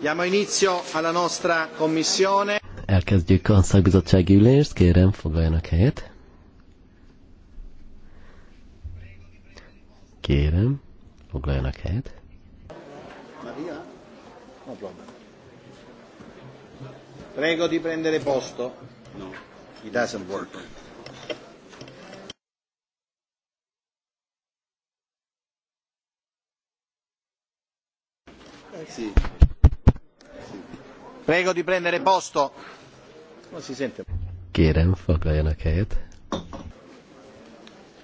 Diamo inizio alla nostra commissione. Elkezdjük a szakbizottsági ülést, kérem foglaljanak helyet. Kérem, foglaljanak helyet. Prego di prendere posto. No, it doesn't work. Prego di prendere posto. Non si sente. Kérem, foglaljanak helyet.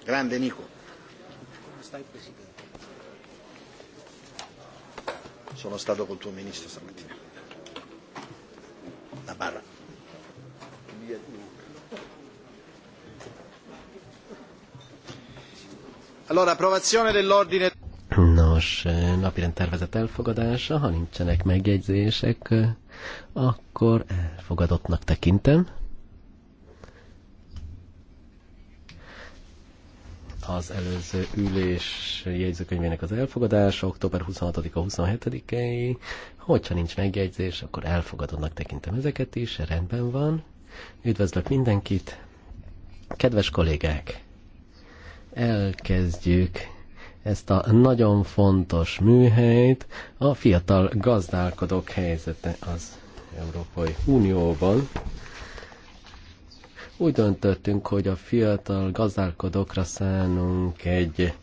Grande Nico. Sono stato col tuo ministro stamattina. La barra. Allora, approvazione dell'ordine. Eh, napirend tervezet elfogadása, ha nincsenek megjegyzések, eh, akkor elfogadottnak tekintem. Az előző ülés jegyzőkönyvének az elfogadása, október 26-a 27 ei hogyha nincs megjegyzés, akkor elfogadottnak tekintem ezeket is, rendben van. Üdvözlök mindenkit! Kedves kollégák! Elkezdjük ezt a nagyon fontos műhelyt, a fiatal gazdálkodók helyzete az Európai Unióban. Úgy döntöttünk, hogy a fiatal gazdálkodókra szánunk egy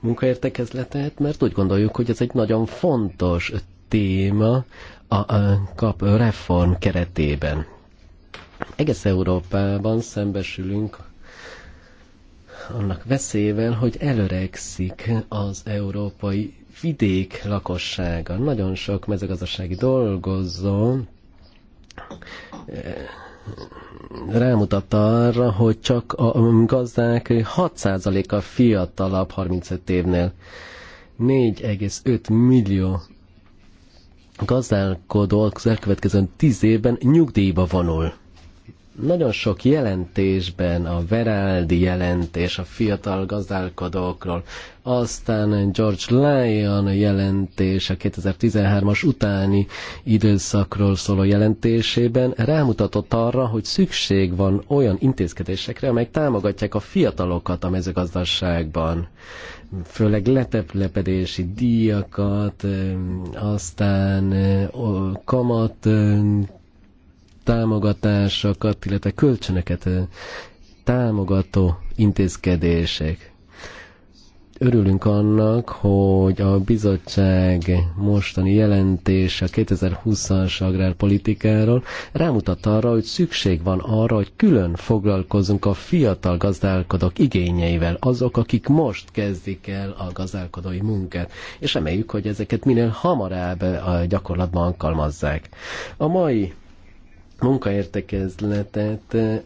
munkaértekezletet, mert úgy gondoljuk, hogy ez egy nagyon fontos téma a, a kap reform keretében. Egész Európában szembesülünk annak veszélyével, hogy előregszik az európai vidék lakossága. Nagyon sok mezőgazdasági dolgozó eh, rámutatta arra, hogy csak a gazdák 6%-a fiatalabb 35 évnél. 4,5 millió gazdálkodó az elkövetkező 10 évben nyugdíjba vonul. Nagyon sok jelentésben, a Veraldi jelentés a fiatal gazdálkodókról, aztán George Lyon jelentés a 2013-as utáni időszakról szóló jelentésében rámutatott arra, hogy szükség van olyan intézkedésekre, amelyek támogatják a fiatalokat a mezőgazdaságban főleg leteplepedési díjakat, aztán kamat támogatásokat, illetve kölcsönöket támogató intézkedések. Örülünk annak, hogy a bizottság mostani jelentése a 2020-as agrárpolitikáról rámutat arra, hogy szükség van arra, hogy külön foglalkozunk a fiatal gazdálkodók igényeivel, azok, akik most kezdik el a gazdálkodói munkát, és reméljük, hogy ezeket minél hamarabb a gyakorlatban alkalmazzák. A mai munkaértekezletet eh,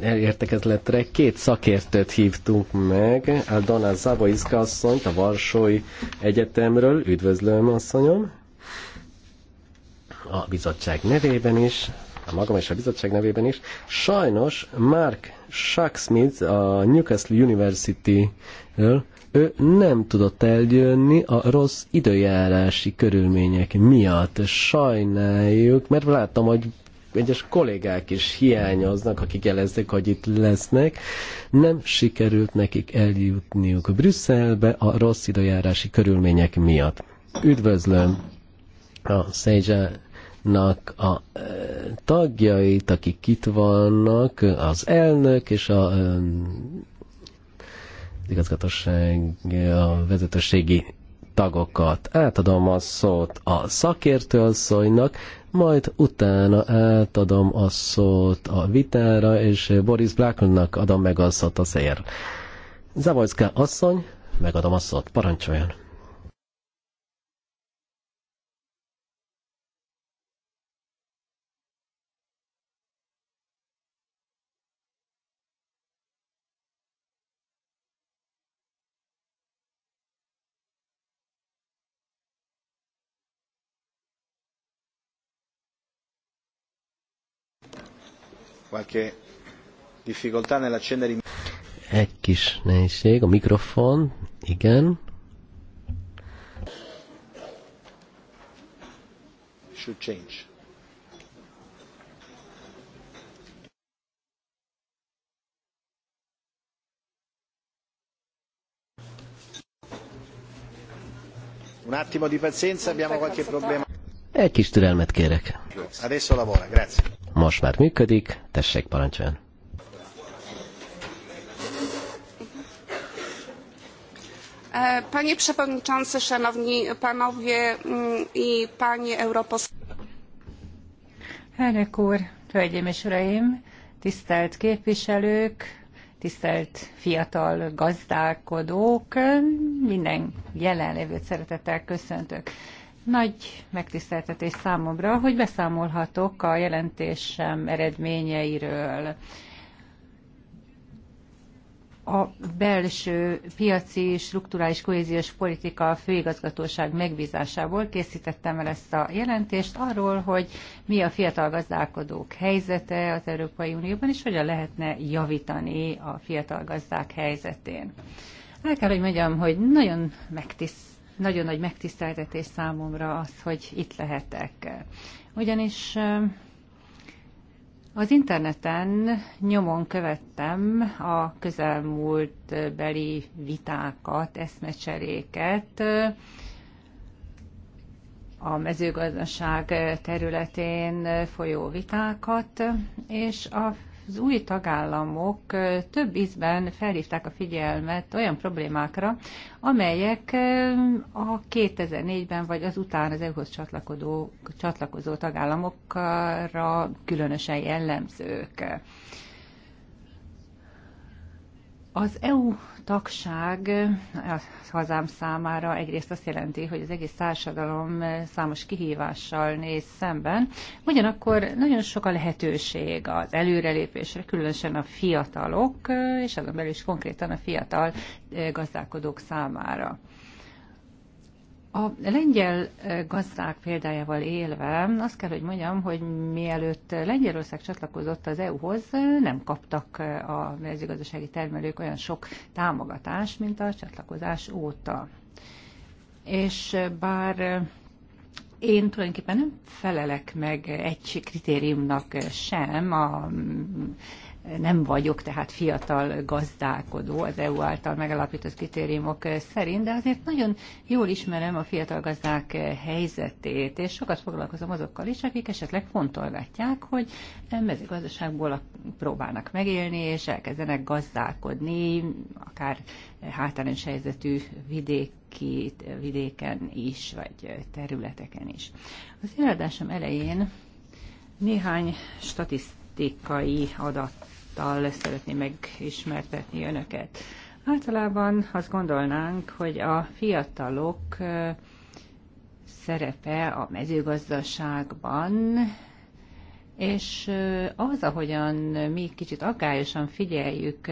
értekezletre két szakértőt hívtunk meg, Aldona Zavoiszka asszonyt a Varsói Egyetemről, üdvözlöm asszonyom, a bizottság nevében is, a magam és a bizottság nevében is. Sajnos Mark Shacksmith a Newcastle University-ről ő nem tudott eljönni a rossz időjárási körülmények miatt. Sajnáljuk, mert láttam, hogy egyes kollégák is hiányoznak, akik jelezték, hogy itt lesznek. Nem sikerült nekik eljutniuk Brüsszelbe a rossz időjárási körülmények miatt. Üdvözlöm a Szézsa nak a e, tagjait, akik itt vannak, az elnök és a e, igazgatóság, a vezetőségi tagokat. Átadom a szót a asszonynak, majd utána átadom a szót a vitára, és Boris Blákonnak adom meg a szót a szér. Zavojszka asszony, megadom a szót, parancsoljon. qualche difficoltà nell'accendere Egy kis mikrofon, igen. Should change. Un attimo di pazienza, abbiamo qualche problema. Egy türelmet kérek. Adesso lavora, grazie most már működik, tessék parancsoljon. E, panie Przewodniczący, Szanowni Panowie mm, i Panie Europosłowie. Elnök úr, Hölgyeim és Uraim, tisztelt képviselők, tisztelt fiatal gazdálkodók, minden jelenlévőt szeretettel köszöntök. Nagy megtiszteltetés számomra, hogy beszámolhatok a jelentésem eredményeiről. A belső piaci strukturális kohéziós politika főigazgatóság megbízásából készítettem el ezt a jelentést arról, hogy mi a fiatal gazdálkodók helyzete az Európai Unióban, és hogyan lehetne javítani a fiatal gazdák helyzetén. El kell, hogy mondjam, hogy nagyon megtisztelt nagyon nagy megtiszteltetés számomra az, hogy itt lehetek. Ugyanis az interneten nyomon követtem a közelmúlt beli vitákat, eszmecseréket a mezőgazdaság területén folyó vitákat, és a az új tagállamok több ízben felhívták a figyelmet olyan problémákra, amelyek a 2004-ben vagy azután az EU-hoz csatlakozó, csatlakozó tagállamokra különösen jellemzők. Az EU tagság a hazám számára egyrészt azt jelenti, hogy az egész társadalom számos kihívással néz szemben, ugyanakkor nagyon sok a lehetőség az előrelépésre, különösen a fiatalok, és azon belül is konkrétan a fiatal gazdálkodók számára. A lengyel gazdák példájával élve azt kell, hogy mondjam, hogy mielőtt Lengyelország csatlakozott az EU-hoz, nem kaptak a mezőgazdasági termelők olyan sok támogatást, mint a csatlakozás óta. És bár én tulajdonképpen nem felelek meg egy kritériumnak sem a nem vagyok tehát fiatal gazdálkodó az EU által megalapított kritériumok szerint, de azért nagyon jól ismerem a fiatal gazdák helyzetét, és sokat foglalkozom azokkal is, akik esetleg fontolgatják, hogy mezőgazdaságból próbálnak megélni, és elkezdenek gazdálkodni, akár hátrányos helyzetű vidéki, vidéken is, vagy területeken is. Az előadásom elején néhány statisztikai adat tapasztalattal szeretném megismertetni önöket. Általában azt gondolnánk, hogy a fiatalok szerepe a mezőgazdaságban, és az, ahogyan mi kicsit akályosan figyeljük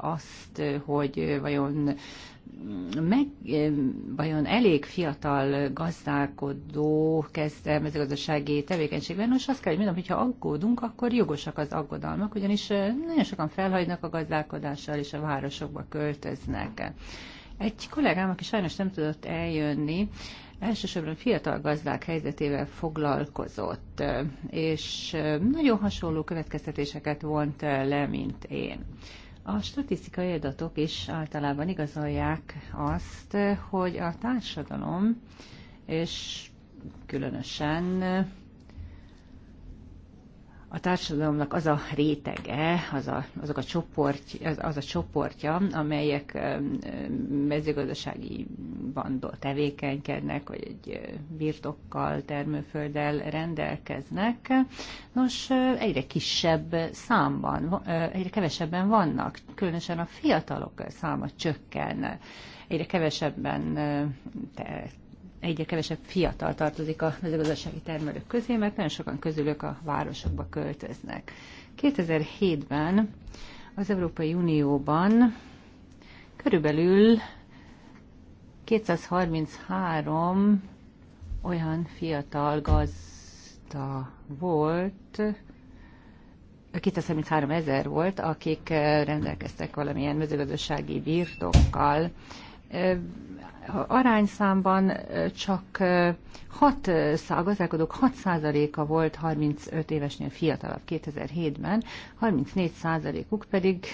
azt, hogy vajon meg, vajon elég fiatal gazdálkodó kezdte el mezőgazdasági tevékenységben, most azt kell, hogy mondom, hogyha aggódunk, akkor jogosak az aggodalmak, ugyanis nagyon sokan felhagynak a gazdálkodással és a városokba költöznek. Egy kollégám, aki sajnos nem tudott eljönni, elsősorban fiatal gazdák helyzetével foglalkozott, és nagyon hasonló következtetéseket vont le, mint én. A statisztikai adatok is általában igazolják azt, hogy a társadalom, és különösen a társadalomnak az a rétege, az a, azok a csoport, az, az a csoportja, amelyek mezőgazdaságiban tevékenykednek, vagy egy birtokkal, termőfölddel rendelkeznek. Nos, egyre kisebb számban, egyre kevesebben vannak, különösen a fiatalok száma csökken, egyre kevesebben egyre kevesebb fiatal tartozik a mezőgazdasági termelők közé, mert nagyon sokan közülük a városokba költöznek. 2007-ben az Európai Unióban körülbelül 233 olyan fiatal gazda volt, 233 ezer volt, akik rendelkeztek valamilyen mezőgazdasági birtokkal arányszámban csak 6 a gazdálkodók 6%-a volt 35 évesnél fiatalabb 2007-ben, 34%-uk pedig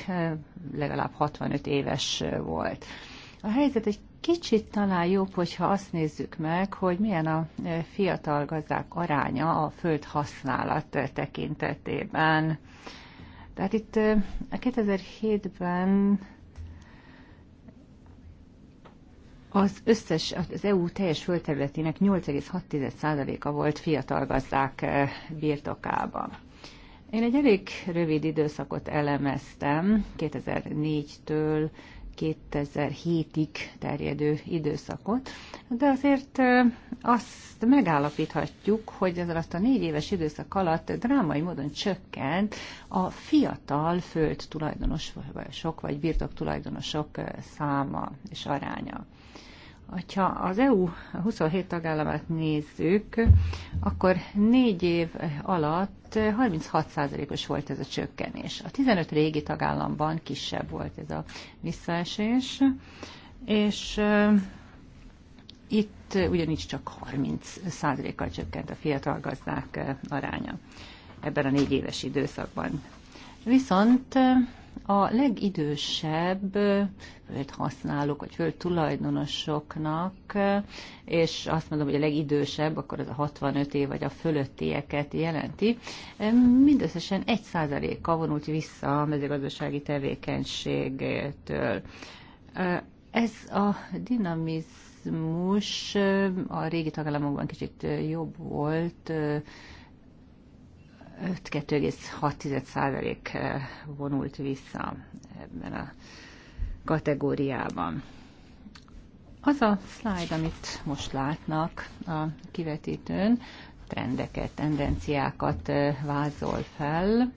legalább 65 éves volt. A helyzet egy kicsit talán jobb, hogyha azt nézzük meg, hogy milyen a fiatal gazdák aránya a föld használat tekintetében. Tehát itt 2007-ben az összes, az EU teljes földterületének 8,6%-a volt fiatal gazdák eh, birtokában. Én egy elég rövid időszakot elemeztem, 2004-től 2007-ig terjedő időszakot, de azért azt megállapíthatjuk, hogy ez alatt a négy éves időszak alatt drámai módon csökkent a fiatal föld sok vagy birtok tulajdonosok száma és aránya. Ha az EU 27 tagállamát nézzük, akkor négy év alatt 36%-os volt ez a csökkenés. A 15 régi tagállamban kisebb volt ez a visszaesés, és itt ugyanis csak 30%-kal csökkent a fiatal gazdák aránya ebben a négy éves időszakban. Viszont a legidősebb földhasználók vagy földtulajdonosoknak, és azt mondom, hogy a legidősebb, akkor az a 65 év vagy a fölöttieket jelenti, mindösszesen 1%-a vonult vissza a mezőgazdasági tevékenységtől. Ez a dinamizmus a régi tagállamokban kicsit jobb volt, 2,6% eh, vonult vissza ebben a kategóriában. Az a slide, amit most látnak a kivetítőn, trendeket, tendenciákat eh, vázol fel.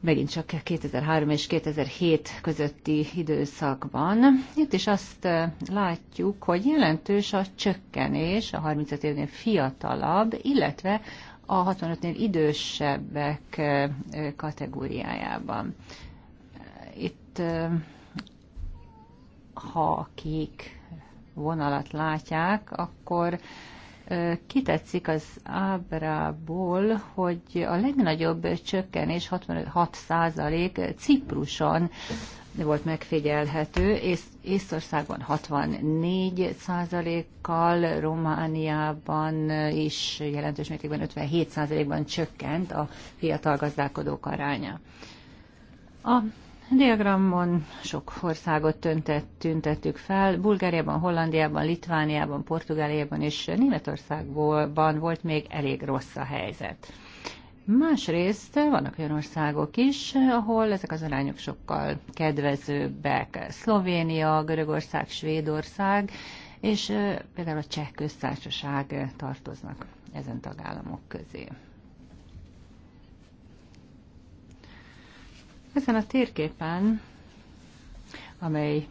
Megint csak 2003 és 2007 közötti időszakban. Itt is azt eh, látjuk, hogy jelentős a csökkenés a 35 évnél fiatalabb, illetve a 65-nél idősebbek kategóriájában. Itt, ha kék vonalat látják, akkor kitetszik az ábrából, hogy a legnagyobb csökkenés 66 százalék Cipruson volt megfigyelhető. Ész, Észországban 64 kal Romániában is jelentős mértékben 57 százalékban csökkent a fiatal gazdálkodók aránya. A diagramon sok országot tüntet, tüntettük fel. Bulgáriában, Hollandiában, Litvániában, Portugáliában és Németországban volt még elég rossz a helyzet. Másrészt vannak olyan országok is, ahol ezek az arányok sokkal kedvezőbbek. Szlovénia, Görögország, Svédország, és például a Cseh köztársaság tartoznak ezen tagállamok közé. Ezen a térképen, amely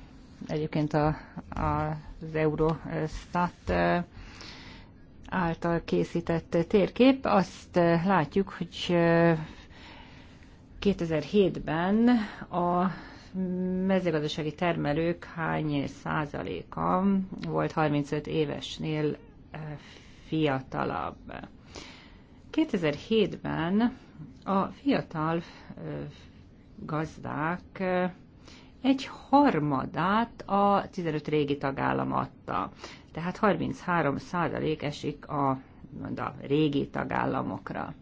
egyébként a, a, az Eurostat által készített térkép, azt eh, látjuk, hogy 2007-ben eh, a mezőgazdasági termelők hány százaléka volt 35 évesnél eh, fiatalabb. 2007-ben a fiatal gazdák egy harmadát a 15 régi tagállam adta. Tehát 33 százalék esik a, mond a régi tagállamokra.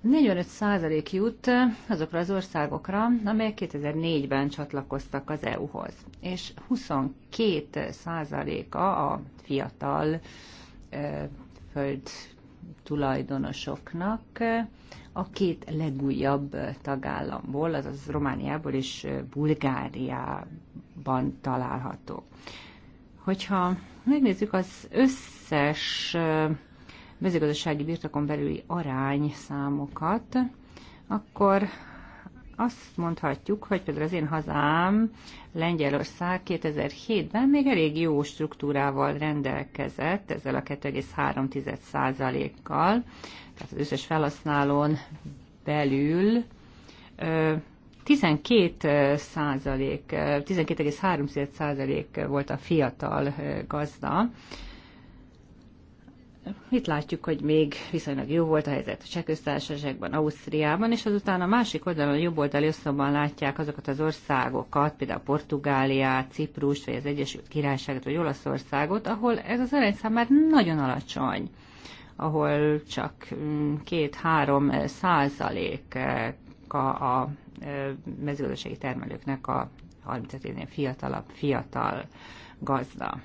45 százalék jut azokra az országokra, amelyek 2004-ben csatlakoztak az EU-hoz, és 22 százaléka a fiatal föld tulajdonosoknak a két legújabb tagállamból, azaz Romániából és Bulgáriában található. Hogyha megnézzük az összes mezőgazdasági birtokon belüli arányszámokat, akkor azt mondhatjuk, hogy például az én hazám, Lengyelország 2007-ben még elég jó struktúrával rendelkezett, ezzel a 2,3%-kal, tehát az összes felhasználón belül 12 százalék, 12,3 volt a fiatal gazda. Itt látjuk, hogy még viszonylag jó volt a helyzet a Csehköztársaságban, Ausztriában, és azután a másik oldalon, a jobb oldali oszlopban látják azokat az országokat, például Portugáliát, Ciprust, vagy az Egyesült Királyságot, vagy Olaszországot, ahol ez az arányszám már nagyon alacsony ahol csak 2-3 mm, százalék a, a mezőgazdasági termelőknek a 30 évnél fiatalabb, fiatal gazda.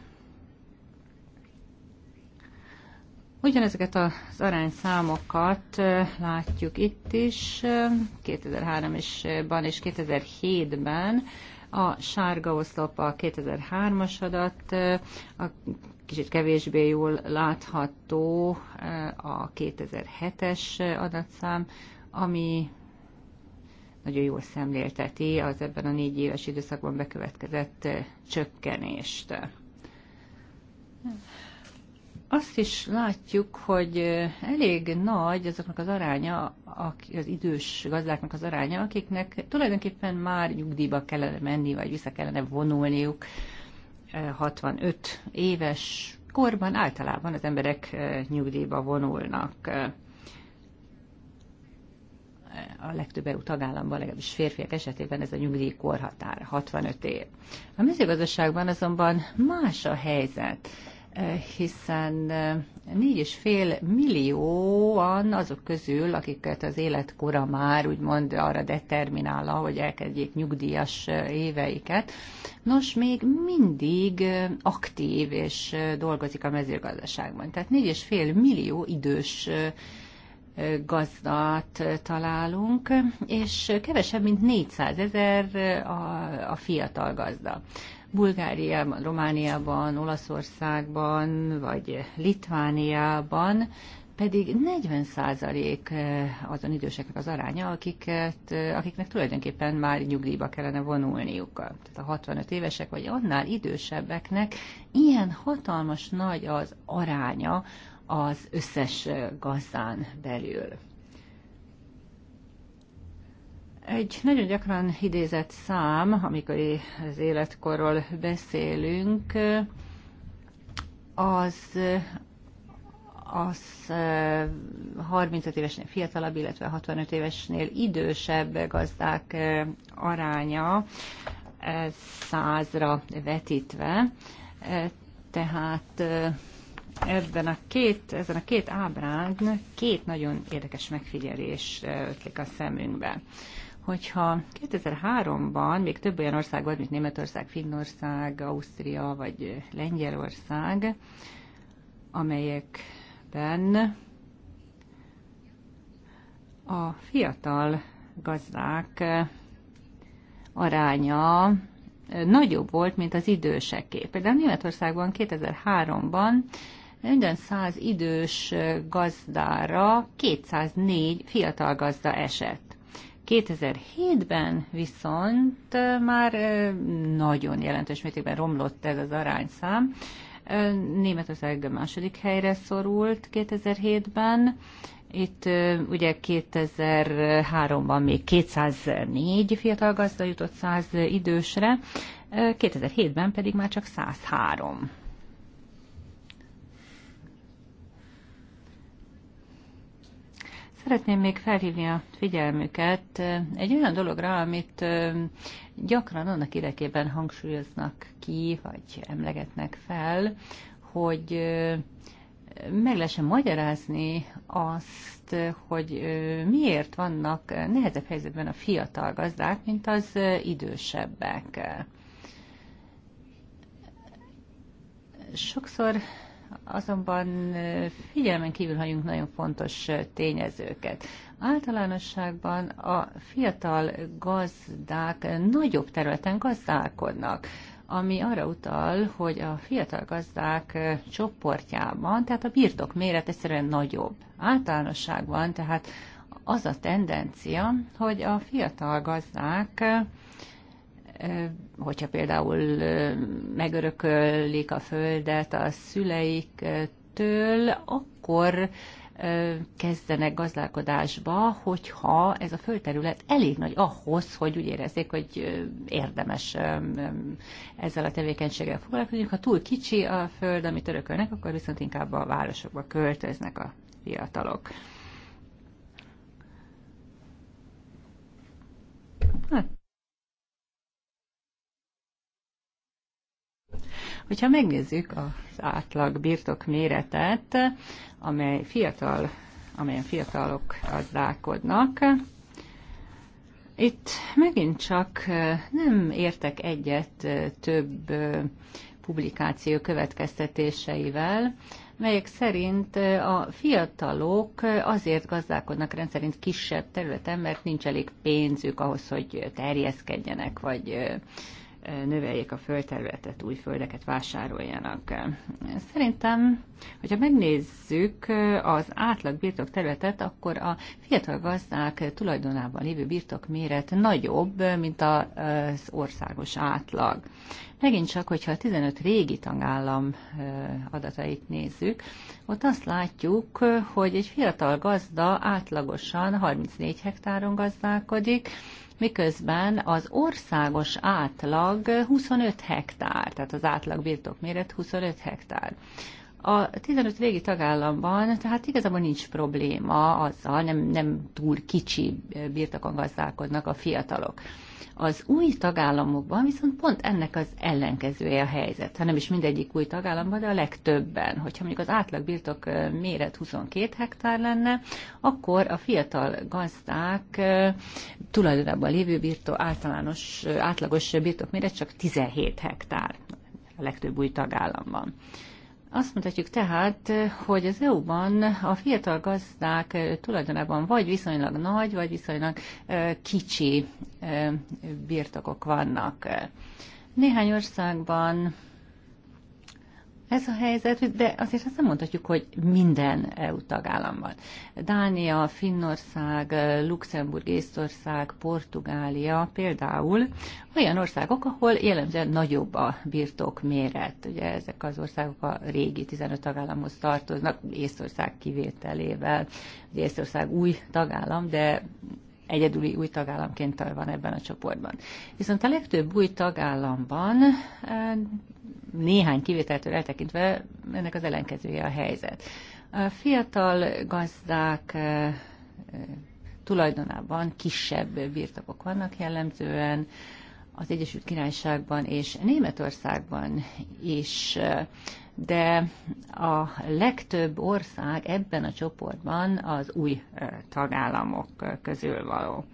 Ugyanezeket az arányszámokat látjuk itt is, 2003-ban és 2007-ben a sárga oszlop a 2003-as adat, a kicsit kevésbé jól látható a 2007-es adatszám, ami nagyon jól szemlélteti az ebben a négy éves időszakban bekövetkezett csökkenést. Azt is látjuk, hogy elég nagy azoknak az aránya, az idős gazdáknak az aránya, akiknek tulajdonképpen már nyugdíjba kellene menni, vagy vissza kellene vonulniuk. 65 éves korban általában az emberek nyugdíjba vonulnak a legtöbb EU tagállamban, legalábbis férfiak esetében ez a nyugdíjkorhatár 65 év. A mezőgazdaságban azonban más a helyzet eh, hiszen 4,5 eh, millióan azok közül, akiket az életkora már úgymond arra determinálja, hogy elkezdjék nyugdíjas eh, éveiket, nos, még mindig aktív és dolgozik a mezőgazdaságban. Tehát 4,5 millió idős gazdát találunk, és kevesebb, mint 400 ezer a, a fiatal gazda. Bulgáriában, Romániában, Olaszországban, vagy Litvániában pedig 40 százalék eh, azon időseknek az aránya, akiket, eh, akiknek tulajdonképpen már nyugdíjba kellene vonulniuk. Tehát a 65 évesek vagy annál idősebbeknek ilyen hatalmas nagy az aránya az összes gazdán belül. Egy nagyon gyakran idézett szám, amikor az életkorról beszélünk, az az 35 évesnél fiatalabb, illetve 65 évesnél idősebb gazdák aránya százra vetítve. Tehát ebben a két, ezen a két ábrán két nagyon érdekes megfigyelés ötlik a szemünkbe. Hogyha 2003-ban még több olyan ország volt, mint Németország, Finnország, Ausztria vagy Lengyelország, amelyekben a fiatal gazdák aránya nagyobb volt, mint az időseké. Például Németországban 2003-ban minden 100 idős gazdára 204 fiatal gazda esett. 2007-ben viszont már nagyon jelentős mértékben romlott ez az arányszám. Németország második helyre szorult 2007-ben, itt ugye 2003-ban még 204 fiatal gazda jutott 100 idősre, 2007-ben pedig már csak 103. Szeretném még felhívni a figyelmüket egy olyan dologra, amit gyakran annak idekében hangsúlyoznak ki, vagy emlegetnek fel, hogy meg lehessen magyarázni azt, hogy miért vannak nehezebb helyzetben a fiatal gazdák, mint az idősebbek. Sokszor azonban figyelmen kívül hagyunk nagyon fontos tényezőket. Általánosságban a fiatal gazdák nagyobb területen gazdálkodnak, ami arra utal, hogy a fiatal gazdák csoportjában, tehát a birtok méret egyszerűen nagyobb. Általánosságban tehát az a tendencia, hogy a fiatal gazdák hogyha például megörökölik a földet a szüleiktől, akkor kezdenek gazdálkodásba, hogyha ez a földterület elég nagy ahhoz, hogy úgy érezzék, hogy érdemes ezzel a tevékenységgel foglalkozni. Ha túl kicsi a föld, amit örökölnek, akkor viszont inkább a városokba költöznek a fiatalok. Hát, Hogyha megnézzük az átlag birtok méretet, amely fiatal, amelyen fiatalok gazdálkodnak, itt megint csak nem értek egyet több publikáció következtetéseivel, melyek szerint a fiatalok azért gazdálkodnak rendszerint kisebb területen, mert nincs elég pénzük ahhoz, hogy terjeszkedjenek, vagy növeljék a földterületet, új földeket vásároljanak. Szerintem, hogyha megnézzük az átlag birtok területet, akkor a fiatal gazdák tulajdonában lévő birtok méret nagyobb, mint az országos átlag. Megint csak, hogyha a 15 régi tagállam adatait nézzük, ott azt látjuk, hogy egy fiatal gazda átlagosan 34 hektáron gazdálkodik, miközben az országos átlag 25 hektár, tehát az átlag birtokméret 25 hektár. A 15 végi tagállamban, tehát igazából nincs probléma azzal, nem, nem túl kicsi birtokon gazdálkodnak a fiatalok. Az új tagállamokban viszont pont ennek az ellenkezője a helyzet, hanem is mindegyik új tagállamban, de a legtöbben. Hogyha mondjuk az átlag birtok méret 22 hektár lenne, akkor a fiatal gazdák tulajdonában lévő birtok, általános, átlagos birtok méret csak 17 hektár a legtöbb új tagállamban. Azt mondhatjuk tehát, hogy az EU-ban a fiatal gazdák tulajdonában vagy viszonylag nagy, vagy viszonylag kicsi birtokok vannak. Néhány országban ez a helyzet, de azért azt nem mondhatjuk, hogy minden EU tagállamban. Dánia, Finnország, Luxemburg, Észtország, Portugália például olyan országok, ahol jellemzően nagyobb a birtok méret. Ugye ezek az országok a régi 15 tagállamhoz tartoznak, Észtország kivételével. Ugye Észtország új tagállam, de egyedüli új tagállamként van ebben a csoportban. Viszont a legtöbb új tagállamban eh, néhány kivételtől eltekintve ennek az ellenkezője a helyzet. A fiatal gazdák eh, eh, tulajdonában kisebb birtokok vannak jellemzően, az Egyesült Királyságban és Németországban is, eh, de a legtöbb ország ebben a csoportban az új tagállamok közül való.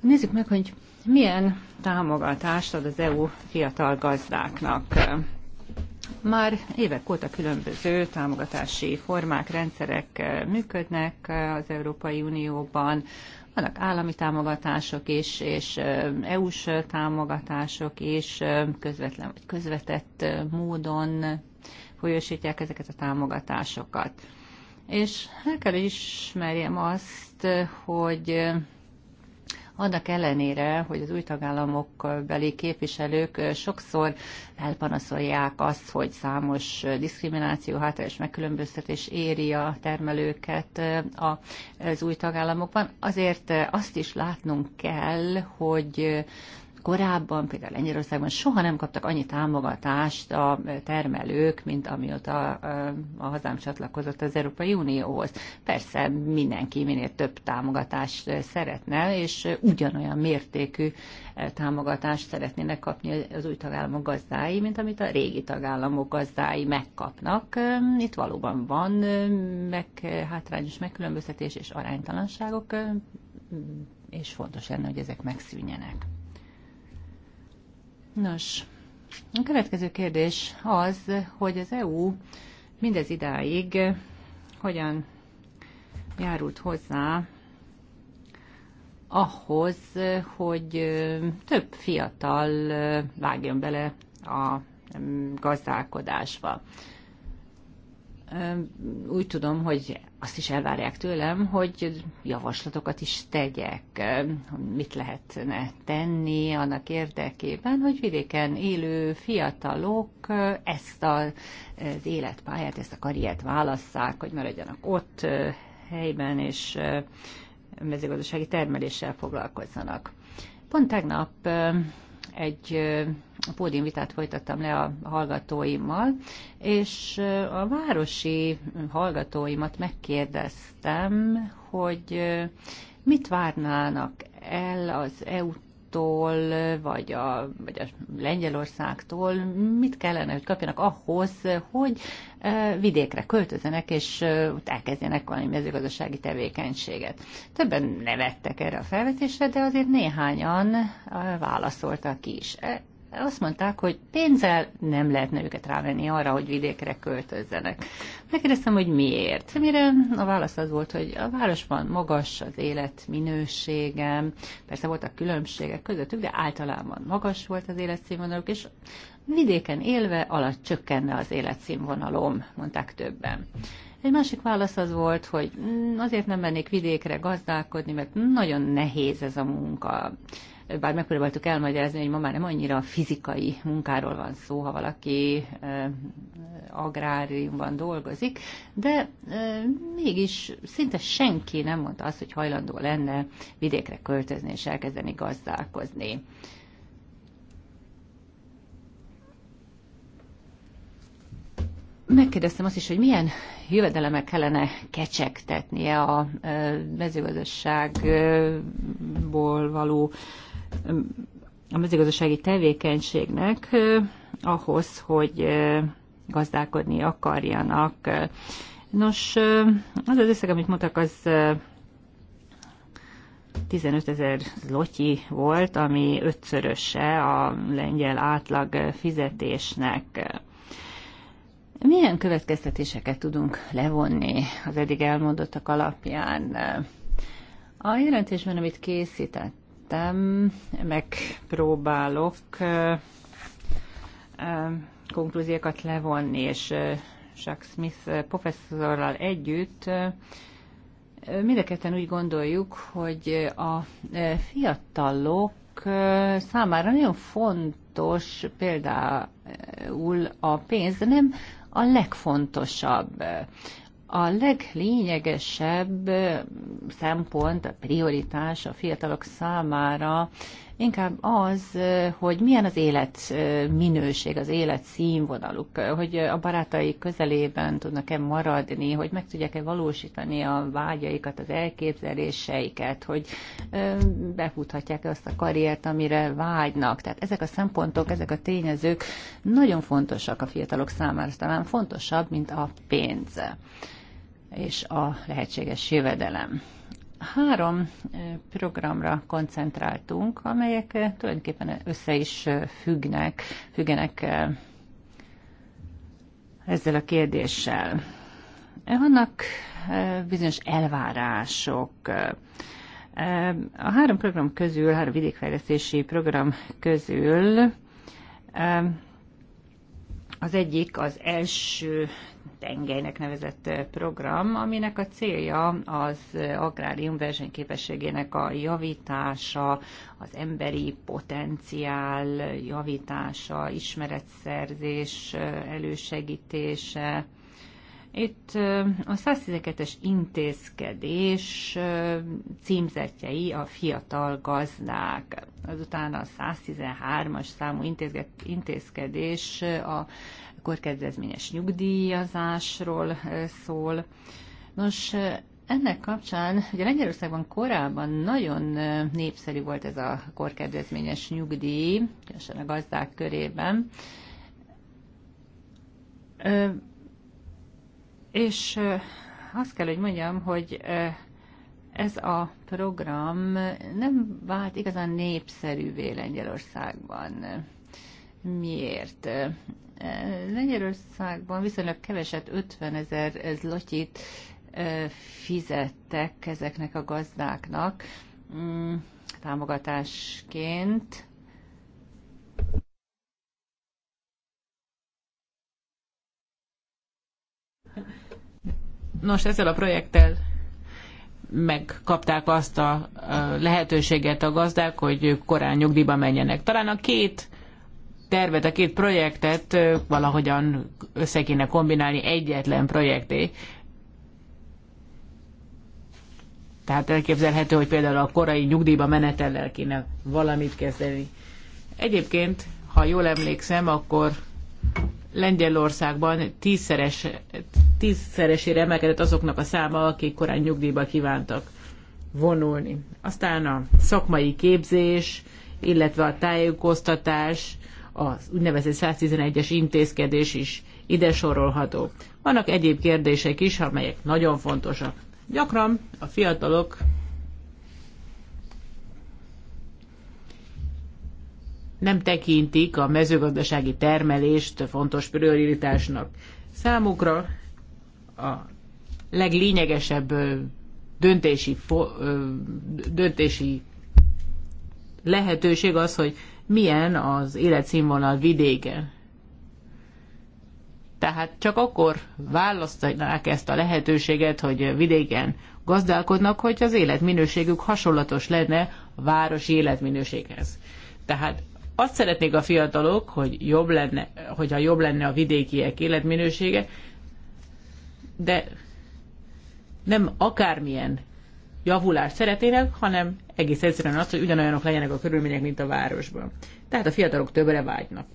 Nézzük meg, hogy milyen támogatást ad az EU fiatal gazdáknak? Már évek óta különböző támogatási formák, rendszerek eh, működnek eh, az Európai Unióban, vannak állami támogatások is, és EU-s eh, e támogatások is, közvetlen vagy közvetett módon folyósítják ezeket a támogatásokat. És el kell ismerjem azt, hogy annak ellenére, hogy az új tagállamok beli képviselők sokszor elpanaszolják azt, hogy számos diszkrimináció, hátrányos megkülönböztetés éri a termelőket az új tagállamokban. Azért azt is látnunk kell, hogy korábban, például Lengyelországban soha nem kaptak annyi támogatást a termelők, mint amióta a hazám csatlakozott az Európai Unióhoz. Persze mindenki minél több támogatást szeretne, és ugyanolyan mértékű támogatást szeretnének kapni az új tagállamok gazdái, mint amit a régi tagállamok gazdái megkapnak. Itt valóban van meg, hátrányos megkülönböztetés és aránytalanságok, és fontos lenne, hogy ezek megszűnjenek. Nos, a következő kérdés az, hogy az EU mindez idáig hogyan járult hozzá ahhoz, hogy több fiatal vágjon bele a gazdálkodásba úgy tudom, hogy azt is elvárják tőlem, hogy javaslatokat is tegyek, mit lehetne tenni annak érdekében, hogy vidéken élő fiatalok ezt az életpályát, ezt a karriert válasszák, hogy maradjanak ott helyben, és mezőgazdasági termeléssel foglalkozzanak. Pont tegnap egy pódiumvitát folytattam le a hallgatóimmal, és a városi hallgatóimat megkérdeztem, hogy mit várnának el az EU Ukrajnától, vagy a, vagy a Lengyelországtól mit kellene, hogy kapjanak ahhoz, hogy vidékre költözenek, és ott elkezdjenek valami mezőgazdasági tevékenységet. Többen nevettek erre a felvetésre, de azért néhányan válaszoltak is azt mondták, hogy pénzzel nem lehetne őket rávenni arra, hogy vidékre költözzenek. Megkérdeztem, hogy miért. Mire a válasz az volt, hogy a városban magas az élet persze voltak különbségek közöttük, de általában magas volt az életszínvonaluk, és vidéken élve alatt csökkenne az életszínvonalom, mondták többen. Egy másik válasz az volt, hogy azért nem mennék vidékre gazdálkodni, mert nagyon nehéz ez a munka bár megpróbáltuk elmagyarázni, hogy ma már nem annyira fizikai munkáról van szó, ha valaki agráriumban dolgozik, de mégis szinte senki nem mondta azt, hogy hajlandó lenne vidékre költözni és elkezdeni gazdálkozni. Megkérdeztem azt is, hogy milyen jövedelemek kellene kecsegtetnie a mezőgazdaságból való a mezőgazdasági tevékenységnek ahhoz, hogy gazdálkodni akarjanak. Nos, az az összeg, amit mondtak, az 15 ezer zlotyi volt, ami ötszöröse a lengyel átlag fizetésnek. Milyen következtetéseket tudunk levonni az eddig elmondottak alapján? A jelentésben, amit készített, tettem, megpróbálok konklúziókat levonni, és Chuck Smith professzorral együtt mind úgy gondoljuk, hogy a fiatalok számára nagyon fontos például a pénz, de nem a legfontosabb a leglényegesebb eh, szempont, a prioritás a fiatalok számára inkább az, hogy milyen az élet minőség, az élet színvonaluk, hogy a barátai közelében tudnak-e maradni, hogy meg tudják-e valósítani a vágyaikat, az elképzeléseiket, hogy befuthatják e azt a karriert, amire vágynak. Tehát ezek a szempontok, ezek a tényezők nagyon fontosak a fiatalok számára, talán fontosabb, mint a pénz és a lehetséges jövedelem. Három programra koncentráltunk, amelyek tulajdonképpen össze is függnek, függenek ezzel a kérdéssel. Vannak bizonyos elvárások. A három program közül, három vidékfejlesztési program közül az egyik az első tengelynek nevezett eh, program, aminek a célja az eh, agrárium versenyképességének a javítása, az emberi potenciál javítása, ismeretszerzés eh, elősegítése. Itt a 112-es intézkedés címzetjei a fiatal gazdák, azután a 113-as számú intézkedés a akkor kedvezményes nyugdíjazásról szól. Nos, ennek kapcsán, ugye Lengyelországban korábban nagyon népszerű volt ez a korkedvezményes nyugdíj, különösen a gazdák körében, és azt kell, hogy mondjam, hogy ez a program nem vált igazán népszerűvé Lengyelországban. Miért? Lengyelországban viszonylag keveset, 50 ezer zlotyit fizettek ezeknek a gazdáknak mm, támogatásként. Nos, ezzel a projekttel megkapták azt a lehetőséget a gazdák, hogy korán nyugdíjba menjenek. Talán a két tervet, a két projektet valahogyan össze kéne kombinálni egyetlen projekté. Tehát elképzelhető, hogy például a korai nyugdíjba menetellel kéne valamit kezdeni. Egyébként, ha jól emlékszem, akkor Lengyelországban tízszeres, tízszeresére emelkedett azoknak a száma, akik korán nyugdíjba kívántak vonulni. Aztán a szakmai képzés, illetve a tájékoztatás, az úgynevezett 111-es intézkedés is ide sorolható. Vannak egyéb kérdések is, amelyek nagyon fontosak. Gyakran a fiatalok nem tekintik a mezőgazdasági termelést fontos prioritásnak. Számukra a leglényegesebb döntési, döntési lehetőség az, hogy milyen az életszínvonal vidéken. Tehát csak akkor választanák ezt a lehetőséget, hogy vidéken gazdálkodnak, hogy az életminőségük hasonlatos lenne a városi életminőséghez. Tehát azt szeretnék a fiatalok, hogy jobb lenne, hogyha jobb lenne a vidékiek életminősége, de nem akármilyen javulást szeretnének, hanem egész egyszerűen azt, hogy ugyanolyanok legyenek a körülmények, mint a városban. Tehát a fiatalok többre vágynak.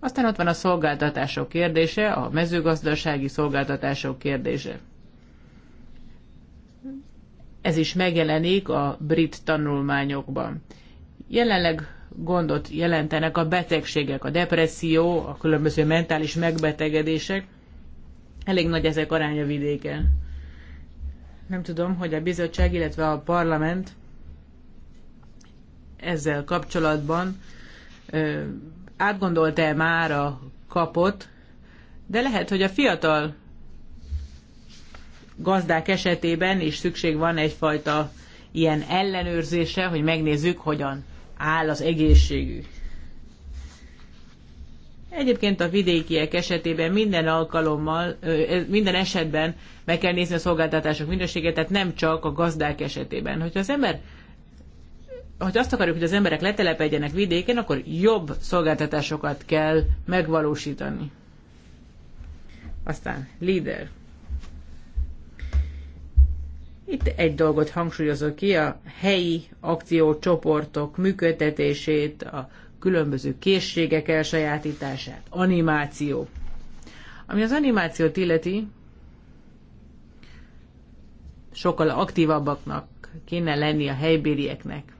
Aztán ott van a szolgáltatások kérdése, a mezőgazdasági szolgáltatások kérdése. Ez is megjelenik a brit tanulmányokban. Jelenleg gondot jelentenek a betegségek, a depresszió, a különböző mentális megbetegedések. Elég nagy ezek aránya vidéken nem tudom, hogy a bizottság, illetve a parlament ezzel kapcsolatban átgondolta-e már a kapot, de lehet, hogy a fiatal gazdák esetében is szükség van egyfajta ilyen ellenőrzése, hogy megnézzük, hogyan áll az egészségük. Egyébként a vidékiek esetében minden alkalommal, minden esetben meg kell nézni a szolgáltatások minőségét, tehát nem csak a gazdák esetében. Hogyha az ember hogy azt akarjuk, hogy az emberek letelepedjenek vidéken, akkor jobb szolgáltatásokat kell megvalósítani. Aztán líder. Itt egy dolgot hangsúlyozok ki, a helyi akciócsoportok működtetését, a különböző készségek elsajátítását, animáció. Ami az animációt illeti, sokkal aktívabbaknak kéne lenni a helybérieknek.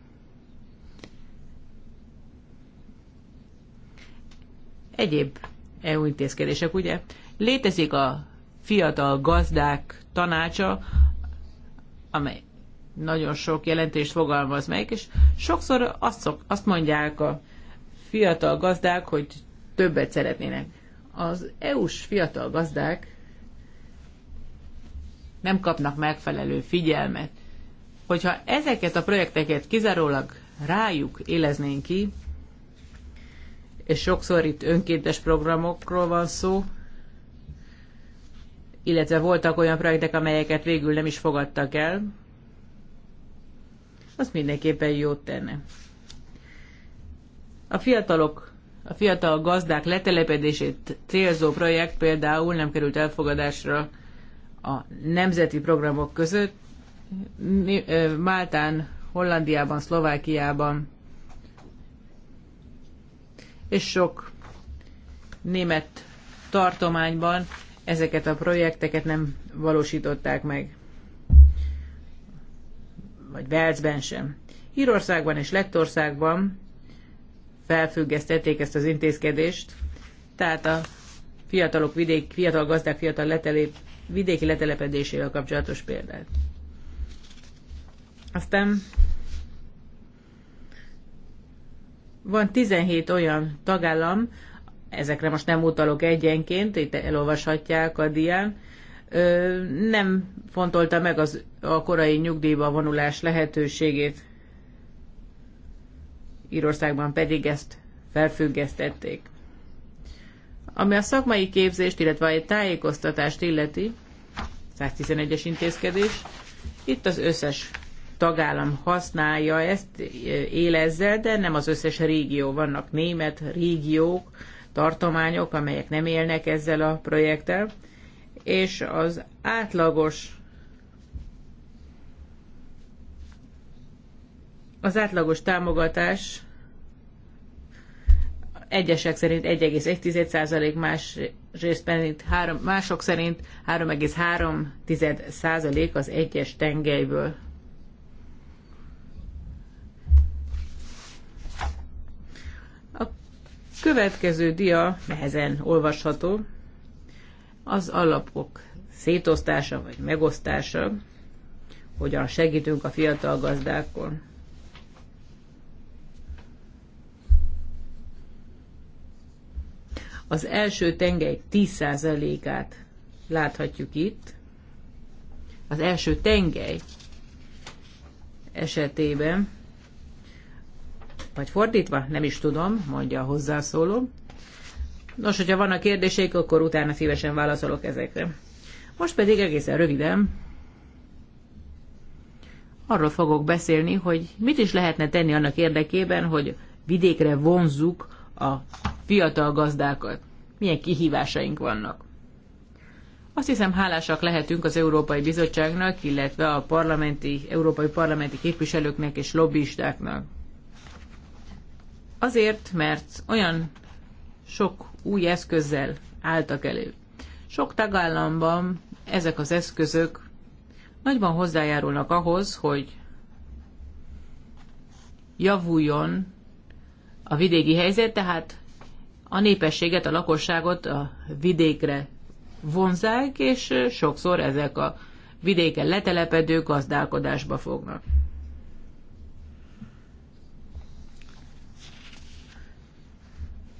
Egyéb EU intézkedések, ugye? Létezik a fiatal gazdák tanácsa, amely nagyon sok jelentést fogalmaz meg, és sokszor azt, szok, azt mondják a fiatal gazdák, hogy többet szeretnének. Az EU-s fiatal gazdák nem kapnak megfelelő figyelmet. Hogyha ezeket a projekteket kizárólag rájuk éleznénk ki, és sokszor itt önkéntes programokról van szó, illetve voltak olyan projektek, amelyeket végül nem is fogadtak el, az mindenképpen jót tenne. A fiatalok, a fiatal gazdák letelepedését célzó projekt például nem került elfogadásra a nemzeti programok között. Máltán, Hollandiában, Szlovákiában és sok német tartományban ezeket a projekteket nem valósították meg. Vagy Velcben sem. Írországban és Lettországban felfüggesztették ezt az intézkedést, tehát a fiatalok vidék, fiatal gazdák fiatal letelép, vidéki letelepedésével kapcsolatos példát. Aztán van 17 olyan tagállam, ezekre most nem utalok egyenként, itt elolvashatják a dián, nem fontolta meg az, a korai nyugdíjba vonulás lehetőségét. Írországban pedig ezt felfüggesztették. Ami a szakmai képzést, illetve a tájékoztatást illeti, 111-es intézkedés, itt az összes tagállam használja ezt, él ezzel, de nem az összes régió. Vannak német régiók, tartományok, amelyek nem élnek ezzel a projekttel, és az átlagos Az átlagos támogatás egyesek szerint 1,1%, más pedig három, mások szerint 3,3% az egyes tengelyből. A következő dia nehezen olvasható, az alapok szétosztása vagy megosztása, hogyan segítünk a fiatal gazdákon. Az első tengely 10%-át láthatjuk itt. Az első tengely esetében, vagy fordítva, nem is tudom, mondja a hozzászóló. Nos, hogyha vannak kérdéseik, akkor utána szívesen válaszolok ezekre. Most pedig egészen röviden arról fogok beszélni, hogy mit is lehetne tenni annak érdekében, hogy vidékre vonzuk a fiatal gazdákat. Milyen kihívásaink vannak. Azt hiszem hálásak lehetünk az Európai Bizottságnak, illetve a parlamenti, európai parlamenti képviselőknek és lobbistáknak. Azért, mert olyan sok új eszközzel álltak elő. Sok tagállamban ezek az eszközök nagyban hozzájárulnak ahhoz, hogy javuljon a vidéki helyzet, tehát a népességet, a lakosságot a vidékre vonzák, és sokszor ezek a vidéken letelepedő gazdálkodásba fognak.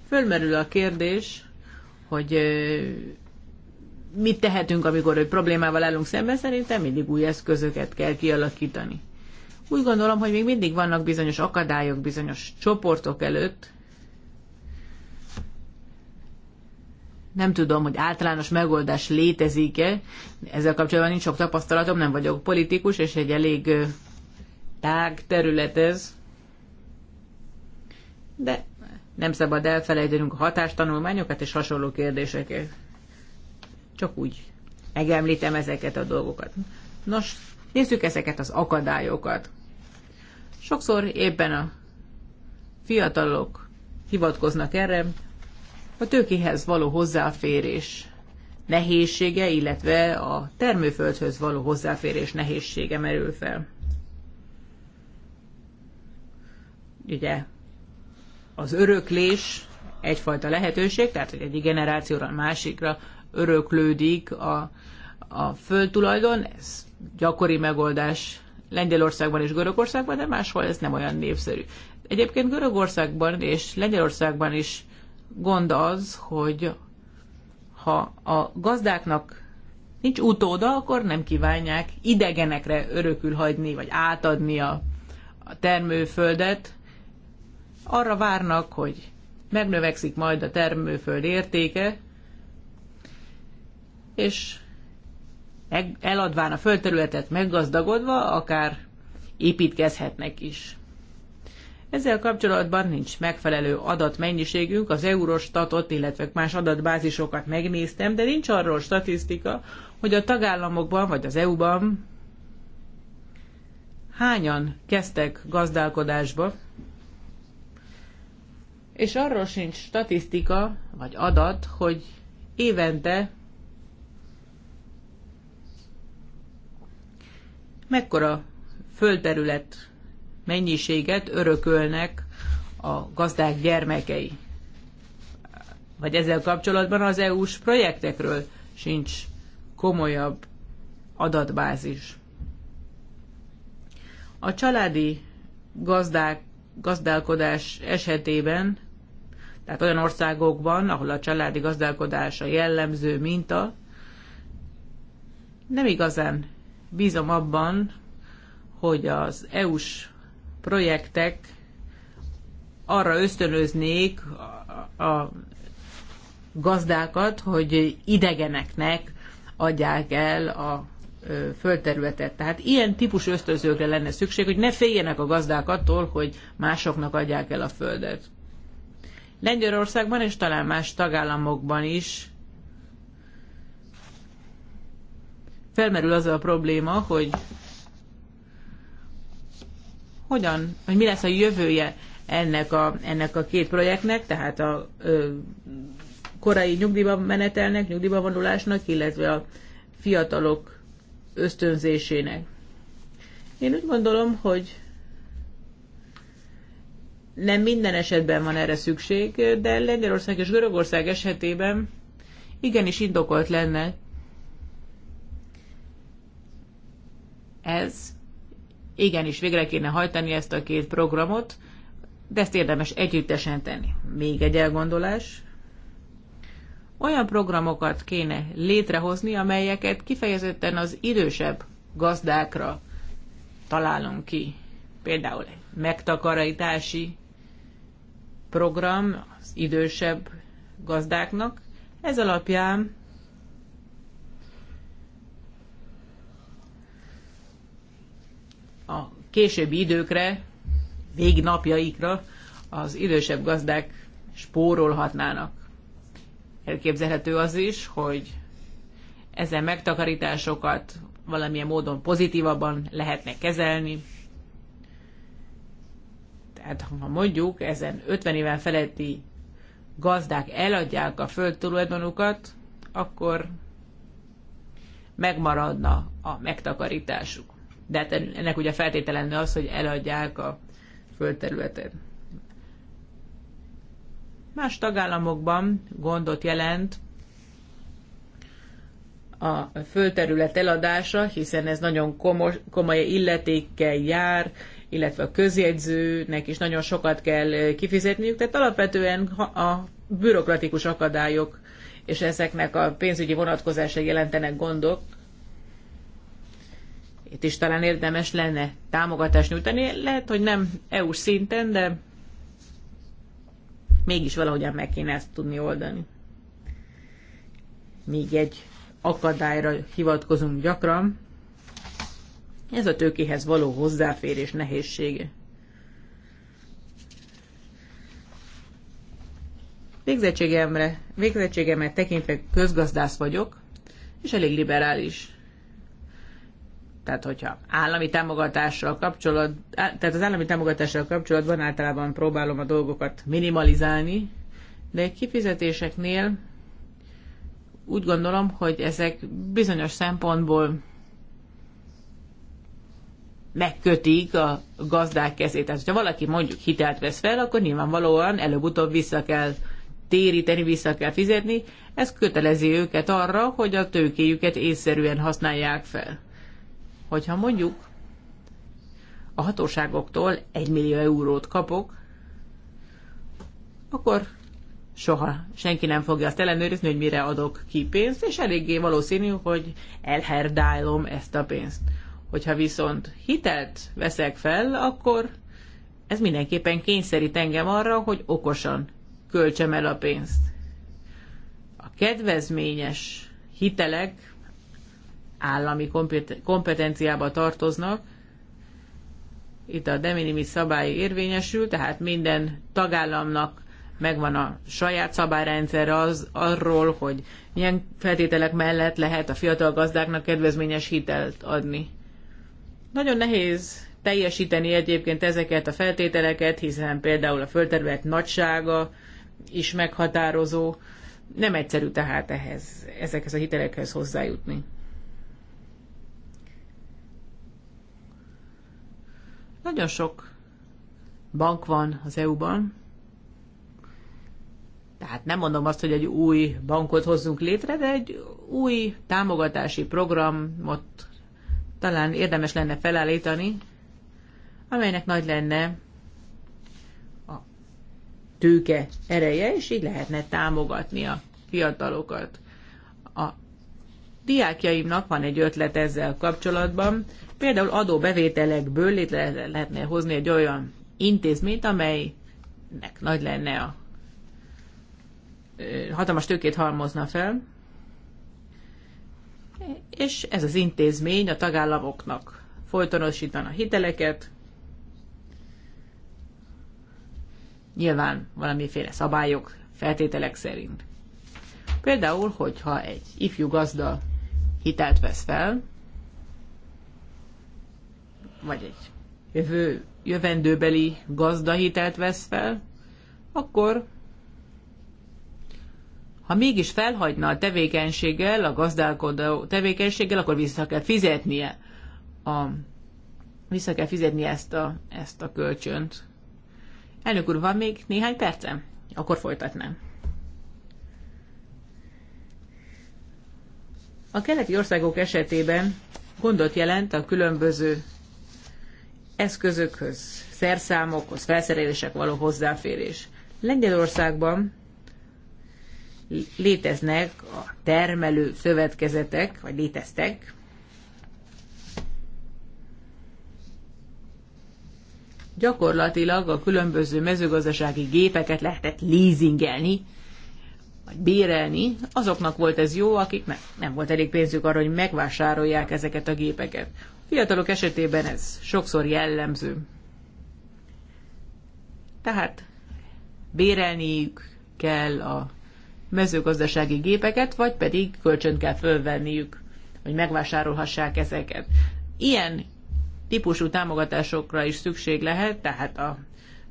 Fölmerül a kérdés, hogy mit tehetünk, amikor egy problémával állunk szemben, szerintem mindig új eszközöket kell kialakítani. Úgy gondolom, hogy még mindig vannak bizonyos akadályok bizonyos csoportok előtt, nem tudom, hogy általános megoldás létezik-e. Ezzel kapcsolatban nincs sok tapasztalatom, nem vagyok politikus, és egy elég tág terület ez. De nem szabad elfelejtenünk a hatástanulmányokat és hasonló kérdéseket. Csak úgy megemlítem ezeket a dolgokat. Nos, nézzük ezeket az akadályokat. Sokszor éppen a fiatalok hivatkoznak erre, a tőkéhez való hozzáférés nehézsége, illetve a termőföldhöz való hozzáférés nehézsége merül fel. Ugye az öröklés egyfajta lehetőség, tehát hogy egy generációra másikra öröklődik a, a földtulajdon, ez gyakori megoldás Lengyelországban és Görögországban, de máshol ez nem olyan népszerű. Egyébként Görögországban és Lengyelországban is gond az, hogy ha a gazdáknak nincs utóda, akkor nem kívánják idegenekre örökül hagyni, vagy átadni a, a termőföldet. Arra várnak, hogy megnövekszik majd a termőföld értéke, és eladván a földterületet meggazdagodva, akár építkezhetnek is. Ezzel kapcsolatban nincs megfelelő adatmennyiségünk, az Eurostatot, illetve más adatbázisokat megnéztem, de nincs arról statisztika, hogy a tagállamokban vagy az EU-ban hányan kezdtek gazdálkodásba, és arról sincs statisztika vagy adat, hogy évente mekkora földterület mennyiséget örökölnek a gazdák gyermekei. Vagy ezzel kapcsolatban az EU-s projektekről sincs komolyabb adatbázis. A családi gazdák, gazdálkodás esetében, tehát olyan országokban, ahol a családi gazdálkodás a jellemző minta, nem igazán bízom abban, hogy az EU-s projektek arra ösztönöznék a gazdákat, hogy idegeneknek adják el a földterületet. Tehát ilyen típusú ösztönzőkre lenne szükség, hogy ne féljenek a gazdák attól, hogy másoknak adják el a földet. Lengyelországban és talán más tagállamokban is felmerül az a probléma, hogy hogyan, hogy mi lesz a jövője ennek a, ennek a két projektnek, tehát a ö, korai nyugdíjba menetelnek, nyugdíjba vonulásnak, illetve a fiatalok ösztönzésének. Én úgy gondolom, hogy nem minden esetben van erre szükség, de Lengyelország és Görögország esetében igenis indokolt lenne ez, igenis végre kéne hajtani ezt a két programot, de ezt érdemes együttesen tenni. Még egy elgondolás. Olyan programokat kéne létrehozni, amelyeket kifejezetten az idősebb gazdákra találunk ki. Például egy megtakarítási program az idősebb gazdáknak. Ez alapján a későbbi időkre, végnapjaikra az idősebb gazdák spórolhatnának. Elképzelhető az is, hogy ezen megtakarításokat valamilyen módon pozitívabban lehetne kezelni. Tehát ha mondjuk ezen 50 éven feletti gazdák eladják a földtulajdonukat, akkor megmaradna a megtakarításuk de hát ennek ugye feltétele lenne az, hogy eladják a földterületet. Más tagállamokban gondot jelent a földterület eladása, hiszen ez nagyon komos, komoly illetékkel jár, illetve a közjegyzőnek is nagyon sokat kell eh, kifizetniük, tehát alapvetően a bürokratikus akadályok és ezeknek a pénzügyi vonatkozásai jelentenek gondok, itt is talán érdemes lenne támogatást nyújtani. Lehet, hogy nem EU-s szinten, de mégis valahogyan meg kéne ezt tudni oldani. Még egy akadályra hivatkozunk gyakran, ez a tőkéhez való hozzáférés nehézsége. Végzettségemre, végzettségemre tekintve közgazdász vagyok, és elég liberális tehát, hogyha állami támogatással kapcsolat, tehát az állami támogatással kapcsolatban általában próbálom a dolgokat minimalizálni, de kifizetéseknél úgy gondolom, hogy ezek bizonyos szempontból megkötik a gazdák kezét. Tehát, hogyha valaki mondjuk hitelt vesz fel, akkor nyilvánvalóan előbb-utóbb vissza kell téríteni, vissza kell fizetni. Ez kötelezi őket arra, hogy a tőkéjüket észszerűen használják fel. Hogyha mondjuk a hatóságoktól 1 millió eurót kapok, akkor soha senki nem fogja azt ellenőrizni, hogy mire adok ki pénzt, és eléggé valószínű, hogy elherdálom ezt a pénzt. Hogyha viszont hitelt veszek fel, akkor ez mindenképpen kényszerít engem arra, hogy okosan költsem el a pénzt. A kedvezményes hitelek állami kompetenciába tartoznak. Itt a de minimis szabály érvényesül, tehát minden tagállamnak megvan a saját szabályrendszer az, arról, hogy milyen feltételek mellett lehet a fiatal gazdáknak kedvezményes hitelt adni. Nagyon nehéz teljesíteni egyébként ezeket a feltételeket, hiszen például a földterület nagysága is meghatározó. Nem egyszerű tehát ehhez, ezekhez a hitelekhez hozzájutni. Nagyon sok bank van az EU-ban, tehát nem mondom azt, hogy egy új bankot hozzunk létre, de egy új támogatási programot talán érdemes lenne felállítani, amelynek nagy lenne a tőke ereje, és így lehetne támogatni a fiatalokat. A diákjaimnak van egy ötlet ezzel kapcsolatban, Például adóbevételekből létre lehetne hozni egy olyan intézményt, amelynek nagy lenne a hatalmas tőkét halmozna fel, és ez az intézmény a tagállamoknak folytonosítana hiteleket, nyilván valamiféle szabályok, feltételek szerint. Például, hogyha egy ifjú gazda hitelt vesz fel, vagy egy jövő, jövendőbeli gazdahitelt vesz fel, akkor ha mégis felhagyna a tevékenységgel, a gazdálkodó tevékenységgel, akkor vissza kell fizetnie a, vissza kell fizetnie ezt a, ezt a kölcsönt. Elnök úr, van még néhány percem? Akkor folytatnám. A keleti országok esetében gondot jelent a különböző eszközökhöz, szerszámokhoz, felszerelések való hozzáférés. Lengyelországban léteznek a termelő szövetkezetek, vagy léteztek, gyakorlatilag a különböző mezőgazdasági gépeket lehetett leasingelni, vagy bérelni, azoknak volt ez jó, akiknek nem volt elég pénzük arra, hogy megvásárolják ezeket a gépeket. Fiatalok esetében ez sokszor jellemző. Tehát bérelniük kell a mezőgazdasági gépeket, vagy pedig kölcsönt kell fölvenniük, hogy megvásárolhassák ezeket. Ilyen típusú támogatásokra is szükség lehet, tehát a,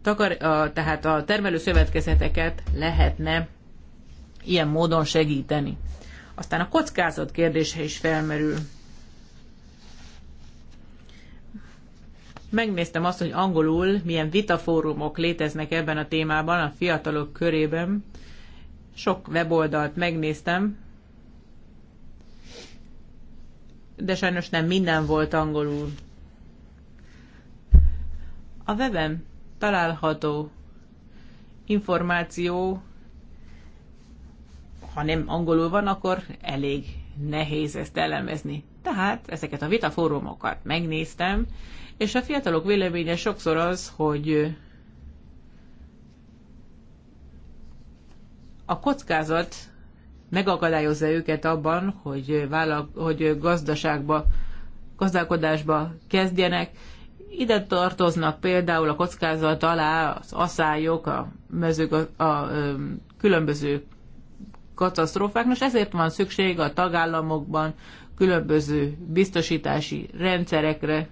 takar, a, tehát a termelő szövetkezeteket lehetne ilyen módon segíteni. Aztán a kockázat kérdése is felmerül. Megnéztem azt, hogy angolul milyen vitafórumok léteznek ebben a témában, a fiatalok körében. Sok weboldalt megnéztem, de sajnos nem minden volt angolul. A webem található információ, ha nem angolul van, akkor elég nehéz ezt elemezni. Tehát ezeket a vitafórumokat megnéztem, és a fiatalok véleménye sokszor az, hogy a kockázat megakadályozza őket abban, hogy, vállal, hogy gazdaságba, gazdálkodásba kezdjenek. Ide tartoznak például a kockázat alá az aszályok, a, mezők, a, a, a különböző katasztrófák. és ezért van szükség a tagállamokban különböző biztosítási rendszerekre,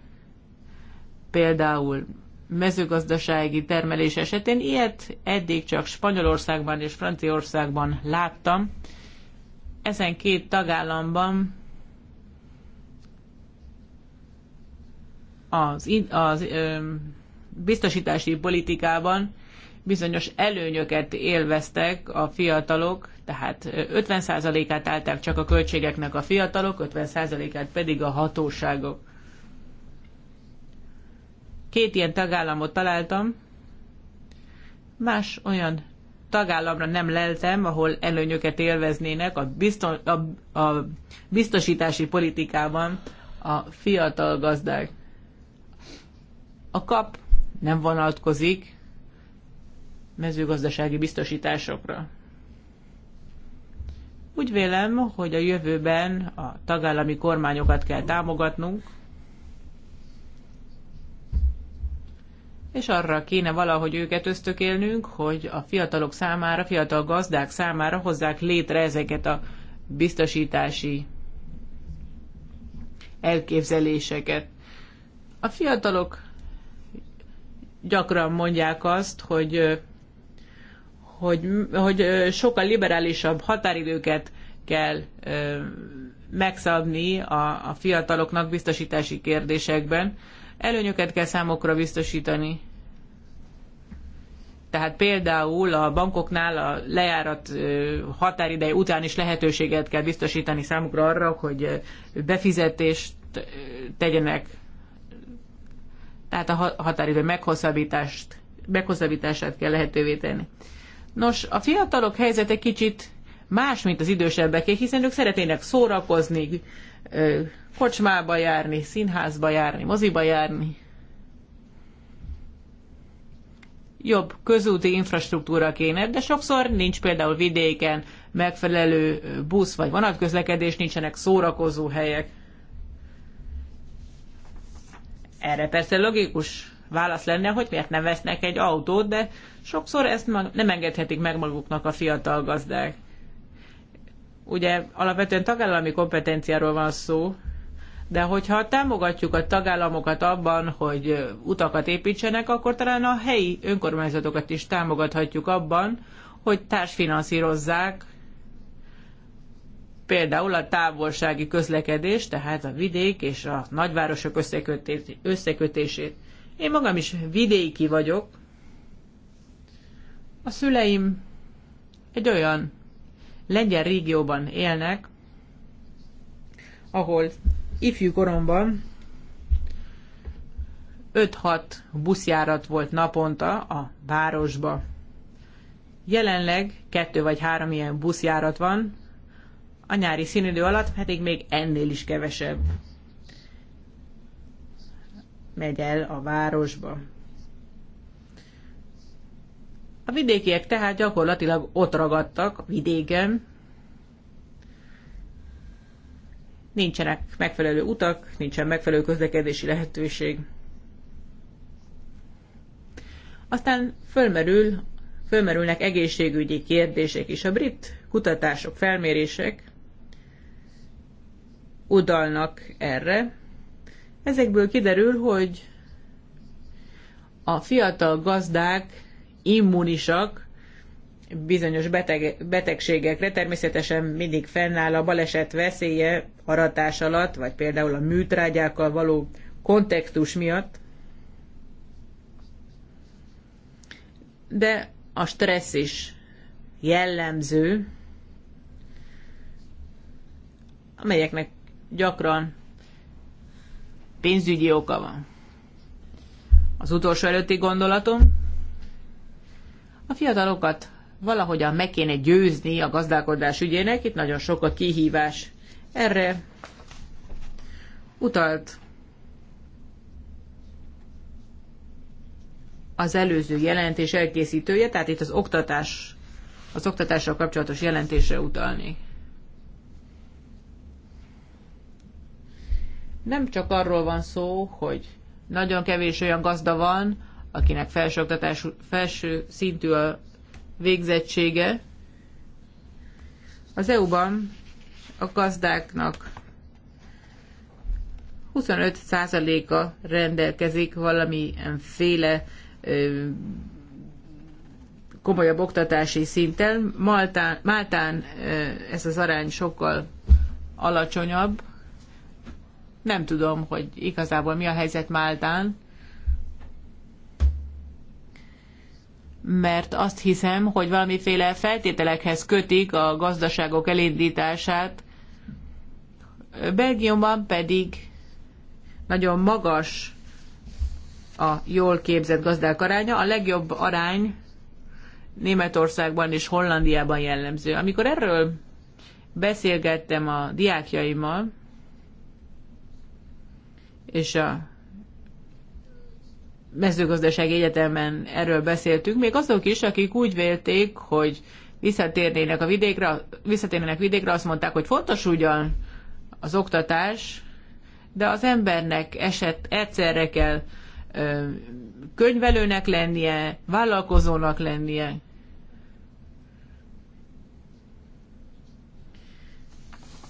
például mezőgazdasági termelés esetén. Ilyet eddig csak Spanyolországban és Franciaországban láttam. Ezen két tagállamban az, az ö, biztosítási politikában bizonyos előnyöket élveztek a fiatalok, tehát 50%-át állták csak a költségeknek a fiatalok, 50%-át pedig a hatóságok. Két ilyen tagállamot találtam, más olyan tagállamra nem leltem, ahol előnyöket élveznének a, bizton, a, a biztosítási politikában a fiatal gazdák. A kap nem vonatkozik mezőgazdasági biztosításokra. Úgy vélem, hogy a jövőben a tagállami kormányokat kell támogatnunk, és arra kéne valahogy őket ösztökélnünk, hogy a fiatalok számára, fiatal gazdák számára hozzák létre ezeket a biztosítási elképzeléseket. A fiatalok gyakran mondják azt, hogy, hogy, hogy sokkal liberálisabb határidőket kell megszabni a, a fiataloknak biztosítási kérdésekben. Előnyöket kell számokra biztosítani. Tehát például a bankoknál a lejárat határideje után is lehetőséget kell biztosítani számukra arra, hogy befizetést tegyenek. Tehát a határidő meghosszabbítást, meghosszabbítását kell lehetővé tenni. Nos, a fiatalok helyzete kicsit más, mint az idősebbeké, hiszen ők szeretnének szórakozni, kocsmába járni, színházba járni, moziba járni. Jobb közúti infrastruktúra kéne, de sokszor nincs például vidéken megfelelő busz vagy vonatközlekedés, nincsenek szórakozó helyek. Erre persze logikus válasz lenne, hogy miért nem vesznek egy autót, de sokszor ezt nem engedhetik meg maguknak a fiatal gazdák. Ugye alapvetően tagállami kompetenciáról van szó, de hogyha támogatjuk a tagállamokat abban, hogy utakat építsenek, akkor talán a helyi önkormányzatokat is támogathatjuk abban, hogy társfinanszírozzák például a távolsági közlekedés, tehát a vidék és a nagyvárosok összekötését. Én magam is vidéki vagyok. A szüleim egy olyan lengyel régióban élnek, ahol ifjú koromban 5-6 buszjárat volt naponta a városba. Jelenleg kettő vagy három ilyen buszjárat van, a nyári színidő alatt pedig még ennél is kevesebb megy el a városba. A vidékiek tehát gyakorlatilag ott ragadtak vidéken, nincsenek megfelelő utak, nincsen megfelelő közlekedési lehetőség. Aztán fölmerül, fölmerülnek egészségügyi kérdések is. A brit kutatások, felmérések udalnak erre. Ezekből kiderül, hogy a fiatal gazdák immunisak bizonyos beteg, betegségekre. Természetesen mindig fennáll a baleset veszélye aratás alatt, vagy például a műtrágyákkal való kontextus miatt. De a stressz is jellemző, amelyeknek gyakran pénzügyi oka van. Az utolsó előtti gondolatom, a fiatalokat valahogyan meg kéne győzni a gazdálkodás ügyének, itt nagyon sok a kihívás. Erre utalt az előző jelentés elkészítője, tehát itt az oktatás, az oktatással kapcsolatos jelentésre utalni. Nem csak arról van szó, hogy nagyon kevés olyan gazda van, akinek felsőoktatás, felső szintű a végzettsége az EU-ban a gazdáknak 25%-a rendelkezik valamilyen féle komolyabb oktatási szinten. Maltán, Máltán ez az arány sokkal alacsonyabb. Nem tudom, hogy igazából mi a helyzet Máltán. mert azt hiszem, hogy valamiféle feltételekhez kötik a gazdaságok elindítását. Belgiumban pedig nagyon magas a jól képzett gazdák aránya. A legjobb arány Németországban és Hollandiában jellemző. Amikor erről beszélgettem a diákjaimmal, és a mezőgazdasági egyetemen erről beszéltünk, még azok is, akik úgy vélték, hogy visszatérnének a vidékre, visszatérnének vidékre, azt mondták, hogy fontos ugyan az oktatás, de az embernek eset egyszerre kell ö, könyvelőnek lennie, vállalkozónak lennie.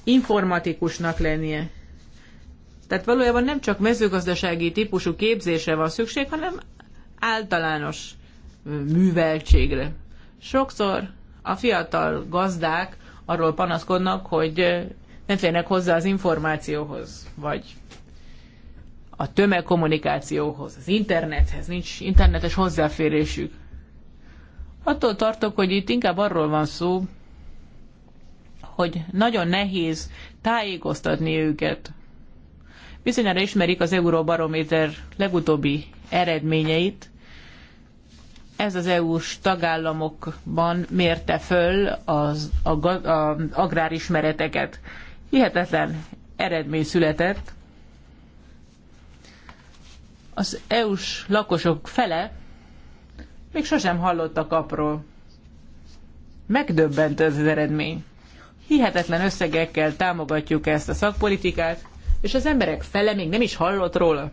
Informatikusnak lennie. Tehát valójában nem csak mezőgazdasági típusú képzésre van szükség, hanem általános műveltségre. Sokszor a fiatal gazdák arról panaszkodnak, hogy nem férnek hozzá az információhoz, vagy a tömegkommunikációhoz, az internethez, nincs internetes hozzáférésük. Attól tartok, hogy itt inkább arról van szó, hogy nagyon nehéz tájékoztatni őket Bizonyára ismerik az Euróbarométer legutóbbi eredményeit. Ez az EU-s tagállamokban mérte föl az a, a, agrárismereteket. Hihetetlen eredmény született. Az EU-s lakosok fele még sosem hallottak apról. Megdöbbentő ez az eredmény. Hihetetlen összegekkel támogatjuk ezt a szakpolitikát, és az emberek fele még nem is hallott róla.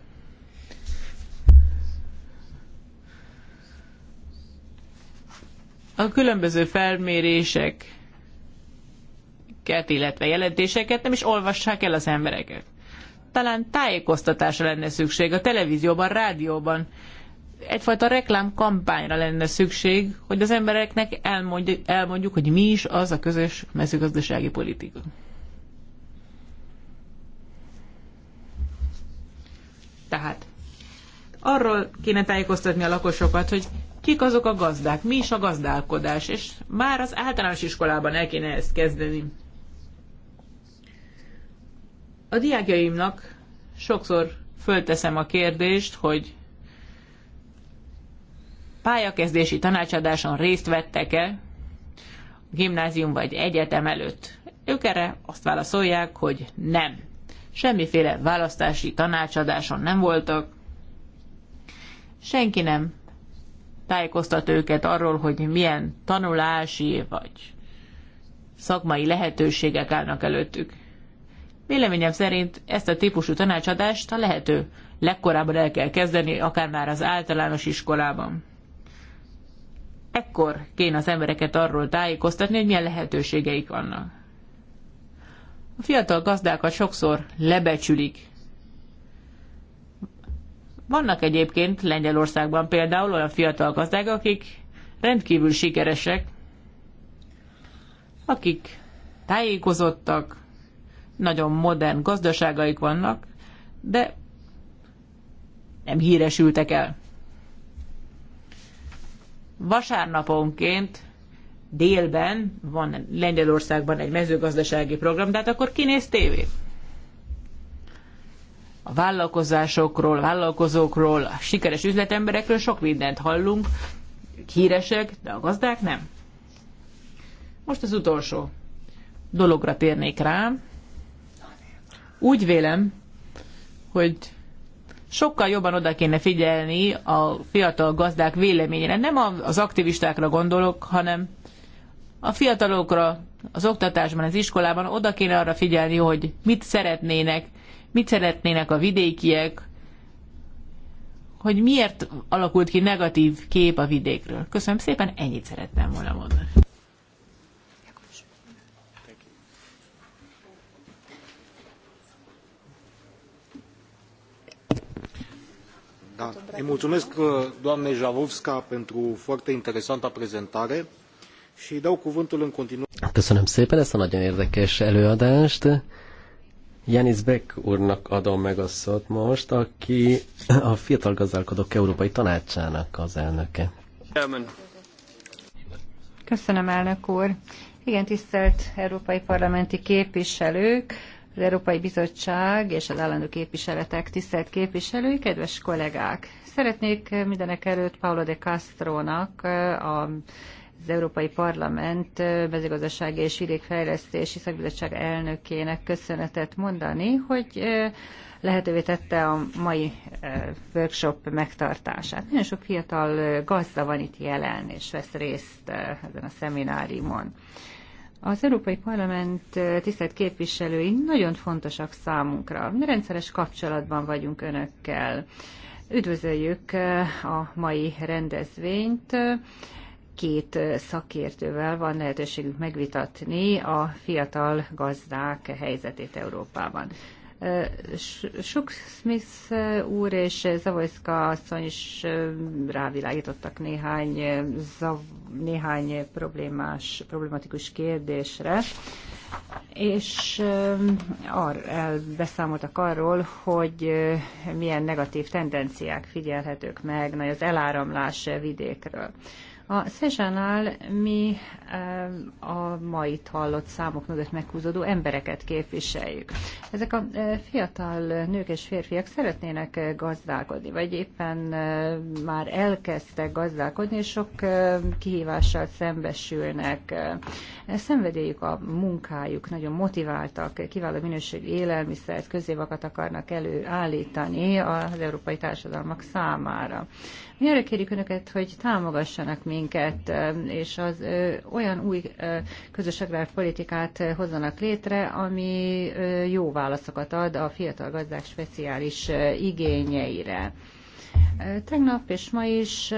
A különböző felmérések illetve jelentéseket nem is olvassák el az embereket. Talán tájékoztatásra lenne szükség a televízióban, rádióban. Egyfajta reklámkampányra lenne szükség, hogy az embereknek elmondjuk, elmondjuk, hogy mi is az a közös mezőgazdasági politika. Tehát arról kéne tájékoztatni a lakosokat, hogy kik azok a gazdák, mi is a gazdálkodás, és már az általános iskolában el kéne ezt kezdeni. A diákjaimnak sokszor fölteszem a kérdést, hogy pályakezdési tanácsadáson részt vettek-e gimnázium vagy egyetem előtt. Ők erre azt válaszolják, hogy nem semmiféle választási tanácsadáson nem voltak, senki nem tájékoztat őket arról, hogy milyen tanulási vagy szakmai lehetőségek állnak előttük. Véleményem szerint ezt a típusú tanácsadást a lehető legkorábban el kell kezdeni, akár már az általános iskolában. Ekkor kéne az embereket arról tájékoztatni, hogy milyen lehetőségeik vannak. A fiatal gazdákat sokszor lebecsülik. Vannak egyébként Lengyelországban például olyan fiatal gazdák, akik rendkívül sikeresek, akik tájékozottak, nagyon modern gazdaságaik vannak, de nem híresültek el. Vasárnaponként délben van Lengyelországban egy mezőgazdasági program, de hát akkor kinéz tévét? A vállalkozásokról, a vállalkozókról, a sikeres üzletemberekről sok mindent hallunk, híresek, de a gazdák nem. Most az utolsó dologra térnék rá. Úgy vélem, hogy sokkal jobban oda kéne figyelni a fiatal gazdák véleményére. Nem az aktivistákra gondolok, hanem a fiatalokra az oktatásban, az iskolában oda kéne arra figyelni, hogy mit szeretnének, mit szeretnének a vidékiek, hogy miért alakult ki negatív kép a vidékről. Köszönöm szépen, ennyit szerettem volna mondani. Da. Îi mulțumesc doamnei Javovska pentru foarte interesanta prezentare și dau cuvântul în continuare. Köszönöm szépen ezt a nagyon érdekes előadást. Janis Beck úrnak adom meg a szót most, aki a Fiatal Gazdálkodók Európai Tanácsának az elnöke. Köszönöm, elnök úr. Igen, tisztelt európai parlamenti képviselők, az Európai Bizottság és az állandó képviseletek tisztelt képviselői, kedves kollégák! Szeretnék mindenek előtt Paulo de Castro-nak, a az Európai Parlament mezőgazdasági és vidékfejlesztési szakbizottság elnökének köszönetet mondani, hogy lehetővé tette a mai workshop megtartását. Nagyon sok fiatal gazda van itt jelen, és vesz részt ezen a szemináriumon. Az Európai Parlament tisztelt képviselői nagyon fontosak számunkra. Rendszeres kapcsolatban vagyunk önökkel. Üdvözöljük a mai rendezvényt két szakértővel van lehetőségük megvitatni a fiatal gazdák helyzetét Európában. Sok Smith úr és Zavojszka asszony is rávilágítottak néhány, zav, néhány problémás, problematikus kérdésre, és ar, beszámoltak arról, hogy milyen negatív tendenciák figyelhetők meg, nagy az eláramlás vidékről. A Szezsánál mi eh, a mai hallott számok mögött meghúzódó embereket képviseljük. Ezek a eh, fiatal nők és férfiak szeretnének eh, gazdálkodni, vagy éppen már elkezdtek gazdálkodni, és sok kihívással szembesülnek. Szenvedélyük a munkájuk, nagyon motiváltak, kiváló minőségű élelmiszert, közévakat akarnak előállítani az európai társadalmak számára. Mi arra kérjük Önöket, hogy támogassanak minket, és az olyan új közös agrárpolitikát hozzanak létre, ami jó válaszokat ad a fiatal gazdák speciális igényeire. Tegnap és ma is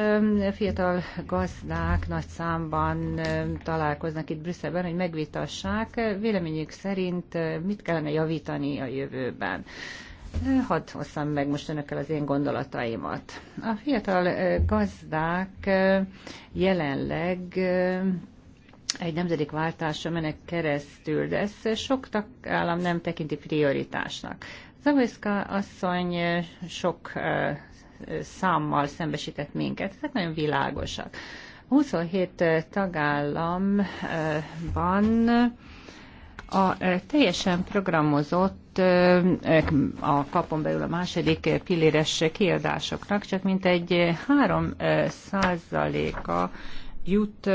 fiatal gazdák nagy számban találkoznak itt Brüsszelben, hogy megvitassák véleményük szerint, mit kellene javítani a jövőben. Hadd hozzam meg most önökkel az én gondolataimat. A fiatal gazdák jelenleg egy nemzedik váltásra menek keresztül, de ezt sok tagállam nem tekinti prioritásnak. Zagoyska asszony sok számmal szembesített minket, ezek nagyon világosak. 27 tagállamban a teljesen programozott a kapon belül a második pilléres kiadásoknak csak mint egy 3 százaléka jut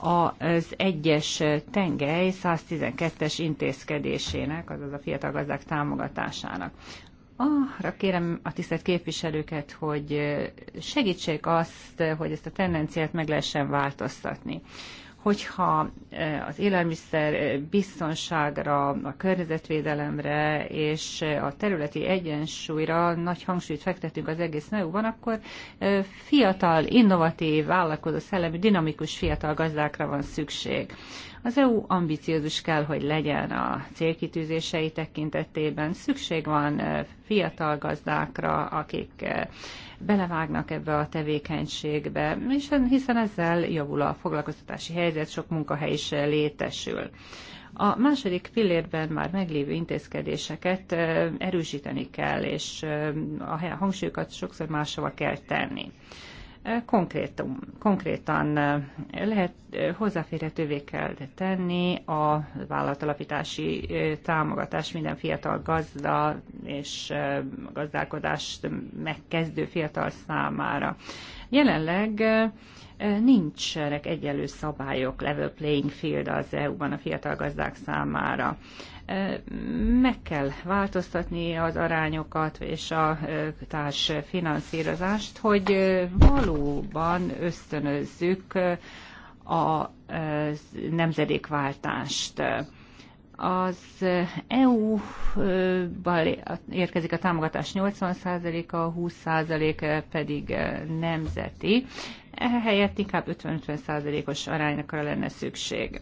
az egyes tengely 112-es intézkedésének, azaz a fiatal gazdák támogatásának. Arra kérem a tisztelt képviselőket, hogy segítsék azt, hogy ezt a tendenciát meg lehessen változtatni hogyha eh, az élelmiszer eh, biztonságra, a környezetvédelemre és eh, a területi egyensúlyra nagy hangsúlyt fektetünk az egész EU-ban, akkor fiatal, innovatív, vállalkozó szellemi, dinamikus fiatal gazdákra van szükség. Az EU ambiciózus kell, hogy legyen a célkitűzései tekintetében. Szükség van fiatal gazdákra, akik belevágnak ebbe a tevékenységbe, és hiszen ezzel javul a foglalkoztatási helyzet, sok munkahely is létesül. A második pillérben már meglévő intézkedéseket erősíteni kell, és a hangsúlyokat sokszor máshova kell tenni konkrétum, konkrétan lehet hozzáférhetővé kell tenni a vállalatalapítási támogatás minden fiatal gazda és gazdálkodást megkezdő fiatal számára. Jelenleg nincsenek egyenlő szabályok, level playing field az EU-ban a fiatal gazdák számára. Meg kell változtatni az arányokat és a társ finanszírozást, hogy valóban ösztönözzük a nemzedékváltást az EU-ban érkezik a támogatás 80%-a, 20% pedig nemzeti, ehelyett inkább 50-50%-os arányra lenne szükség.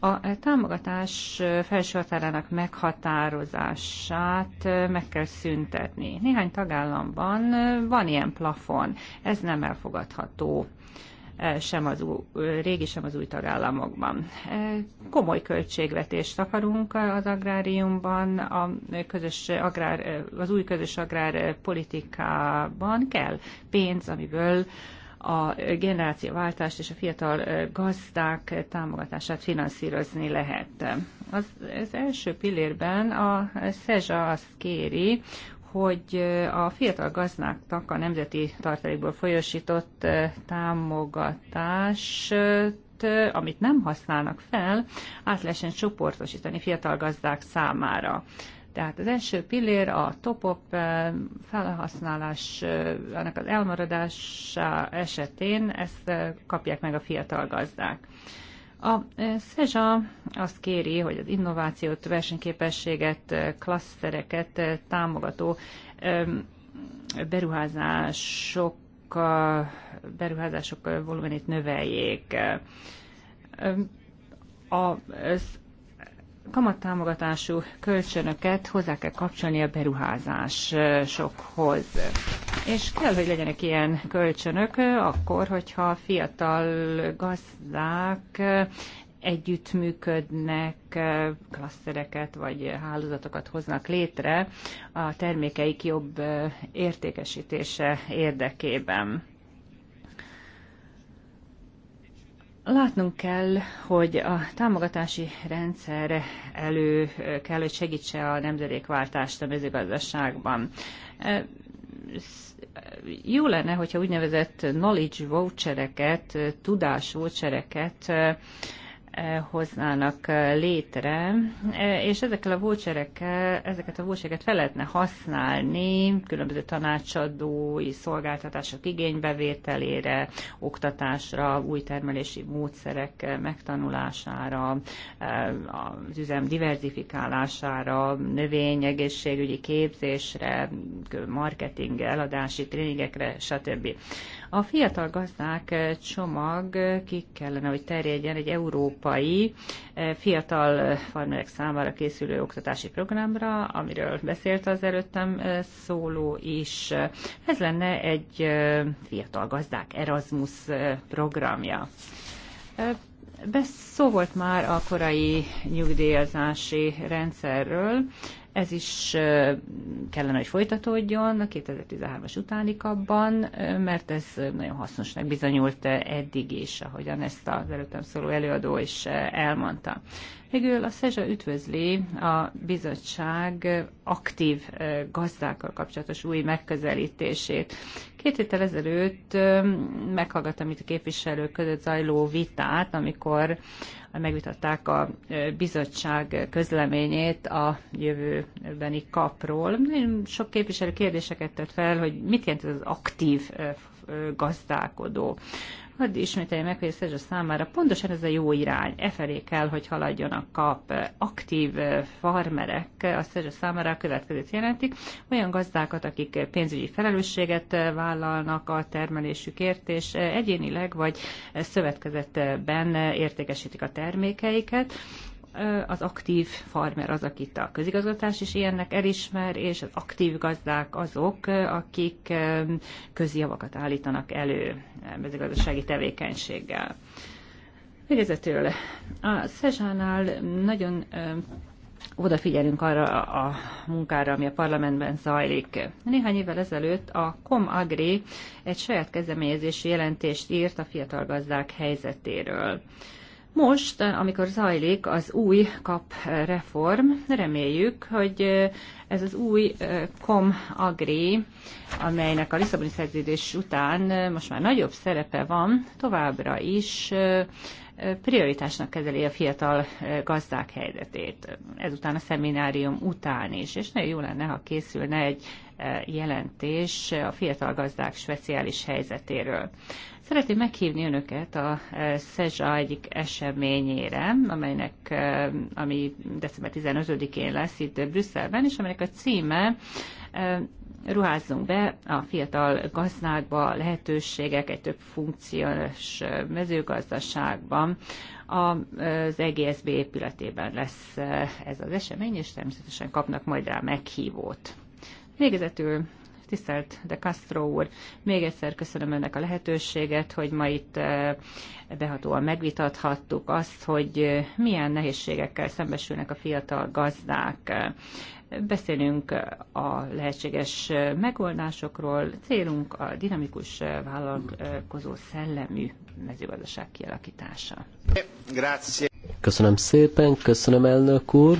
A támogatás felső határának meghatározását meg kell szüntetni. Néhány tagállamban van ilyen plafon, ez nem elfogadható eh, sem az új, régi, sem az új tagállamokban. Eh, komoly költségvetést akarunk az agráriumban, a közös agrár, eh, az új közös agrárpolitikában kell pénz, amiből a generációváltást és a fiatal gazdák támogatását finanszírozni lehet. Az, az első pillérben a SZEZSA azt kéri, hogy a fiatal gazdáknak a nemzeti tartalékból folyosított támogatás amit nem használnak fel, át lehessen csoportosítani fiatal gazdák számára. Tehát az első pillér a top-up eh, felhasználás, annak eh, az elmaradása esetén ezt eh, kapják meg a fiatal gazdák. A SZEZSA azt kéri, hogy az innovációt, versenyképességet, klasszereket támogató beruházások, beruházások volumenét növeljék. Az kamattámogatású kölcsönöket hozzá kell kapcsolni a beruházásokhoz. És kell, hogy legyenek ilyen kölcsönök akkor, hogyha fiatal gazdák együttműködnek, klasszereket vagy hálózatokat hoznak létre a termékeik jobb értékesítése érdekében. Látnunk kell, hogy a támogatási rendszer elő kell, hogy segítse a nemzedékváltást a mezőgazdaságban. Jó lenne, hogyha úgynevezett knowledge vouchereket, tudás vouchereket Eh, hoznának eh, létre, eh, és ezekkel a voucherekkel, ezeket a vouchereket fel lehetne használni különböző tanácsadói szolgáltatások igénybevételére, oktatásra, új termelési módszerek megtanulására, az üzem diverzifikálására, növényegészségügyi képzésre, marketing, eladási tréningekre, stb. A fiatal gazdák eh, csomag eh, ki kellene, hogy terjedjen egy európai eh, fiatal farmerek számára készülő oktatási programra, amiről beszélt az előttem szóló is. Ez lenne egy fiatal gazdák Erasmus programja. Beszó volt már a korai nyugdíjazási rendszerről ez is kellene, hogy folytatódjon a 2013-as utáni kapban, mert ez nagyon hasznosnak bizonyult eddig is, ahogyan ezt az előttem szóló előadó is elmondta. Végül a Szezsa üdvözli a bizottság aktív gazdákkal kapcsolatos új megközelítését. Két héttel ezelőtt meghallgattam itt a képviselők között zajló vitát, amikor megvitatták a bizottság közleményét a jövőbeni kapról. Sok képviselő kérdéseket tett fel, hogy mit jelent ez az aktív gazdálkodó hadd ismételjem meg, hogy Szerzsa számára pontosan ez a jó irány, e felé kell, hogy haladjon a kap. Aktív eh, farmerek a Szerzsa számára a következőt jelentik, olyan gazdákat, akik pénzügyi felelősséget eh, vállalnak a termelésükért, és eh, egyénileg vagy szövetkezetben értékesítik a termékeiket, az aktív farmer az, akit a közigazgatás is ilyennek elismer, és az aktív gazdák azok, akik közjavakat állítanak elő mezőgazdasági tevékenységgel. Végezetül, a Szezsánál nagyon odafigyelünk arra a munkára, ami a parlamentben zajlik. Néhány évvel ezelőtt a ComAgri egy saját kezdeményezési jelentést írt a fiatal gazdák helyzetéről. Most, amikor zajlik az új kap reform, reméljük, hogy eh, ez az új eh, kom agri, amelynek a Lisszaboni szerződés után eh, most már nagyobb szerepe van, továbbra is prioritásnak kezeli a fiatal gazdák helyzetét. Ezután a szeminárium után is, és nagyon jó lenne, ha készülne egy jelentés a fiatal gazdák speciális helyzetéről. Szeretném meghívni önöket a e, SZEZSA egyik eseményére, amelynek, e, ami december 15-én lesz itt Brüsszelben, és aminek a címe e, ruházzunk be a fiatal gazdákba lehetőségek egy több funkciós mezőgazdaságban. Az EGSB épületében lesz ez az esemény, és természetesen kapnak majd rá meghívót. Végezetül Tisztelt de Castro úr, még egyszer köszönöm önnek a lehetőséget, hogy ma itt eh, behatóan megvitathattuk azt, hogy eh, milyen nehézségekkel szembesülnek a fiatal gazdák. Beszélünk a lehetséges eh, megoldásokról. Célunk a dinamikus vállalkozó szellemű mezőgazdaság kialakítása. Köszönöm szépen, köszönöm elnök úr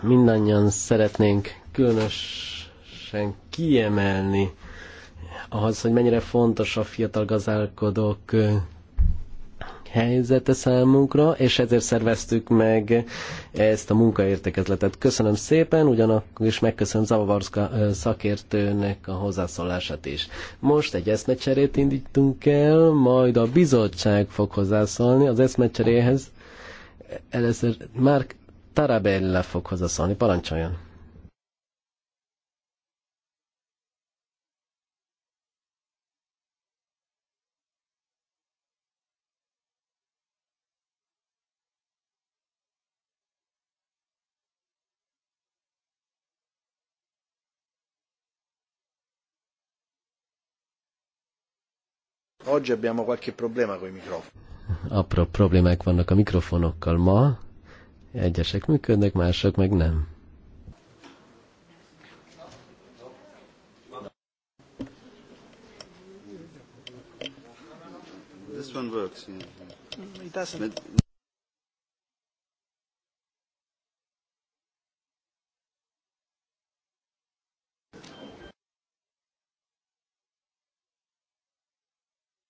mindannyian szeretnénk különösen kiemelni ahhoz, hogy mennyire fontos a fiatal gazdálkodók helyzete számunkra, és ezért szerveztük meg ezt a munkaértekezletet. Köszönöm szépen, ugyanakkor is megköszönöm Zavavarszka szakértőnek a hozzászólását is. Most egy eszmecserét indítunk el, majd a bizottság fog hozzászólni az eszmecseréhez. Először Mark Tarabella fog hozzászólni. Parancsoljon! Oggi abbiamo qualche problema con i microfoni. Apro problémák vannak a mikrofonokkal ma. Egyesek működnek, mások meg nem. This one works. Mm, it doesn't.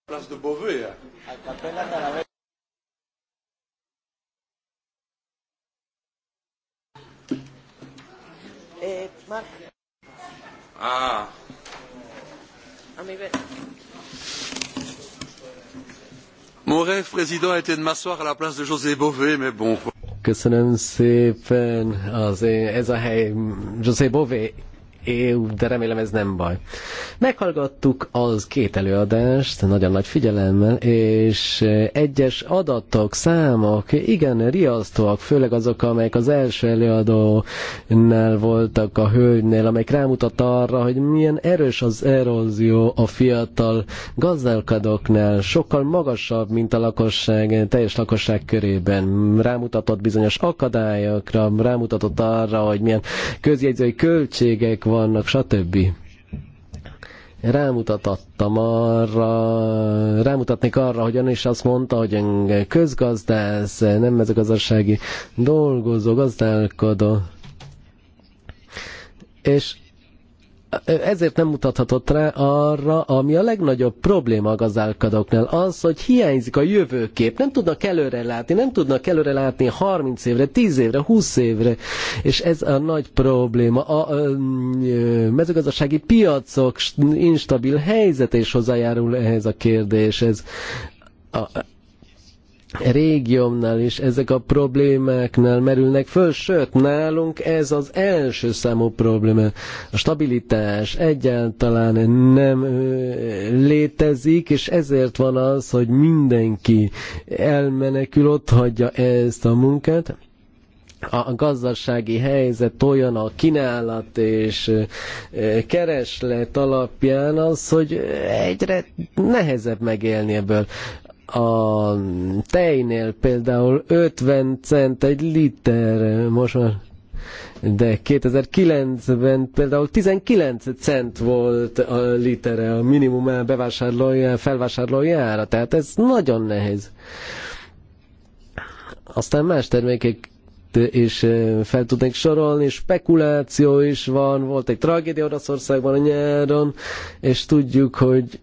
place de Beauvais. Eh, Mark. Ah. A Mon rêve, président, était de m'asseoir à la place de José Bové, mais bon. Köszönöm szépen, az, ez a hely José Bové EU, de remélem ez nem baj. Meghallgattuk az két előadást nagyon nagy figyelemmel, és egyes adatok, számok igen riasztóak, főleg azok, amelyek az első előadónál voltak a hölgynél, amelyek rámutatta arra, hogy milyen erős az erózió a fiatal gazdálkodóknál, sokkal magasabb, mint a lakosság, teljes lakosság körében. Rámutatott bizonyos akadályokra, rámutatott arra, hogy milyen közjegyzői költségek vannak, stb. Rámutatottam arra, rámutatnék arra, hogy ön is azt mondta, hogy közgazdász, nem mezőgazdasági dolgozó, gazdálkodó. És ezért nem mutathatott rá arra, ami a legnagyobb probléma a gazdálkodóknál, az, hogy hiányzik a jövőkép, nem tudnak előre látni, nem tudnak előre látni 30 évre, 10 évre, 20 évre, és ez a nagy probléma. A, a mezőgazdasági piacok instabil helyzet is hozzájárul ehhez a kérdéshez. A, régiómnál is ezek a problémáknál merülnek föl, sőt, nálunk ez az első számú probléma. A stabilitás egyáltalán nem létezik, és ezért van az, hogy mindenki elmenekül, ott hagyja ezt a munkát, a gazdasági helyzet olyan a kínálat és kereslet alapján az, hogy egyre nehezebb megélni ebből a tejnél például 50 cent egy liter most már, de 2009-ben például 19 cent volt a litere a minimum bevásárlója, felvásárlójára, tehát ez nagyon nehéz. Aztán más termékek és eh, fel tudnék sorolni, spekuláció is van, volt egy tragédia Oroszországban a nyáron, és tudjuk, hogy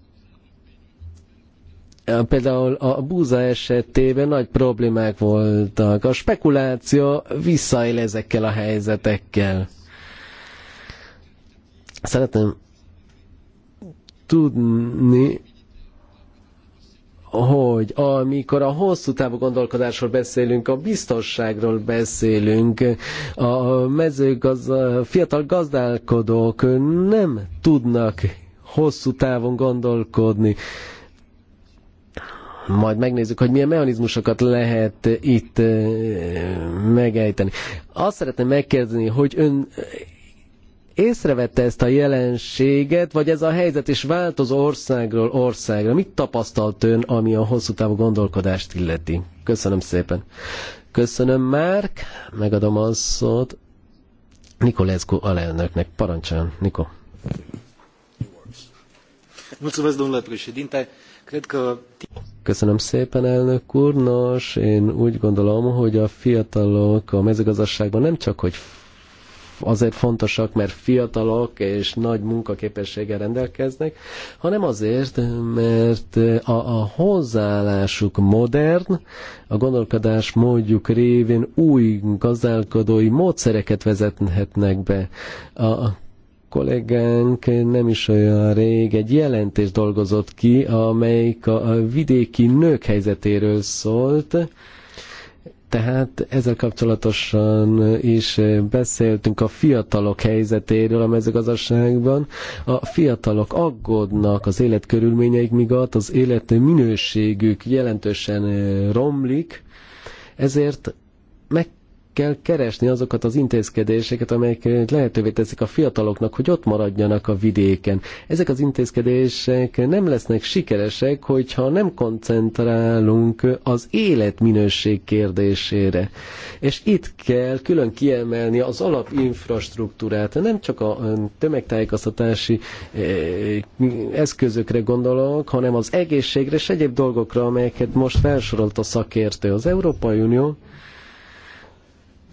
Eh, például a búza esetében nagy problémák voltak. A spekuláció visszaél ezekkel a helyzetekkel. Szeretném tudni, hogy amikor a hosszú távú gondolkodásról beszélünk, a biztonságról beszélünk, a mezőgaz, a fiatal gazdálkodók nem tudnak hosszú távon gondolkodni majd megnézzük, hogy milyen mechanizmusokat lehet itt eh, megejteni. Azt szeretném megkérdezni, hogy ön észrevette ezt a jelenséget, vagy ez a helyzet is változó országról országra? Mit tapasztalt ön, ami a hosszú távú gondolkodást illeti? Köszönöm szépen. Köszönöm, Márk. Megadom a szót Nikolescu alelnöknek. Parancsán, Niko. Mulțumesc, domnule președinte. Cred că Köszönöm szépen, elnök úr. Nos, én úgy gondolom, hogy a fiatalok a mezőgazdaságban nem csak, hogy azért fontosak, mert fiatalok és nagy munkaképességgel rendelkeznek, hanem azért, mert a, a hozzáállásuk modern, a gondolkodás módjuk révén új gazdálkodói módszereket vezethetnek be. A kollégánk nem is olyan rég egy jelentést dolgozott ki, amelyik a vidéki nők helyzetéről szólt, tehát ezzel kapcsolatosan is beszéltünk a fiatalok helyzetéről a mezőgazdaságban. A fiatalok aggódnak az életkörülményeik miatt, az élet minőségük jelentősen romlik, ezért meg kell keresni azokat az intézkedéseket, amelyek eh, lehetővé teszik a fiataloknak, hogy ott maradjanak a vidéken. Ezek az intézkedések nem lesznek sikeresek, hogyha nem koncentrálunk az életminőség kérdésére. És itt kell külön kiemelni az alapinfrastruktúrát, nem csak a eh, tömegtájékoztatási eh, eszközökre gondolok, hanem az egészségre és egyéb dolgokra, amelyeket most felsorolt a szakértő. Az Európai Unió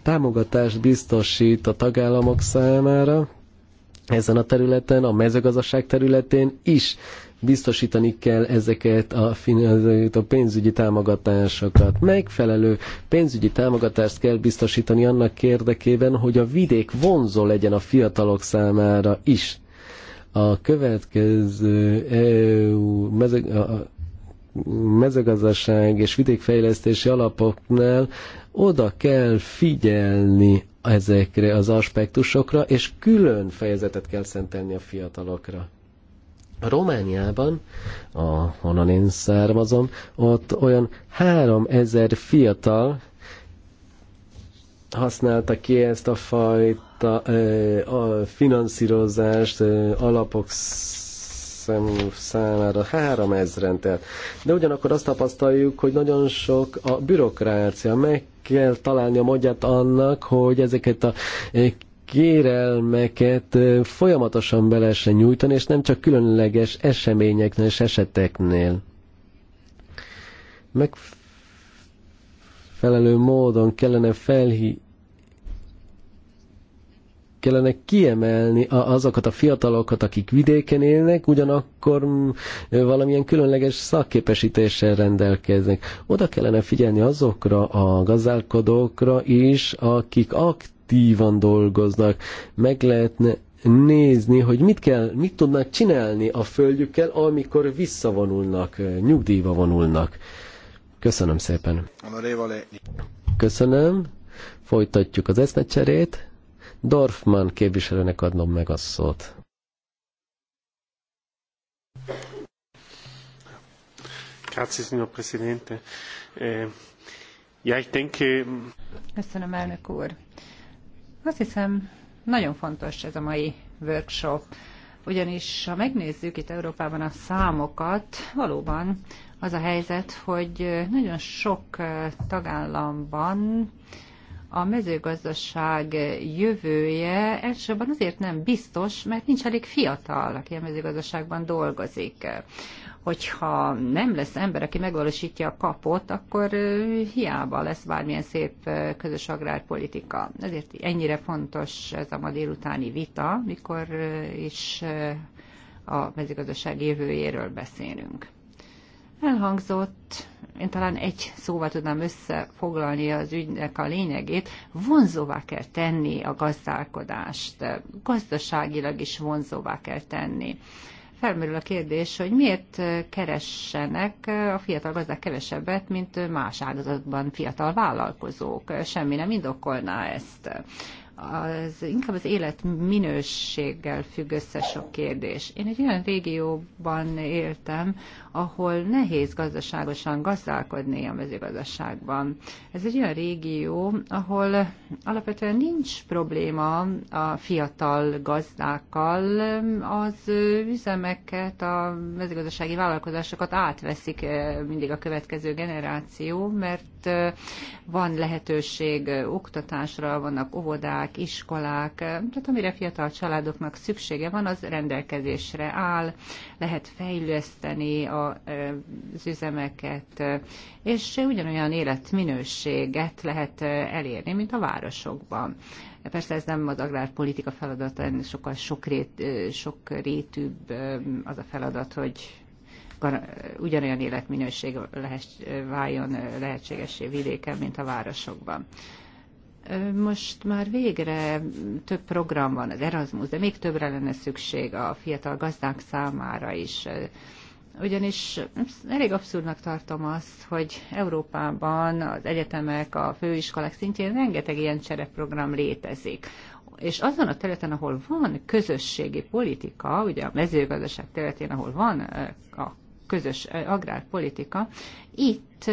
támogatást biztosít a tagállamok számára, ezen a területen, a mezőgazdaság területén is biztosítani kell ezeket a, a pénzügyi támogatásokat. Megfelelő pénzügyi támogatást kell biztosítani annak érdekében, hogy a vidék vonzó legyen a fiatalok számára is. A következő EU mezőgazdaság és vidékfejlesztési alapoknál oda kell figyelni ezekre az aspektusokra, és külön fejezetet kell szentelni a fiatalokra. Romániában, ahonnan én származom, ott olyan 3000 fiatal használta ki ezt a fajta ö, a finanszírozást, ö, alapok személyek számára 3000-en telt. De ugyanakkor azt tapasztaljuk, hogy nagyon sok a bürokrácia. Meg kell találni a magyat annak, hogy ezeket a e, kérelmeket e, folyamatosan be lehessen nyújtani, és nem csak különleges eseményeknél és eseteknél. Megfelelő módon kellene felhívni kellene kiemelni azokat a fiatalokat, akik vidéken élnek, ugyanakkor mm, valamilyen különleges szakképesítéssel rendelkeznek. Oda kellene figyelni azokra a gazdálkodókra is, akik aktívan dolgoznak. Meg lehetne nézni, hogy mit, kell, mit tudnak csinálni a földjükkel, amikor visszavonulnak, nyugdíjba vonulnak. Köszönöm szépen. Köszönöm. Folytatjuk az eszmecserét. Dorfman képviselőnek adnom meg a szót. Grazie, signor Presidente. Ja, ich denke... Köszönöm, elnök úr. Azt hiszem, nagyon fontos ez a mai workshop, ugyanis ha megnézzük itt Európában a számokat, valóban az a helyzet, hogy nagyon sok eh, tagállamban a mezőgazdaság jövője elsősorban azért nem biztos, mert nincs elég fiatal, aki a mezőgazdaságban dolgozik. Hogyha nem lesz ember, aki megvalósítja a kapot, akkor hiába lesz bármilyen szép közös agrárpolitika. Ezért ennyire fontos ez a ma délutáni vita, mikor is a mezőgazdaság jövőjéről beszélünk. Elhangzott, én talán egy szóval tudnám összefoglalni az ügynek a lényegét, vonzóvá kell tenni a gazdálkodást, gazdaságilag is vonzóvá kell tenni felmerül a kérdés, hogy miért keressenek a fiatal gazdák kevesebbet, mint más áldozatban fiatal vállalkozók. Semmi nem indokolná ezt az, inkább az élet minőséggel függ össze sok kérdés. Én egy olyan régióban éltem, ahol nehéz gazdaságosan gazdálkodni a mezőgazdaságban. Ez egy olyan régió, ahol alapvetően nincs probléma a fiatal gazdákkal, az üzemeket, a mezőgazdasági vállalkozásokat átveszik eh, mindig a következő generáció, mert itt van lehetőség oktatásra, vannak óvodák, iskolák, tehát amire fiatal családoknak szüksége van, az rendelkezésre áll, lehet fejleszteni az üzemeket, és ugyanolyan életminőséget lehet elérni, mint a városokban. Persze ez nem az agrárpolitika feladata, ennél sokkal sok rétűbb az a feladat, hogy Eh, ugyanolyan életminőség lehet, eh, váljon eh, lehetségessé vidéken, mint a városokban. Most már végre több program van, az Erasmus, de még többre lenne szükség a fiatal gazdák számára is. Ugyanis elég abszurdnak tartom azt, hogy Európában az egyetemek, a főiskolák szintjén rengeteg ilyen csereprogram létezik és azon a területen, ahol van közösségi politika, ugye a mezőgazdaság területén, ahol van a közös agrárpolitika, itt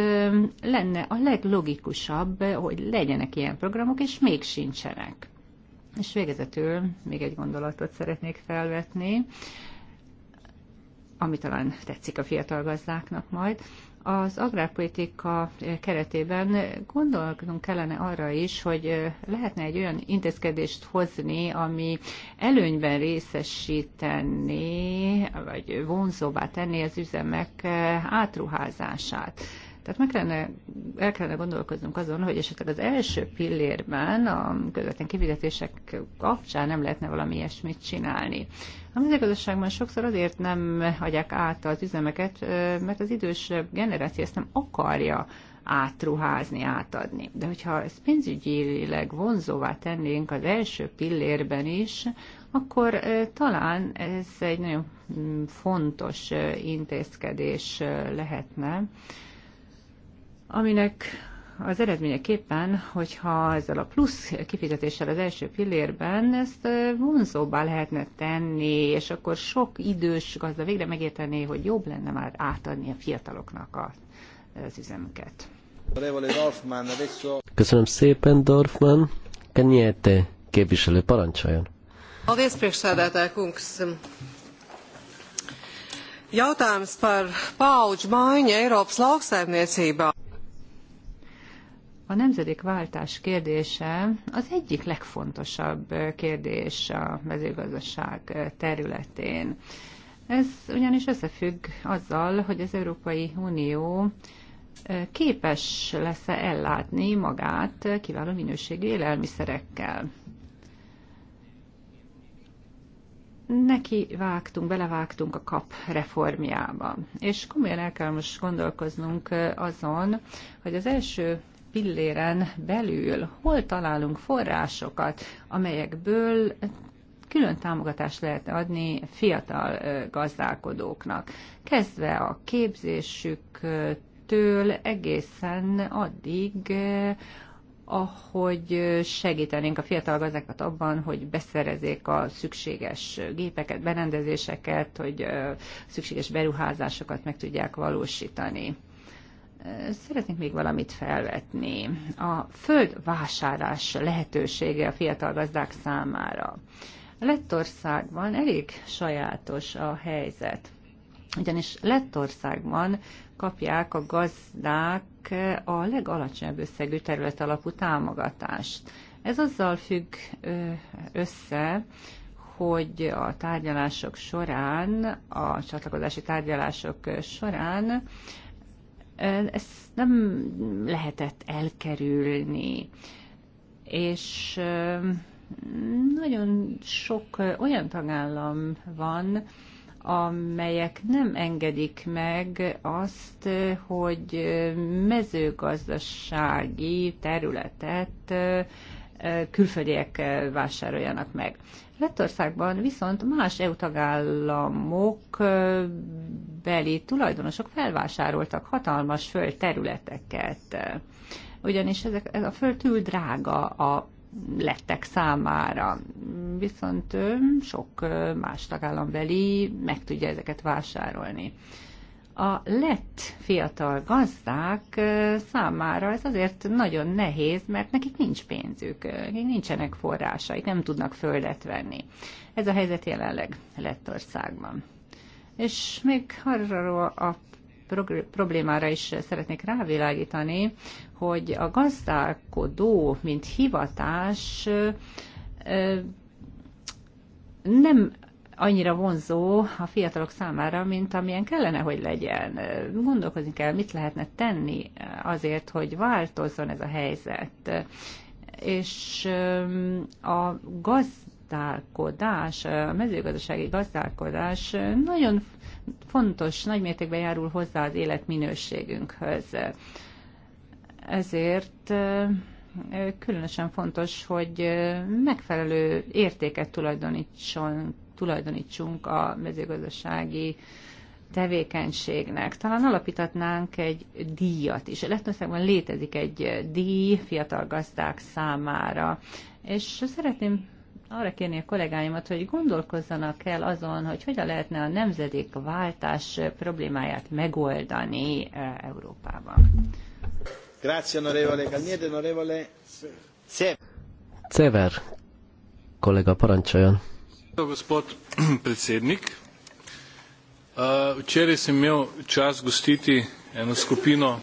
lenne a leglogikusabb, hogy legyenek ilyen programok, és még sincsenek. És végezetül még egy gondolatot szeretnék felvetni, ami talán tetszik a fiatal gazdáknak majd. Az agrárpolitika eh, keretében gondolnunk kellene arra is, hogy eh, lehetne egy olyan intézkedést hozni, ami előnyben részesíteni, vagy vonzóvá tenni az üzemek eh, átruházását. Tehát meg kellene, el kellene gondolkoznunk azon, hogy esetleg az első pillérben a közvetlen kifizetések kapcsán nem lehetne valami ilyesmit csinálni. A mezőgazdaságban sokszor azért nem adják át az üzemeket, mert az idős generáció ezt nem akarja átruházni, átadni. De hogyha ezt pénzügyileg vonzóvá tennénk az első pillérben is, akkor talán ez egy nagyon mm, fontos intézkedés lehetne, aminek az eredményeképpen, hogyha ezzel a plusz kifizetéssel az első pillérben ezt vonzóbbá lehetne tenni, és akkor sok idős gazda végre megértené, hogy jobb lenne már átadni a fiataloknak a, az üzemüket. Köszönöm szépen, Dorfman. Kenyete képviselő, parancsoljon. A vészpréksádáták kungs. Jautājums par paudžu maiņu Eiropas lauksaimniecībā. A nemzedékváltás kérdése az egyik legfontosabb kérdés a mezőgazdaság területén. Ez ugyanis összefügg azzal, hogy az Európai Unió e, képes lesz-e ellátni magát kiváló minőségű élelmiszerekkel. Neki vágtunk, belevágtunk a kap reformjába. És komolyan el kell most gondolkoznunk e, azon, hogy az első pilléren belül hol találunk forrásokat, amelyekből külön támogatást lehet adni fiatal gazdálkodóknak, kezdve a képzésüktől egészen addig, ahogy segítenénk a fiatal gazdákat abban, hogy beszerezzék a szükséges gépeket, berendezéseket, hogy szükséges beruházásokat meg tudják valósítani. Szeretnék még valamit felvetni. A földvásárlás lehetősége a fiatal gazdák számára. Lettországban elég sajátos a helyzet. Ugyanis Lettországban kapják a gazdák a legalacsonyabb összegű terület alapú támogatást. Ez azzal függ össze, hogy a tárgyalások során, a csatlakozási tárgyalások során ezt nem lehetett elkerülni. És nagyon sok olyan tagállam van, amelyek nem engedik meg azt, hogy mezőgazdasági területet külföldiek vásároljanak meg. Lettországban viszont más EU tagállamok beli tulajdonosok felvásároltak hatalmas földterületeket, ugyanis ezek, ez a föld túl drága a lettek számára. Viszont sok más tagállambeli meg tudja ezeket vásárolni a lett fiatal gazdák számára ez azért nagyon nehéz, mert nekik nincs pénzük, nekik nincsenek forrásaik, nem tudnak földet venni. Ez a helyzet jelenleg Lettországban. És még arról a problémára is szeretnék rávilágítani, hogy a gazdálkodó, mint hivatás, nem annyira vonzó a fiatalok számára, mint amilyen kellene, hogy legyen. Gondolkozni kell, mit lehetne tenni azért, hogy változzon ez a helyzet. És a gazdálkodás, a mezőgazdasági gazdálkodás nagyon fontos, nagymértékben járul hozzá az életminőségünkhöz. Ezért különösen fontos, hogy megfelelő értéket tulajdonítson tulajdonítsunk a mezőgazdasági tevékenységnek. Talán alapítatnánk egy díjat is. Lettországban létezik egy díj fiatal gazdák számára, és szeretném arra kérni a kollégáimat, hogy gondolkozzanak el azon, hogy hogyan lehetne a nemzedék váltás problémáját megoldani eh, Európában. Grazie, onorevole Calniede, onorevole Cever. Cever, kollega, parancsoljon. Gospod predsednik, uh, včeraj sem imel čas gostiti eno skupino.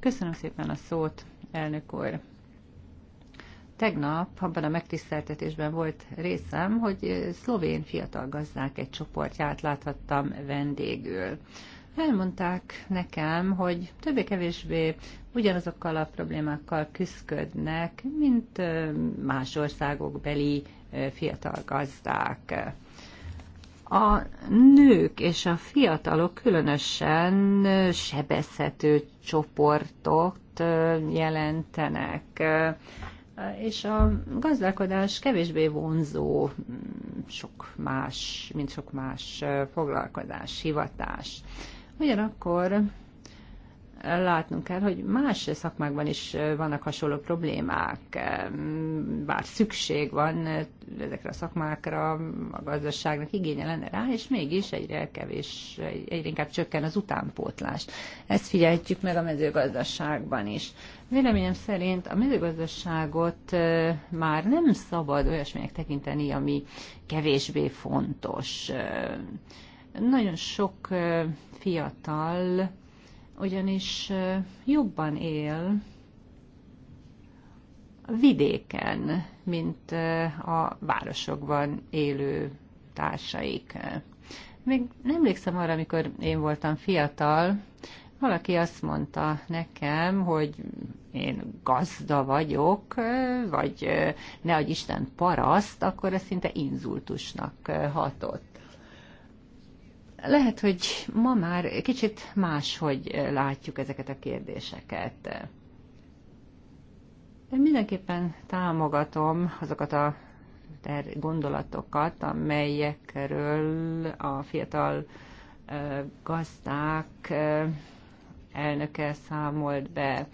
Köszönöm szépen a szót, elnök úr. Tegnap abban a megtiszteltetésben volt részem, hogy szlovén fiatal gazdák egy csoportját láthattam vendégül. Elmondták nekem, hogy többé-kevésbé ugyanazokkal a problémákkal küzdködnek, mint más országok beli fiatal gazdák. A nők és a fiatalok különösen sebezhető csoportot jelentenek, és a gazdálkodás kevésbé vonzó, sok más, mint sok más foglalkozás, hivatás. Ugyanakkor látnunk kell, hogy más szakmákban is vannak hasonló problémák, bár szükség van ezekre a szakmákra, a gazdaságnak igénye lenne rá, és mégis egyre kevés, egyre inkább csökken az utánpótlás. Ezt figyeljük meg a mezőgazdaságban is. Véleményem szerint a mezőgazdaságot már nem szabad olyasmények tekinteni, ami kevésbé fontos. Nagyon sok fiatal ugyanis jobban él vidéken, mint a városokban élő társaik. Még nem emlékszem arra, amikor én voltam fiatal, valaki azt mondta nekem, hogy én gazda vagyok, vagy ne Isten paraszt, akkor ez szinte inzultusnak hatott. Lehet, hogy ma már kicsit más, hogy látjuk ezeket a kérdéseket. Én mindenképpen támogatom azokat a gondolatokat, amelyekről a fiatal gazdák elnöke számolt be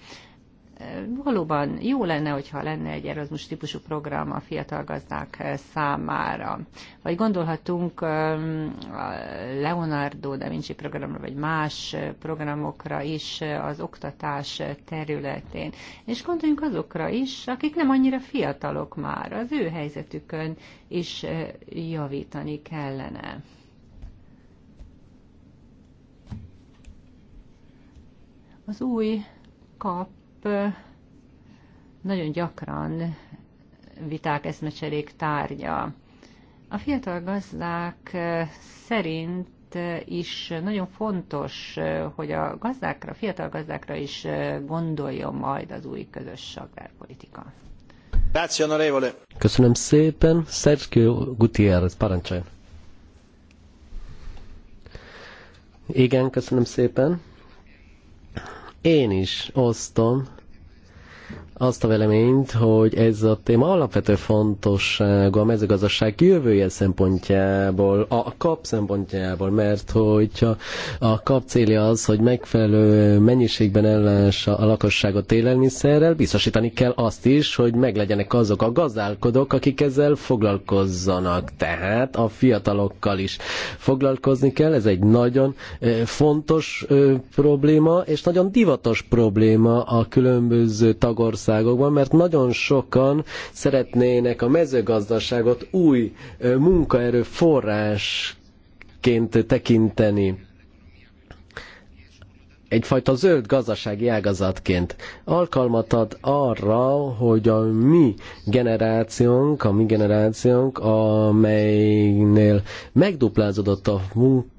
valóban jó lenne, hogyha lenne egy Erasmus típusú program a fiatal gazdák számára. Vagy gondolhatunk a Leonardo da Vinci programra, vagy más programokra is az oktatás területén. És gondoljunk azokra is, akik nem annyira fiatalok már, az ő helyzetükön is javítani kellene. Az új kap nagyon gyakran viták eszmecserék tárgya. A fiatal gazdák szerint is nagyon fontos, hogy a gazdákra, a fiatal gazdákra is gondoljon majd az új közös agrárpolitika. Köszönöm szépen. Sergio Gutierrez, parancsoljon. Igen, köszönöm szépen. Én is osztom azt a véleményt, hogy ez a téma alapvető fontosságú a mezőgazdaság jövője szempontjából, a kap szempontjából, mert hogyha a kap célja az, hogy megfelelő mennyiségben ellens a lakosságot élelmiszerrel, biztosítani kell azt is, hogy meglegyenek azok a gazdálkodók, akik ezzel foglalkozzanak. Tehát a fiatalokkal is foglalkozni kell, ez egy nagyon fontos probléma, és nagyon divatos probléma a különböző tagországok országokban, mert nagyon sokan szeretnének a mezőgazdaságot új munkaerő forrásként tekinteni egyfajta zöld gazdasági ágazatként alkalmat ad arra, hogy a mi generációnk, a mi generációnk, amelynél megduplázódott a munka,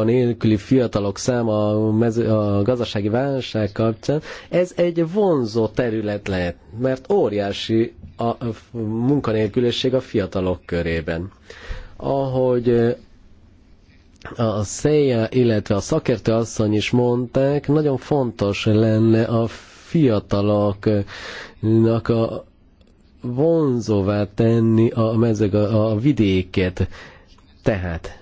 nélküli fiatalok száma a, mező, a gazdasági válság kapcsán, ez egy vonzó terület lehet, mert óriási a munkanélküliség a fiatalok körében. Ahogy a Széja, illetve a szakértő asszony is mondták, nagyon fontos lenne a fiataloknak a vonzóvá tenni a, mezőg, a vidéket. Tehát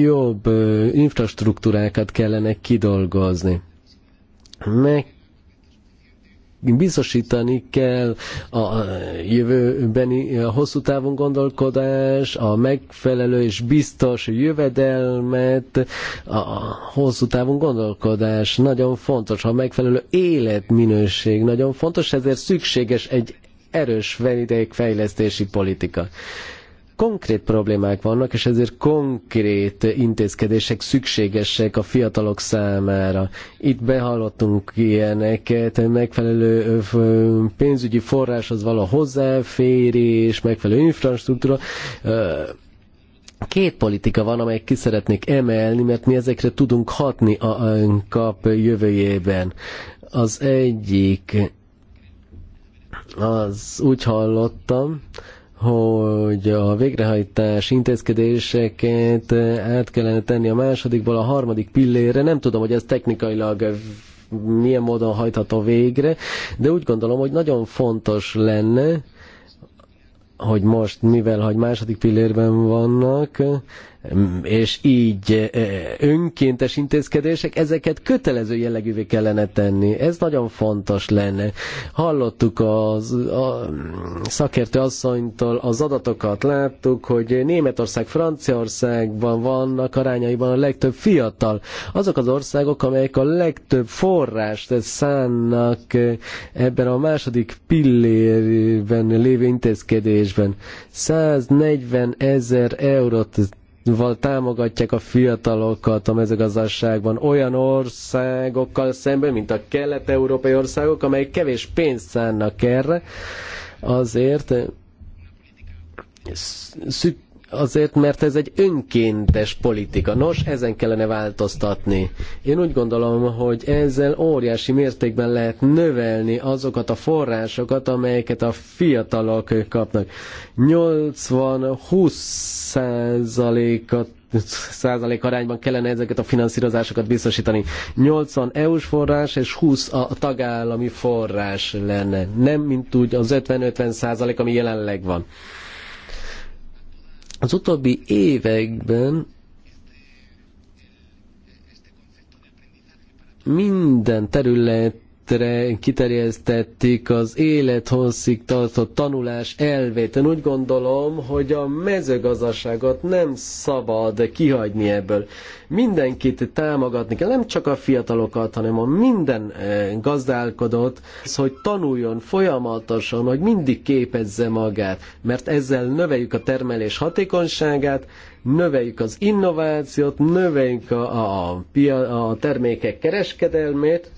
jobb infrastruktúrákat kellene kidolgozni. Meg biztosítani kell a jövőbeni a hosszú távon gondolkodás, a megfelelő és biztos jövedelmet, a hosszú távon gondolkodás nagyon fontos, a megfelelő életminőség nagyon fontos, ezért szükséges egy erős fejlesztési politika konkrét problémák vannak, és ezért konkrét intézkedések szükségesek a fiatalok számára. Itt behallottunk ilyeneket, megfelelő pénzügyi forráshoz való hozzáférés, megfelelő infrastruktúra, két politika van, amelyek ki szeretnék emelni, mert mi ezekre tudunk hatni a kap jövőjében. Az egyik, az úgy hallottam, hogy a végrehajtás intézkedéseket át kellene tenni a másodikból a harmadik pillérre. Nem tudom, hogy ez technikailag milyen módon hajtható végre, de úgy gondolom, hogy nagyon fontos lenne, hogy most, mivel hogy második pillérben vannak, és így e, e, önkéntes intézkedések, ezeket kötelező jellegűvé kellene tenni. Ez nagyon fontos lenne. Hallottuk az, a szakértő asszonytól az adatokat, láttuk, hogy Németország, Franciaországban vannak arányaiban a legtöbb fiatal. Azok az országok, amelyek a legtöbb forrást szánnak e, ebben a második pillérben lévő intézkedésben. 140 ezer eurót támogatják a fiatalokat a mezőgazdaságban olyan országokkal szemben, mint a kelet-európai országok, amelyek kevés pénzt szánnak erre, azért eh, szük azért, mert ez egy önkéntes politika. Nos, ezen kellene változtatni. Én úgy gondolom, hogy ezzel óriási mértékben lehet növelni azokat a forrásokat, amelyeket a fiatalok kapnak. 80-20 százalékot százalék arányban kellene ezeket a finanszírozásokat biztosítani. 80 EU-s forrás és 20 a tagállami forrás lenne. Nem mint úgy az 50-50 százalék, ami jelenleg van. Az utóbbi években minden terület kiterjesztették az élethosszig tartó tanulás elvét. Én úgy gondolom, hogy a mezőgazdaságot nem szabad kihagyni ebből. Mindenkit támogatni kell, nem csak a fiatalokat, hanem a minden eh, gazdálkodót, hogy tanuljon folyamatosan, hogy mindig képezze magát, mert ezzel növeljük a termelés hatékonyságát, növeljük az innovációt, növeljük a, a, a termékek kereskedelmét,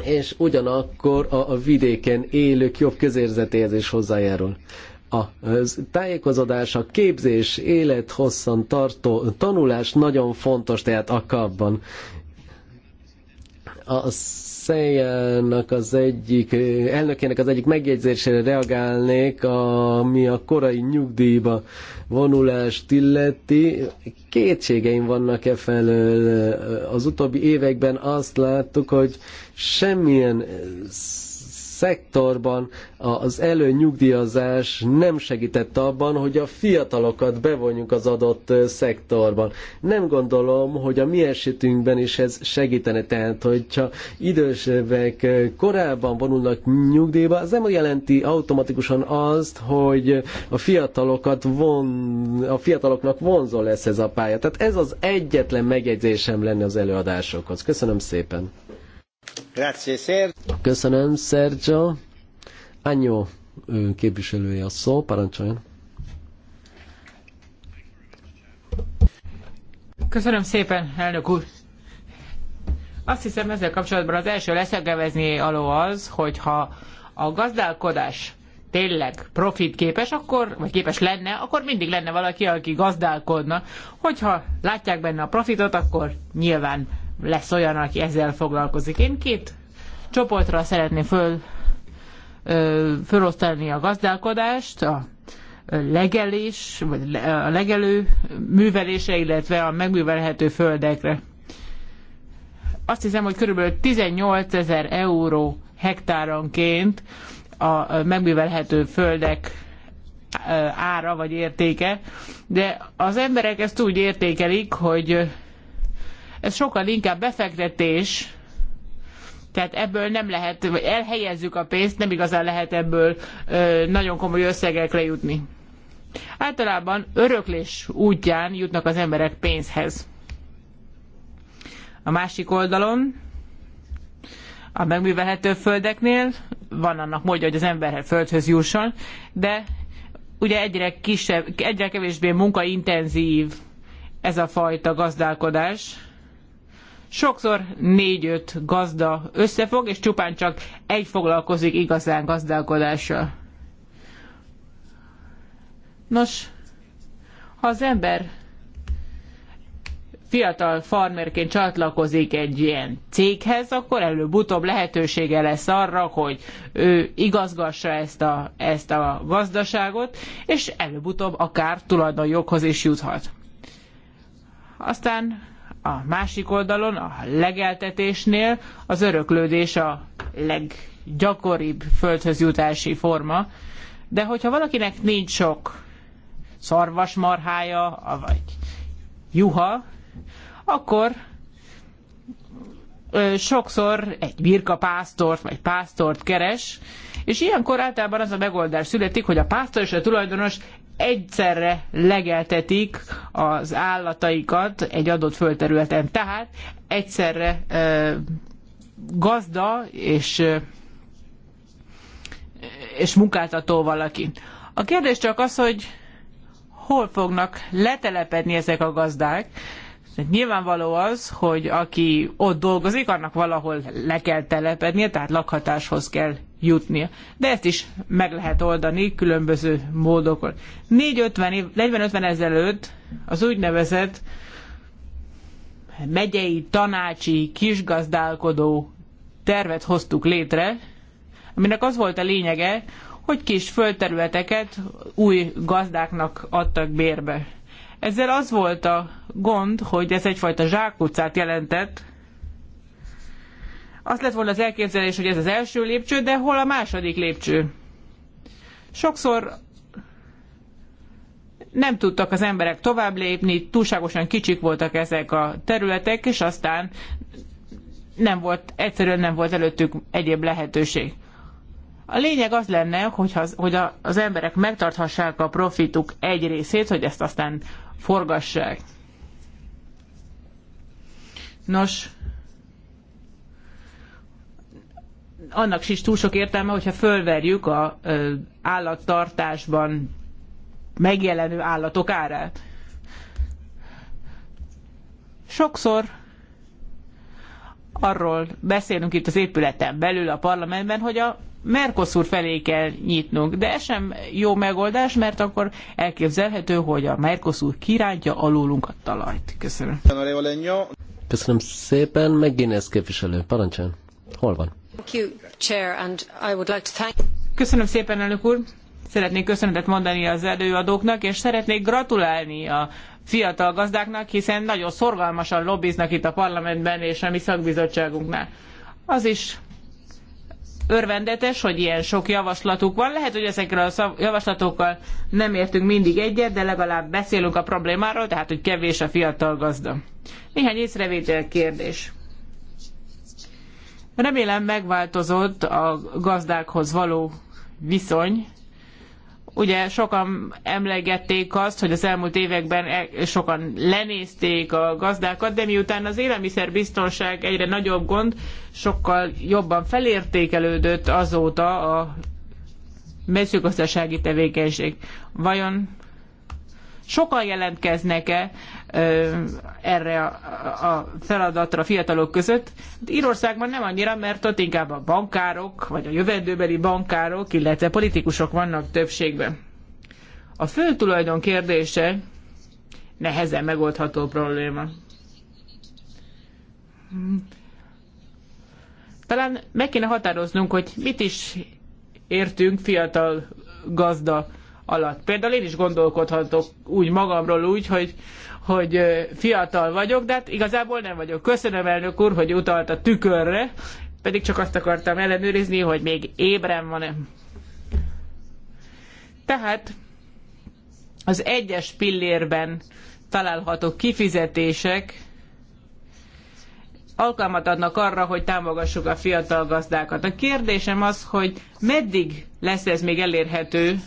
és ugyanakkor a, vidéken élők jobb közérzetéhez hozzájárul a tájékozódás, a képzés, élethosszan tartó tanulás nagyon fontos, tehát a kapban. A szejának az egyik, elnökének az egyik megjegyzésére reagálnék, ami a korai nyugdíjba vonulást illeti. Kétségeim vannak e felől. Az utóbbi években azt láttuk, hogy semmilyen szektorban az előnyugdíjazás nem segített abban, hogy a fiatalokat bevonjuk az adott szektorban. Nem gondolom, hogy a mi esetünkben is ez segítene, tehát hogyha idősebbek korábban vonulnak nyugdíjba, az nem jelenti automatikusan azt, hogy a fiatalokat von, a fiataloknak vonzó lesz ez a pálya. Tehát ez az egyetlen megjegyzésem lenne az előadásokhoz. Köszönöm szépen! Köszönöm, Sergio. Anyó képviselője a szó, parancsoljon. Köszönöm szépen, elnök úr. Azt hiszem ezzel kapcsolatban az első leszegevezni aló az, hogyha a gazdálkodás tényleg profit képes, akkor, vagy képes lenne, akkor mindig lenne valaki, aki gazdálkodna. Hogyha látják benne a profitot, akkor nyilván lesz olyan, aki ezzel foglalkozik. Én két csoportra szeretném föl, ö, fölosztani a gazdálkodást, a legelés, vagy a legelő művelése, illetve a megművelhető földekre. Azt hiszem, hogy körülbelül 18 ezer euró hektáronként a megművelhető földek ára vagy értéke, de az emberek ezt úgy értékelik, hogy ez sokkal inkább befektetés, tehát ebből nem lehet, vagy elhelyezzük a pénzt, nem igazán lehet ebből ö, nagyon komoly összegekre jutni. Általában öröklés útján jutnak az emberek pénzhez. A másik oldalon, a megművelhető földeknél van annak módja, hogy az ember földhöz jusson, de ugye egyre, kisebb, egyre kevésbé munkaintenzív ez a fajta gazdálkodás, Sokszor négy-öt gazda összefog, és csupán csak egy foglalkozik igazán gazdálkodással. Nos, ha az ember fiatal farmerként csatlakozik egy ilyen céghez, akkor előbb-utóbb lehetősége lesz arra, hogy ő igazgassa ezt a, ezt a gazdaságot, és előbb-utóbb akár tulajdonjoghoz is juthat. Aztán a másik oldalon, a legeltetésnél az öröklődés a leggyakoribb földhöz jutási forma. De hogyha valakinek nincs sok szarvasmarhája, vagy juha, akkor sokszor egy birka pásztort, vagy pásztort keres, és ilyenkor általában az a megoldás születik, hogy a pásztor és a tulajdonos egyszerre legeltetik az állataikat egy adott földterületen. Tehát egyszerre gazda és, és munkáltató valaki. A kérdés csak az, hogy hol fognak letelepedni ezek a gazdák. Szóval nyilvánvaló az, hogy aki ott dolgozik, annak valahol le kell telepednie, tehát lakhatáshoz kell jutnia. De ezt is meg lehet oldani különböző módokon. 40-50 ezelőtt az úgynevezett megyei tanácsi kisgazdálkodó tervet hoztuk létre, aminek az volt a lényege, hogy kis földterületeket új gazdáknak adtak bérbe. Ezzel az volt a gond, hogy ez egyfajta zsákutcát jelentett, azt lett volna az elképzelés, hogy ez az első lépcső, de hol a második lépcső? Sokszor nem tudtak az emberek tovább lépni, túlságosan kicsik voltak ezek a területek, és aztán nem volt, egyszerűen nem volt előttük egyéb lehetőség. A lényeg az lenne, hogy, az, hogy az emberek megtarthassák a profituk egy részét, hogy ezt aztán forgassák. Nos, annak is túl sok értelme, hogyha fölverjük a állattartásban megjelenő állatok árát. Sokszor arról beszélünk itt az épületen belül a parlamentben, hogy a Mercosur felé kell nyitnunk, de ez sem jó megoldás, mert akkor elképzelhető, hogy a Mercosur kirántja alulunk a talajt. Köszönöm. Köszönöm szépen, meg Guinness képviselő. Parancsán, hol van? Köszönöm szépen, elnök úr! Szeretnék köszönetet mondani az előadóknak, és szeretnék gratulálni a fiatal gazdáknak, hiszen nagyon szorgalmasan lobbiznak itt a parlamentben és a mi szakbizottságunknál. Az is örvendetes, hogy ilyen sok javaslatuk van. Lehet, hogy ezekkel a javaslatokkal nem értünk mindig egyet, de legalább beszélünk a problémáról, tehát hogy kevés a fiatal gazda. Néhány észrevétel kérdés. Remélem megváltozott a gazdákhoz való viszony. Ugye sokan emlegették azt, hogy az elmúlt években e- sokan lenézték a gazdákat, de miután az élelmiszerbiztonság egyre nagyobb gond, sokkal jobban felértékelődött azóta a mezőgazdasági tevékenység. Vajon sokan jelentkeznek-e erre a feladatra a fiatalok között. Hát Írországban nem annyira, mert ott inkább a bankárok, vagy a jövendőbeli bankárok, illetve politikusok vannak többségben. A földtulajdon kérdése nehezen megoldható probléma. Talán meg kéne határoznunk, hogy mit is értünk fiatal gazda alatt. Például én is gondolkodhatok úgy magamról úgy, hogy hogy fiatal vagyok, de hát igazából nem vagyok. Köszönöm, elnök úr, hogy utalt a tükörre, pedig csak azt akartam ellenőrizni, hogy még ébren van-e. Tehát az egyes pillérben található kifizetések alkalmat adnak arra, hogy támogassuk a fiatal gazdákat. A kérdésem az, hogy meddig lesz ez még elérhető,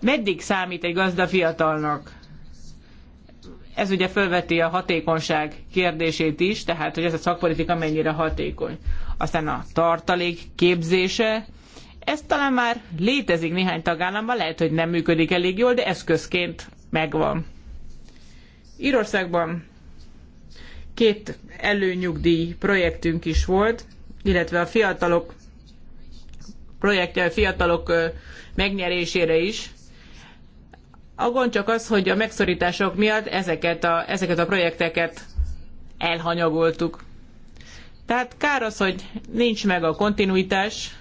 meddig számít egy gazda fiatalnak? Ez ugye felveti a hatékonyság kérdését is, tehát hogy ez a szakpolitika mennyire hatékony. Aztán a tartalék képzése, ez talán már létezik néhány tagállamban, lehet, hogy nem működik elég jól, de eszközként megvan. Írországban két előnyugdíj projektünk is volt, illetve a fiatalok projektje a fiatalok megnyerésére is. A gond csak az, hogy a megszorítások miatt ezeket a, ezeket a projekteket elhanyagoltuk. Tehát kár az, hogy nincs meg a kontinuitás,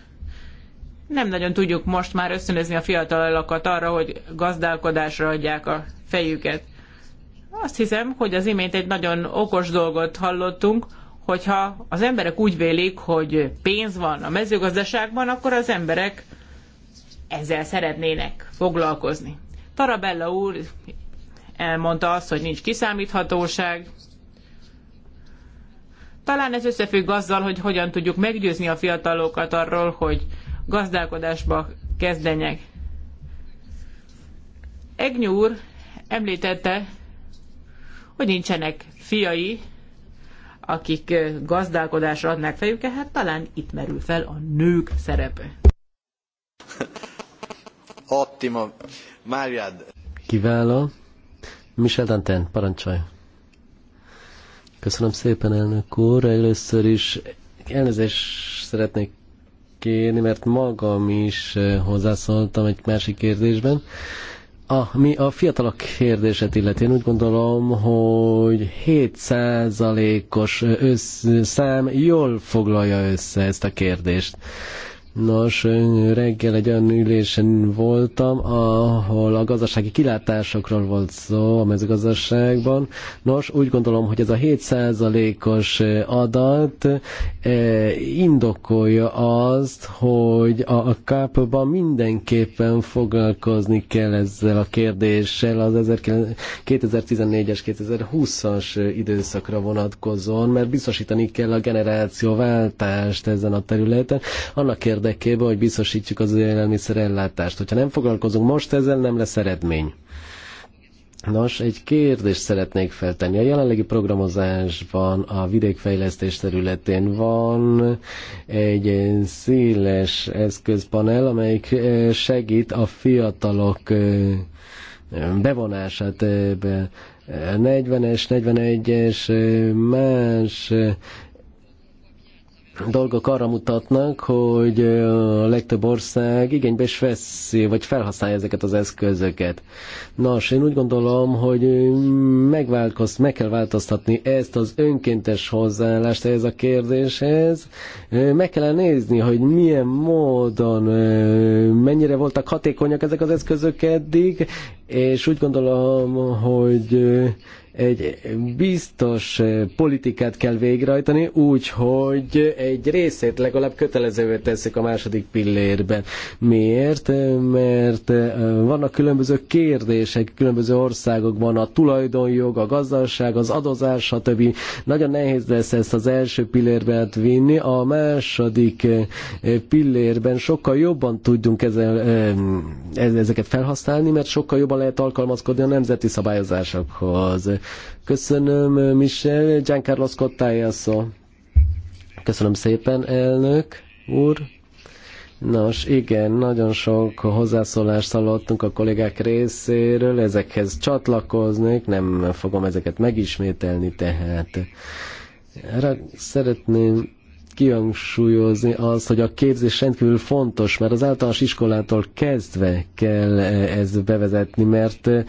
nem nagyon tudjuk most már ösztönözni a fiatalokat arra, hogy gazdálkodásra adják a fejüket. Azt hiszem, hogy az imént egy nagyon okos dolgot hallottunk, hogyha az emberek úgy vélik, hogy pénz van a mezőgazdaságban, akkor az emberek ezzel szeretnének foglalkozni. Tarabella úr elmondta azt, hogy nincs kiszámíthatóság. Talán ez összefügg azzal, hogy hogyan tudjuk meggyőzni a fiatalokat arról, hogy gazdálkodásba kezdenek. Egnyú úr említette, hogy nincsenek fiai, akik gazdálkodásra adnák fejüket, hát talán itt merül fel a nők szerepe. Ottima. Kiváló. Michel Danten, parancsolj. Köszönöm szépen, elnök úr. Először is elnézést szeretnék kérni, mert magam is eh, hozzászóltam egy másik kérdésben. A, mi a fiatalok kérdését illeti, én úgy gondolom, hogy 7%-os eh, szám jól foglalja össze ezt a kérdést. Nos, reggel egy olyan ülésen voltam, ahol a gazdasági kilátásokról volt szó a mezőgazdaságban. Nos, úgy gondolom, hogy ez a 7%-os adat eh, indokolja azt, hogy a KAP-ban mindenképpen foglalkozni kell ezzel a kérdéssel az 2014-es, 2020-as időszakra vonatkozóan, mert biztosítani kell a generációváltást ezen a területen. Annak érdekében, hogy biztosítjuk az élelmiszer ellátást. Hogyha nem foglalkozunk most ezzel, nem lesz eredmény. Nos, egy kérdést szeretnék feltenni. A jelenlegi programozásban a vidékfejlesztés területén van egy széles eszközpanel, amelyik eh, segít a fiatalok eh, bevonását ebbe. 40-es, eh, 41-es más dolgok arra mutatnak, hogy a legtöbb ország igénybe is veszi, vagy felhasználja ezeket az eszközöket. Nos, én úgy gondolom, hogy megváltoz, meg kell változtatni ezt az önkéntes hozzáállást ehhez a kérdéshez. Meg kell nézni, hogy milyen módon, mennyire voltak hatékonyak ezek az eszközök eddig, és úgy gondolom, hogy egy biztos eh, politikát kell végrehajtani, úgy, hogy egy részét legalább kötelezővé teszik a második pillérben. Miért? Eh, mert eh, vannak különböző kérdések különböző országokban, a tulajdonjog, a gazdaság, az adózás, stb. Nagyon nehéz lesz ezt az első pillérbe átvinni, a második pillérben sokkal jobban tudjunk ezzel, ezeket felhasználni, mert sokkal jobban lehet alkalmazkodni a nemzeti szabályozásokhoz Köszönöm, eh, Michel. Giancarlo Scottája szó. Köszönöm szépen, elnök úr. Nos, igen, nagyon sok hozzászólást hallottunk a kollégák részéről, ezekhez csatlakoznék, nem fogom ezeket megismételni, tehát Erre szeretném kihangsúlyozni azt, hogy a képzés rendkívül fontos, mert az általános iskolától kezdve kell eh, ez bevezetni, mert eh,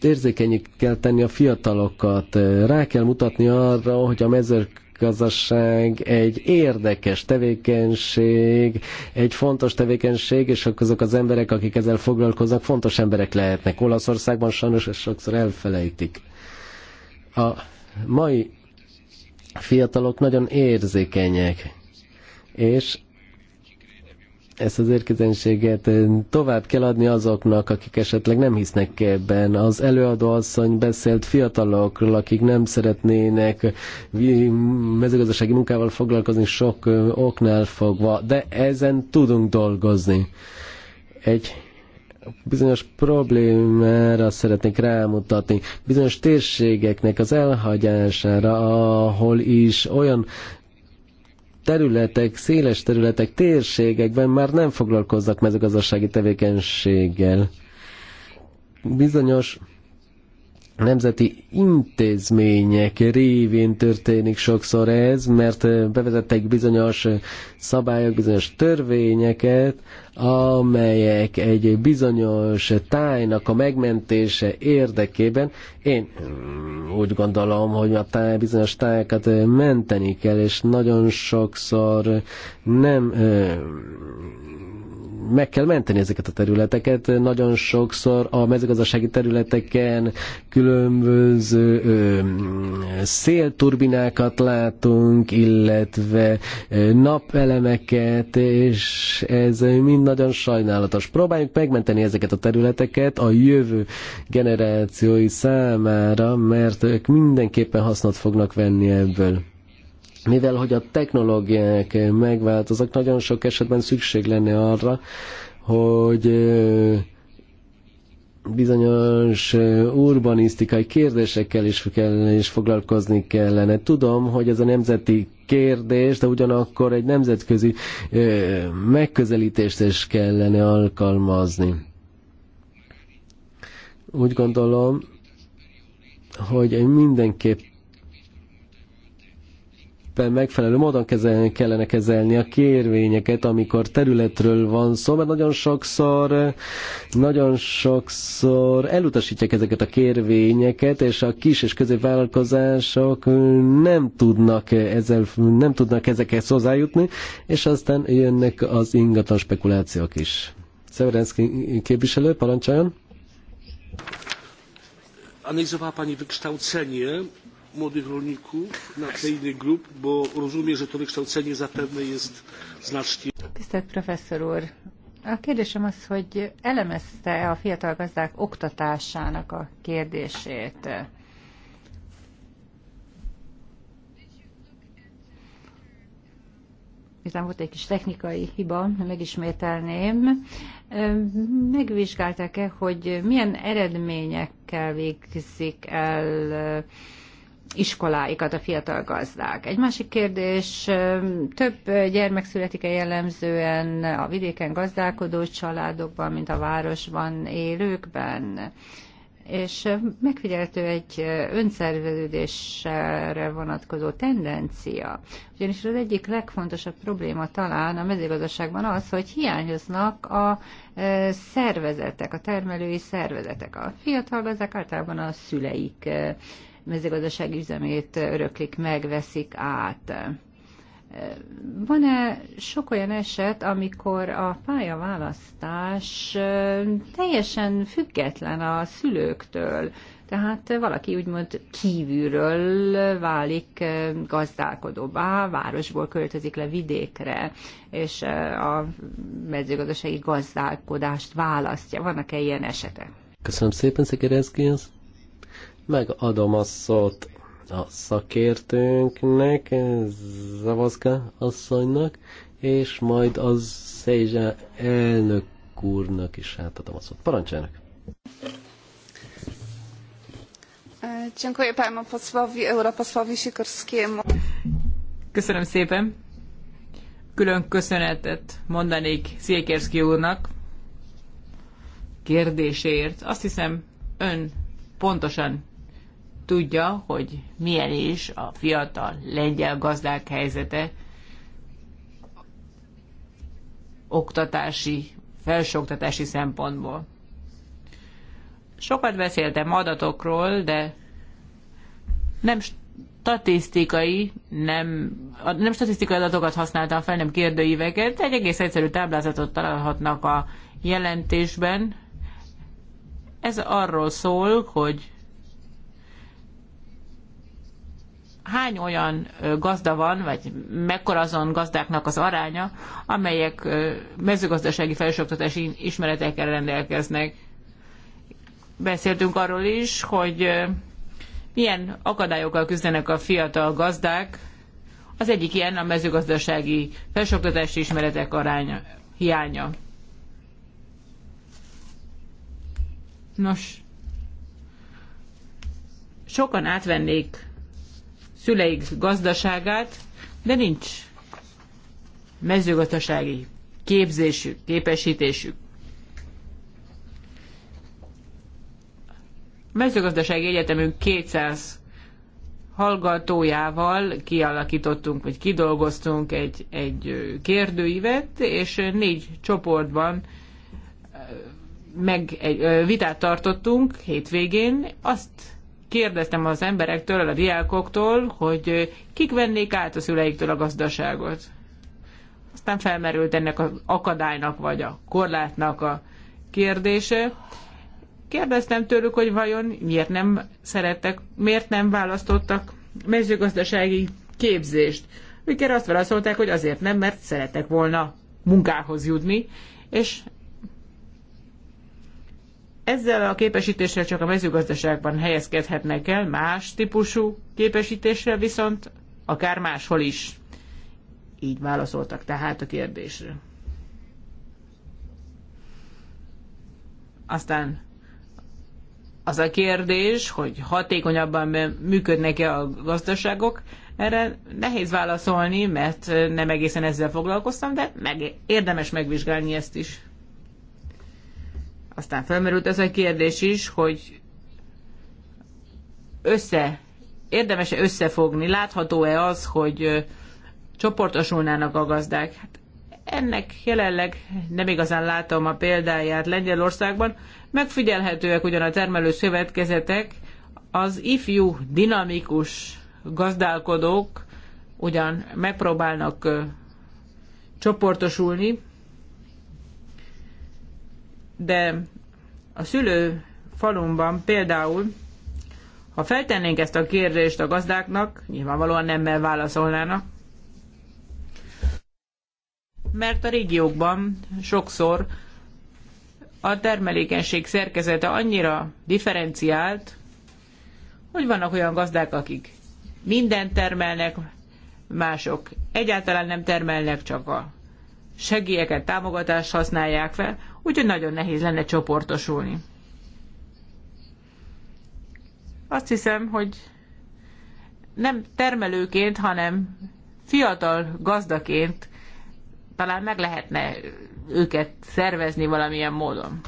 érzékeny kell tenni a fiatalokat, rá kell mutatni arra, hogy a mezők gazdaság egy érdekes tevékenység, egy fontos tevékenység, és azok az emberek, akik ezzel foglalkoznak, fontos emberek lehetnek. Olaszországban sajnos ezt sokszor elfelejtik. A mai a fiatalok nagyon érzékenyek, és ezt az érkezenséget tovább kell adni azoknak, akik esetleg nem hisznek ebben. Az előadó asszony beszélt fiatalokról, akik nem szeretnének mezőgazdasági munkával foglalkozni sok oknál fogva, de ezen tudunk dolgozni. Egy bizonyos problémára szeretnék rámutatni, bizonyos térségeknek az elhagyására, ahol is olyan területek, széles területek, térségekben már nem foglalkoznak mezőgazdasági tevékenységgel. Bizonyos nemzeti intézmények révén történik sokszor ez, mert bevezettek bizonyos szabályok, bizonyos törvényeket, amelyek egy bizonyos tájnak a megmentése érdekében, én mm, úgy gondolom, hogy a táj, bizonyos tájakat menteni kell, és nagyon sokszor nem meg kell menteni ezeket a területeket. Nagyon sokszor a mezőgazdasági területeken különböző ö, szélturbinákat látunk, illetve ö, napelemeket, és ez mind nagyon sajnálatos. Próbáljuk megmenteni ezeket a területeket a jövő generációi számára, mert ők mindenképpen hasznot fognak venni ebből mivel hogy a technológiák megváltoznak, nagyon sok esetben szükség lenne arra, hogy bizonyos urbanisztikai kérdésekkel is, kell, is foglalkozni kellene. Tudom, hogy ez a nemzeti kérdés, de ugyanakkor egy nemzetközi megközelítést is kellene alkalmazni. Úgy gondolom, hogy mindenképp mindenképpen megfelelő módon kezelni, kellene kezelni a kérvényeket, amikor területről van szó, mert nagyon sokszor, nagyon sokszor elutasítják ezeket a kérvényeket, és a kis és középvállalkozások nem tudnak, ezzel, nem tudnak ezekhez hozzájutni, és aztán jönnek az ingatlan spekulációk is. Szeverenszki képviselő, parancsoljon! Analizowała Pani wykształcenie młodych rolników na tle innych grup, bo rozumiem, że to wykształcenie zapewne jest znacznie. Tisztelt professzor úr, a kérdésem az, hogy elemezte a fiatal gazdák oktatásának a kérdését. miután volt egy kis technikai hiba, megismételném, megvizsgálták-e, hogy milyen eredményekkel végzik el iskoláikat a fiatal gazdák. Egy másik kérdés, több gyermek születik-e jellemzően a vidéken gazdálkodó családokban, mint a városban élőkben? és megfigyeltő egy önszerveződésre vonatkozó tendencia. Ugyanis az egyik legfontosabb probléma talán a mezőgazdaságban az, hogy hiányoznak a szervezetek, a termelői szervezetek. A fiatal gazdák általában a szüleik mezőgazdaság üzemét öröklik, megveszik át. Van-e sok olyan eset, amikor a pályaválasztás teljesen független a szülőktől, tehát valaki úgymond kívülről válik gazdálkodóba, városból költözik le vidékre, és a mezőgazdasági gazdálkodást választja. Vannak-e ilyen esetek? Köszönöm szépen, Szekerezki, Megadom a szót a szakértőnknek, Zavazka asszonynak, és majd az Szézsa elnök úrnak is átadom a szót. Parancsának! E, dziękuję panu posłowi, europosłowi Sikorskiemu. Köszönöm szépen. Külön köszönetet mondanék Székerszki úrnak kérdéséért. Azt hiszem, ön pontosan tudja, hogy milyen is a fiatal lengyel gazdák helyzete oktatási, felsőoktatási szempontból. Sokat beszéltem adatokról, de nem statisztikai, nem, nem statisztikai adatokat használtam fel, nem kérdőíveket, egy egész egyszerű táblázatot találhatnak a jelentésben. Ez arról szól, hogy hány olyan gazda van, vagy mekkora azon gazdáknak az aránya, amelyek mezőgazdasági felsőoktatási ismeretekkel rendelkeznek. Beszéltünk arról is, hogy milyen akadályokkal küzdenek a fiatal gazdák. Az egyik ilyen a mezőgazdasági felsőoktatási ismeretek aránya, hiánya. Nos, sokan átvennék szüleik gazdaságát, de nincs mezőgazdasági képzésük, képesítésük. A mezőgazdasági egyetemünk 200 hallgatójával kialakítottunk, vagy kidolgoztunk egy, egy kérdőívet, és négy csoportban meg egy, vitát tartottunk hétvégén. Azt kérdeztem az emberektől, a diákoktól, hogy kik vennék át a szüleiktől a gazdaságot. Aztán felmerült ennek az akadálynak vagy a korlátnak a kérdése. Kérdeztem tőlük, hogy vajon miért nem szerettek, miért nem választottak mezőgazdasági képzést. Mikor azt válaszolták, hogy azért nem, mert szeretek volna munkához jutni, és ezzel a képesítéssel csak a mezőgazdaságban helyezkedhetnek el, más típusú képesítésre viszont akár máshol is. Így válaszoltak tehát a kérdésre. Aztán az a kérdés, hogy hatékonyabban működnek-e a gazdaságok, erre nehéz válaszolni, mert nem egészen ezzel foglalkoztam, de meg, érdemes megvizsgálni ezt is. Aztán felmerült ez a kérdés is, hogy össze, érdemes-e összefogni, látható-e az, hogy csoportosulnának a gazdák. Hát ennek jelenleg nem igazán látom a példáját Lengyelországban. Megfigyelhetőek ugyan a termelő szövetkezetek, az ifjú, dinamikus gazdálkodók ugyan megpróbálnak csoportosulni, de a szülő falumban például, ha feltennénk ezt a kérdést a gazdáknak, nyilvánvalóan nemmel válaszolnának, mert a régiókban sokszor a termelékenység szerkezete annyira differenciált, hogy vannak olyan gazdák, akik mindent termelnek, mások egyáltalán nem termelnek, csak a segélyeket, támogatást használják fel úgyhogy nagyon nehéz lenne csoportosulni. Azt hiszem, hogy nem termelőként, hanem fiatal gazdaként talán meg lehetne őket szervezni valamilyen módon.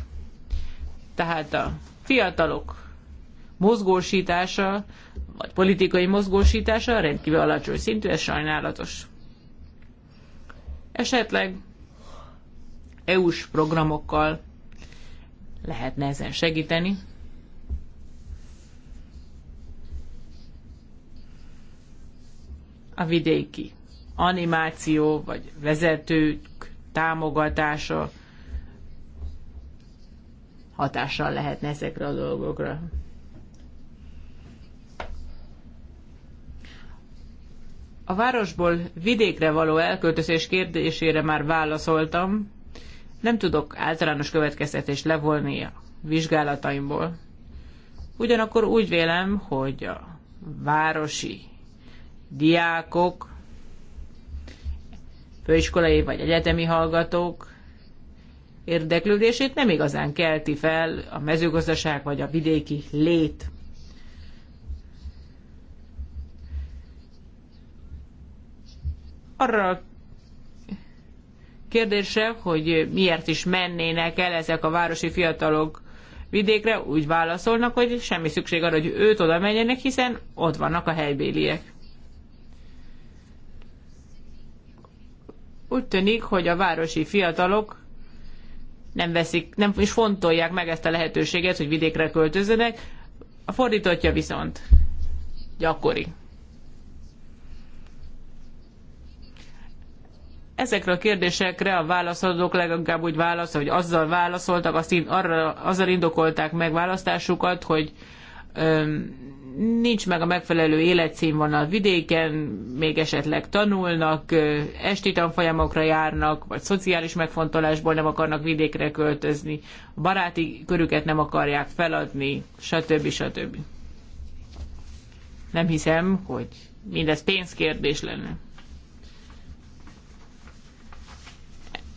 Tehát a fiatalok mozgósítása, vagy politikai mozgósítása rendkívül alacsony szintű, ez sajnálatos. Esetleg EU-s programokkal lehetne ezen segíteni. A vidéki animáció vagy vezetők támogatása hatással lehetne ezekre a dolgokra. A városból vidékre való elköltözés kérdésére már válaszoltam. Nem tudok általános következtetést levonni a vizsgálataimból. Ugyanakkor úgy vélem, hogy a városi diákok, főiskolai vagy egyetemi hallgatók érdeklődését nem igazán kelti fel a mezőgazdaság vagy a vidéki lét. Arra kérdésre, hogy miért is mennének el ezek a városi fiatalok vidékre, úgy válaszolnak, hogy semmi szükség arra, hogy őt oda menjenek, hiszen ott vannak a helybéliek. Úgy tűnik, hogy a városi fiatalok nem veszik, nem is fontolják meg ezt a lehetőséget, hogy vidékre költözzenek. A fordítottja viszont gyakori. Ezekre a kérdésekre a válaszadók leginkább úgy válasz, hogy azzal válaszoltak, azt arra, azzal indokolták meg választásukat, hogy öm, nincs meg a megfelelő életszínvonal vidéken, még esetleg tanulnak, esti tanfolyamokra járnak, vagy szociális megfontolásból nem akarnak vidékre költözni, a baráti körüket nem akarják feladni, stb. stb. Nem hiszem, hogy mindez pénzkérdés lenne.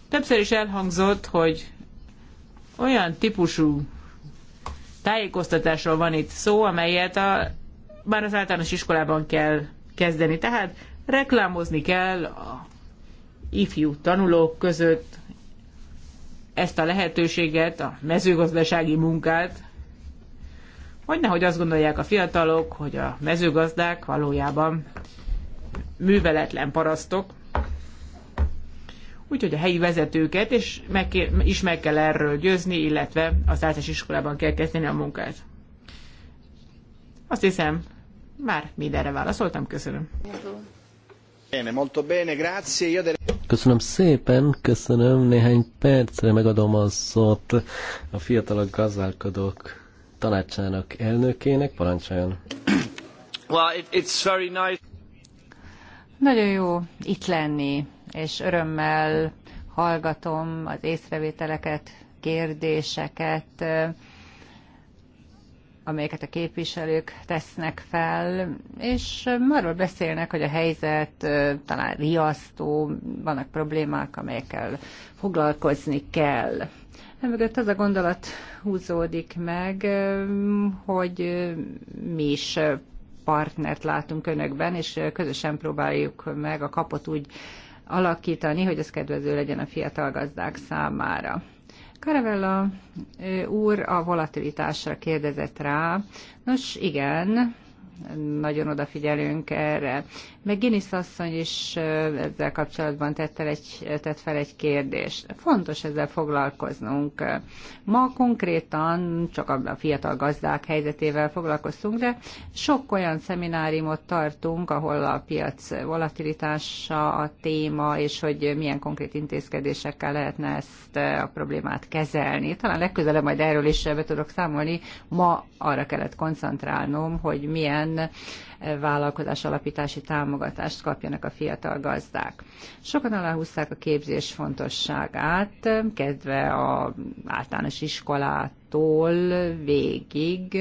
Többször is elhangzott, hogy olyan típusú tájékoztatásról van itt szó, amelyet a, már az általános iskolában kell kezdeni. Tehát reklámozni kell a ifjú tanulók között ezt a lehetőséget, a mezőgazdasági munkát, hogy nehogy azt gondolják a fiatalok, hogy a mezőgazdák valójában műveletlen parasztok, Úgyhogy a helyi vezetőket és meg is meg kell erről győzni, illetve az általános iskolában kell kezdeni a munkát. Azt hiszem, már mindenre válaszoltam, köszönöm. Köszönöm szépen, köszönöm. Néhány percre megadom a szót a fiatalok gazdálkodók tanácsának elnökének. Parancsoljon! Well, it, it's very nice. Nagyon jó itt lenni és örömmel hallgatom az észrevételeket, kérdéseket, amelyeket a képviselők tesznek fel, és arról beszélnek, hogy a helyzet talán riasztó, vannak problémák, amelyekkel foglalkozni kell. Emögött az a gondolat húzódik meg, hogy mi is partnert látunk önökben, és közösen próbáljuk meg a kapot úgy alakítani, hogy ez kedvező legyen a fiatal gazdák számára. Caravella úr a volatilitásra kérdezett rá. Nos, igen, nagyon odafigyelünk erre meg Guinness asszony is ezzel kapcsolatban tett, egy, tett fel egy kérdést. Fontos ezzel foglalkoznunk. Ma konkrétan csak a fiatal gazdák helyzetével foglalkoztunk, de sok olyan szemináriumot tartunk, ahol a piac volatilitása a téma, és hogy milyen konkrét intézkedésekkel lehetne ezt a problémát kezelni. Talán legközelebb majd erről is be tudok számolni. Ma arra kellett koncentrálnom, hogy milyen vállalkozás alapítási támogatást kapjanak a fiatal gazdák. Sokan aláhúzták a képzés fontosságát, kezdve a általános iskolát, tól végig,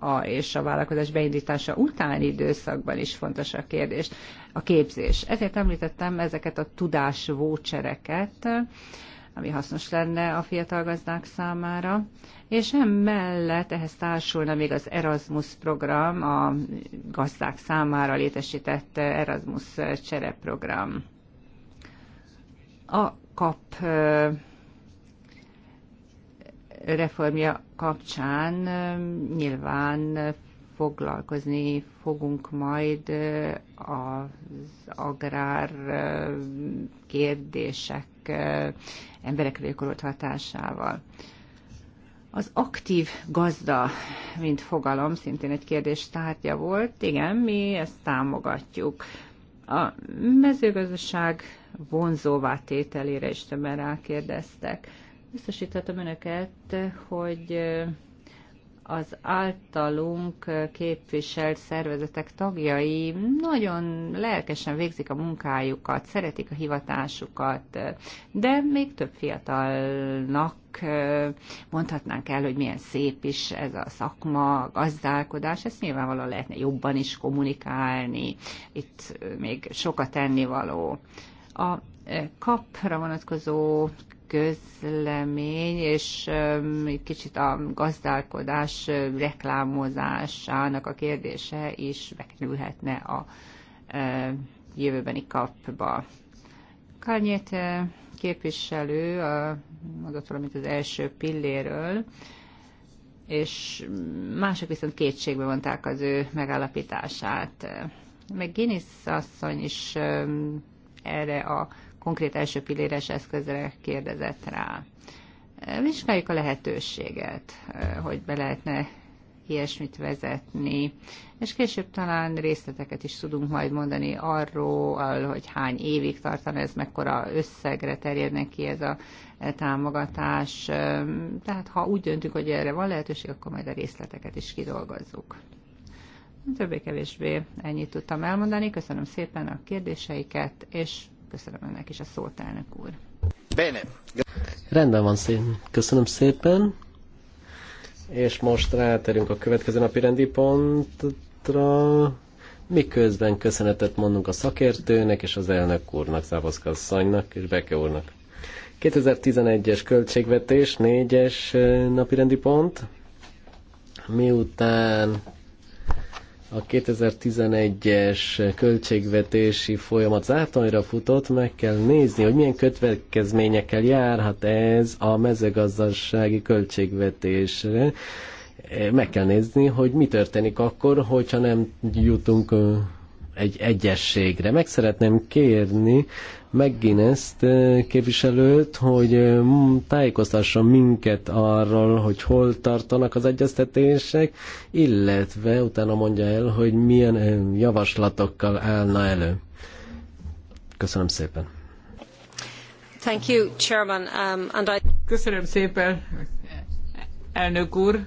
a, és a vállalkozás beindítása utáni időszakban is fontos a kérdés, a képzés. Ezért említettem ezeket a tudásvócsereket, ami hasznos lenne a fiatal gazdák számára, és emellett ehhez társulna még az Erasmus program, a gazdák számára létesített Erasmus csereprogram. A kap reformja kapcsán nyilván foglalkozni fogunk majd az agrár kérdések emberekre gyakorolt hatásával. Az aktív gazda, mint fogalom, szintén egy kérdés tárgya volt. Igen, mi ezt támogatjuk. A mezőgazdaság vonzóvá tételére is többen rákérdeztek. Biztosíthatom önöket, hogy az általunk képviselt szervezetek tagjai nagyon lelkesen végzik a munkájukat, szeretik a hivatásukat, de még több fiatalnak mondhatnánk el, hogy milyen szép is ez a szakma, a gazdálkodás, ezt nyilvánvalóan lehetne jobban is kommunikálni, itt még sokat tennivaló. A kapra vonatkozó közlemény, és egy kicsit a gazdálkodás reklámozásának a kérdése is bekerülhetne a jövőbeni kapba. Kanyét képviselő mondott valamit az első pilléről, és mások viszont kétségbe vonták az ő megállapítását. Meg Guinness asszony is erre a konkrét első pilléres eszközre kérdezett rá. Vizsgáljuk a lehetőséget, hogy be lehetne ilyesmit vezetni, és később talán részleteket is tudunk majd mondani arról, hogy hány évig tartana ez, mekkora összegre terjedne ki ez a támogatás. Tehát ha úgy döntünk, hogy erre van lehetőség, akkor majd a részleteket is kidolgozzuk. Többé-kevésbé ennyit tudtam elmondani. Köszönöm szépen a kérdéseiket, és Köszönöm önnek is a szót, elnök úr. Bene. Rendben van szépen. Köszönöm szépen. És most ráterünk a következő napi rendi pontra. Miközben köszönetet mondunk a szakértőnek és az elnök úrnak, Závoszka Szanynak és Beke úrnak. 2011-es költségvetés, 4-es eh, napirendi pont. Miután a 2011-es költségvetési folyamat zátonyra futott, meg kell nézni, hogy milyen következményekkel járhat ez a mezőgazdasági költségvetésre. Meg kell nézni, hogy mi történik akkor, hogyha nem jutunk egy egyességre. Meg szeretném kérni megint t eh, képviselőt, hogy eh, tájékoztasson minket arról, hogy hol tartanak az egyeztetések, illetve utána mondja el, hogy milyen eh, javaslatokkal állna elő. Köszönöm szépen. Thank you, Chairman. Um, and I... Köszönöm szépen, elnök úr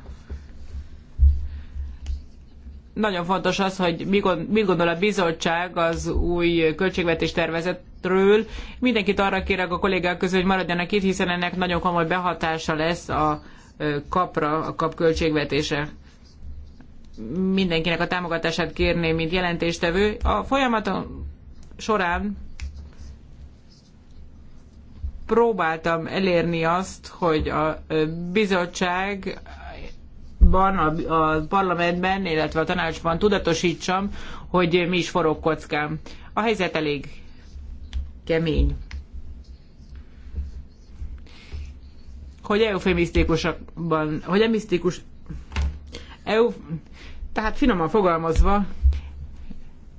nagyon fontos az, hogy mit gondol a bizottság az új költségvetés tervezetről. Mindenkit arra kérek a kollégák közül, hogy maradjanak itt, hiszen ennek nagyon komoly behatása lesz a kapra, a kap költségvetése. Mindenkinek a támogatását kérném, mint jelentéstevő. A folyamaton során próbáltam elérni azt, hogy a bizottság tanácsban, a, a parlamentben, illetve a tanácsban tudatosítsam, hogy mi is forog kockám. A helyzet elég kemény. Hogy eufemisztikusakban, hogy emisztikus, eu, tehát finoman fogalmazva,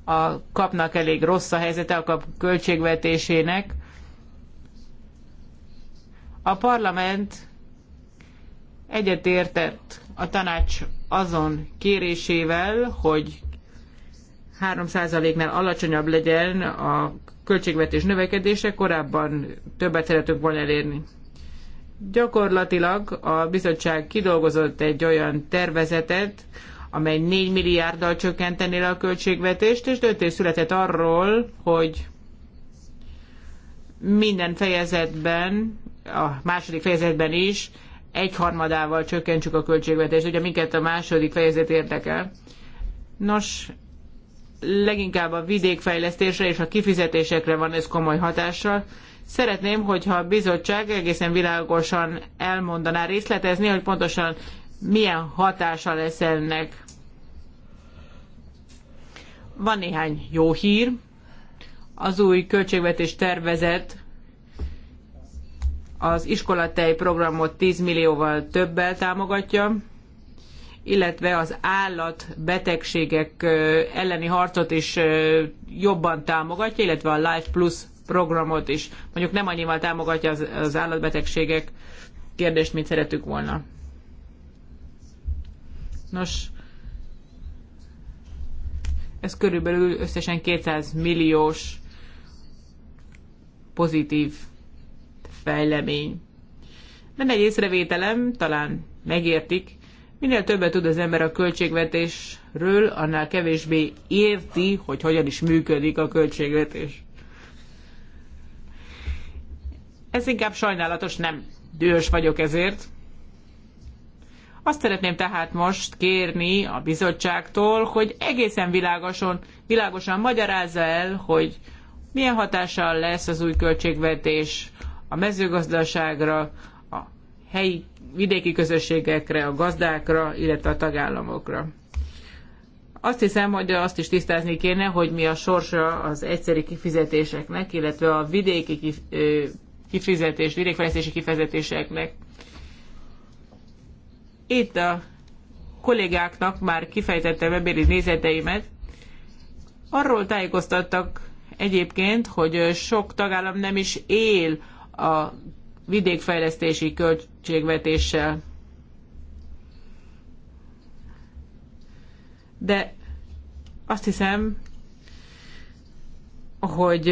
a kapnak elég rossz a helyzete a kap költségvetésének. A parlament egyetértett a tanács azon kérésével, hogy 3%-nál alacsonyabb legyen a költségvetés növekedése, korábban többet szeretünk volna elérni. Gyakorlatilag a bizottság kidolgozott egy olyan tervezetet, amely 4 milliárddal csökkentené a költségvetést, és döntés született arról, hogy minden fejezetben, a második fejezetben is egyharmadával csökkentsük a költségvetést, ugye minket a második fejezet érdekel. Nos, leginkább a vidékfejlesztésre és a kifizetésekre van ez komoly hatással. Szeretném, hogyha a bizottság egészen világosan elmondaná részletezni, hogy pontosan milyen hatása lesz ennek. Van néhány jó hír. Az új költségvetés tervezet az iskolatej programot 10 millióval többel támogatja, illetve az állatbetegségek elleni harcot is jobban támogatja, illetve a Life Plus programot is. Mondjuk nem annyival támogatja az, az állatbetegségek kérdést, mint szeretük volna. Nos, ez körülbelül összesen 200 milliós pozitív fejlemény. Nem egy észrevételem, talán megértik, minél többet tud az ember a költségvetésről, annál kevésbé érti, hogy hogyan is működik a költségvetés. Ez inkább sajnálatos, nem dühös vagyok ezért. Azt szeretném tehát most kérni a bizottságtól, hogy egészen világosan, világosan magyarázza el, hogy milyen hatással lesz az új költségvetés a mezőgazdaságra, a helyi vidéki közösségekre, a gazdákra, illetve a tagállamokra. Azt hiszem, hogy azt is tisztázni kéne, hogy mi a sorsa az egyszeri kifizetéseknek, illetve a vidéki kifizetés, vidékfejlesztési kifizetéseknek. Itt a kollégáknak már kifejtette webéli nézeteimet. Arról tájékoztattak egyébként, hogy sok tagállam nem is él a vidékfejlesztési költségvetéssel. De azt hiszem, hogy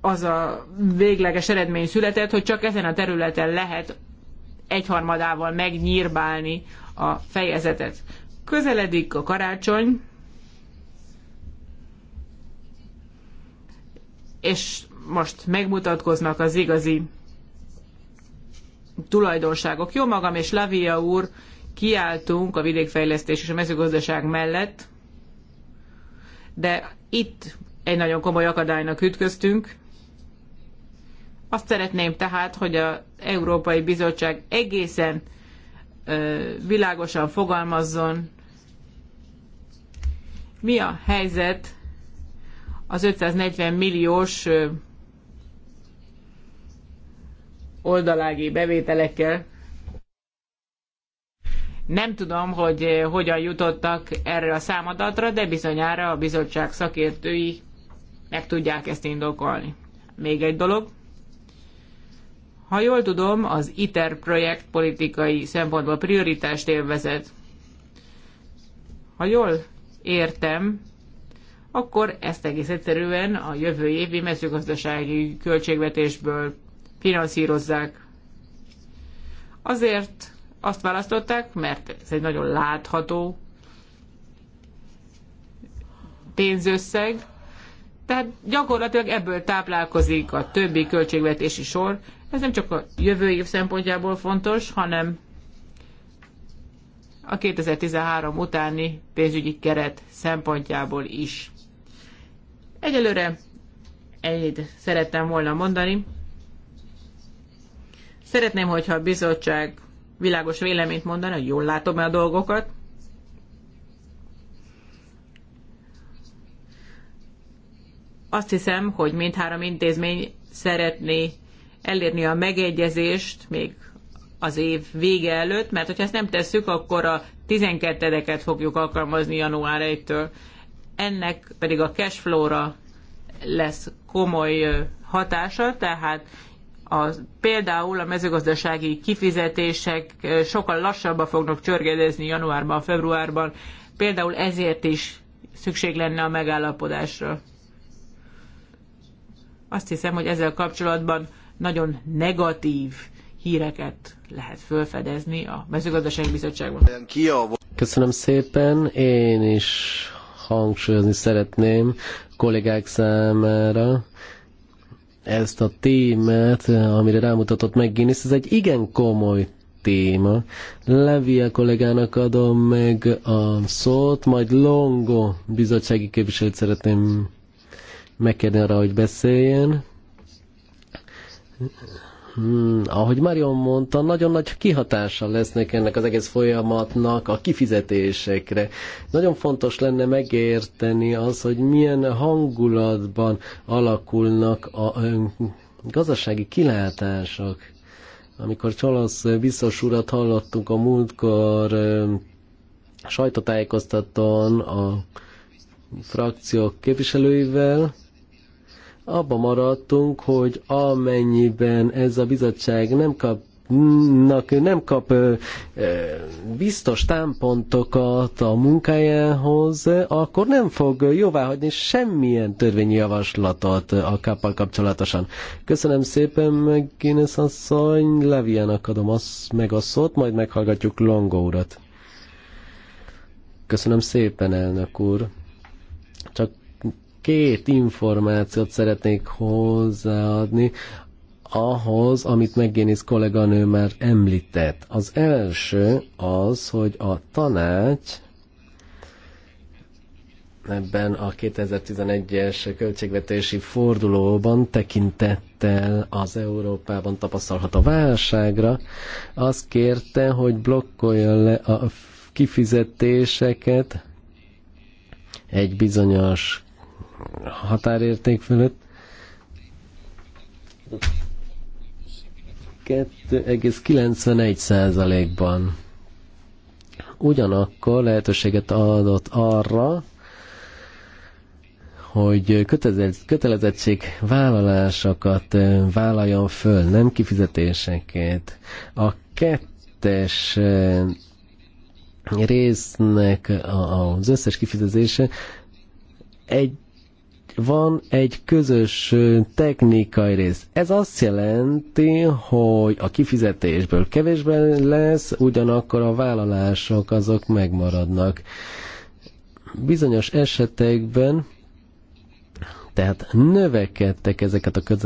az a végleges eredmény született, hogy csak ezen a területen lehet egyharmadával megnyírbálni a fejezetet. Közeledik a karácsony, és most megmutatkoznak az igazi tulajdonságok. Jó magam és Lavia úr kiálltunk a vidékfejlesztés és a mezőgazdaság mellett, de itt egy nagyon komoly akadálynak ütköztünk. Azt szeretném tehát, hogy az Európai Bizottság egészen világosan fogalmazzon, mi a helyzet az 540 milliós oldalági bevételekkel. Nem tudom, hogy eh, hogyan jutottak erre a számadatra, de bizonyára a bizottság szakértői meg tudják ezt indokolni. Még egy dolog. Ha jól tudom, az ITER projekt politikai szempontból prioritást élvezett. Ha jól értem, akkor ezt egész egyszerűen a jövő évi mezőgazdasági költségvetésből finanszírozzák. Azért azt választották, mert ez egy nagyon látható pénzösszeg, tehát gyakorlatilag ebből táplálkozik a többi költségvetési sor. Ez nem csak a jövő év szempontjából fontos, hanem a 2013 utáni pénzügyi keret szempontjából is. Egyelőre ennyit szerettem volna mondani. Szeretném, hogyha a bizottság világos véleményt mondani, hogy jól látom-e a dolgokat. Azt hiszem, hogy mindhárom intézmény szeretné elérni a megegyezést még az év vége előtt, mert hogyha ezt nem tesszük, akkor a 12-edeket fogjuk alkalmazni január 1-től. Ennek pedig a cashflow-ra lesz komoly hatása, tehát a, például a mezőgazdasági kifizetések eh, sokkal lassabban fognak csörgedezni januárban, februárban, például ezért is szükség lenne a megállapodásra. Azt hiszem, hogy ezzel kapcsolatban nagyon negatív híreket lehet felfedezni a mezőgazdasági bizottságban. Köszönöm szépen, én is hangsúlyozni szeretném kollégák számára, ezt a témát, amire rámutatott McGuinness, ez egy igen komoly téma. a kollégának adom meg a szót, majd Longo bizottsági képviselőt szeretném megkérni arra, hogy beszéljen. Hmm, ahogy Marion mondta, nagyon nagy kihatása lesznek ennek az egész folyamatnak a kifizetésekre. Nagyon fontos lenne megérteni az, hogy milyen hangulatban alakulnak a gazdasági kilátások. Amikor Csalasz biztos urat hallottunk a múltkor sajtótájékoztatón a frakciók képviselőivel, abban maradtunk, hogy amennyiben ez a bizottság nem kap nem kap biztos támpontokat a munkájához, akkor nem fog jóváhagyni semmilyen törvényi javaslatot a kappal kapcsolatosan. Köszönöm szépen, Guinness asszony, Leviának adom azt, meg a szót, majd meghallgatjuk Longo urat. Köszönöm szépen, elnök úr. Csak két információt szeretnék hozzáadni ahhoz, amit megénész kolléganő már említett. Az első az, hogy a tanács ebben a 2011-es költségvetési fordulóban tekintettel az Európában tapasztalható válságra, azt kérte, hogy blokkoljon le a kifizetéseket egy bizonyos határérték fölött. 2,91 százalékban. Ugyanakkor lehetőséget adott arra, hogy kötelezettség vállalásokat vállaljon föl, nem kifizetéseket. A kettes résznek az összes kifizetése egy van egy közös technikai rész. Ez azt jelenti, hogy a kifizetésből kevésben lesz, ugyanakkor a vállalások azok megmaradnak. Bizonyos esetekben tehát növekedtek ezeket a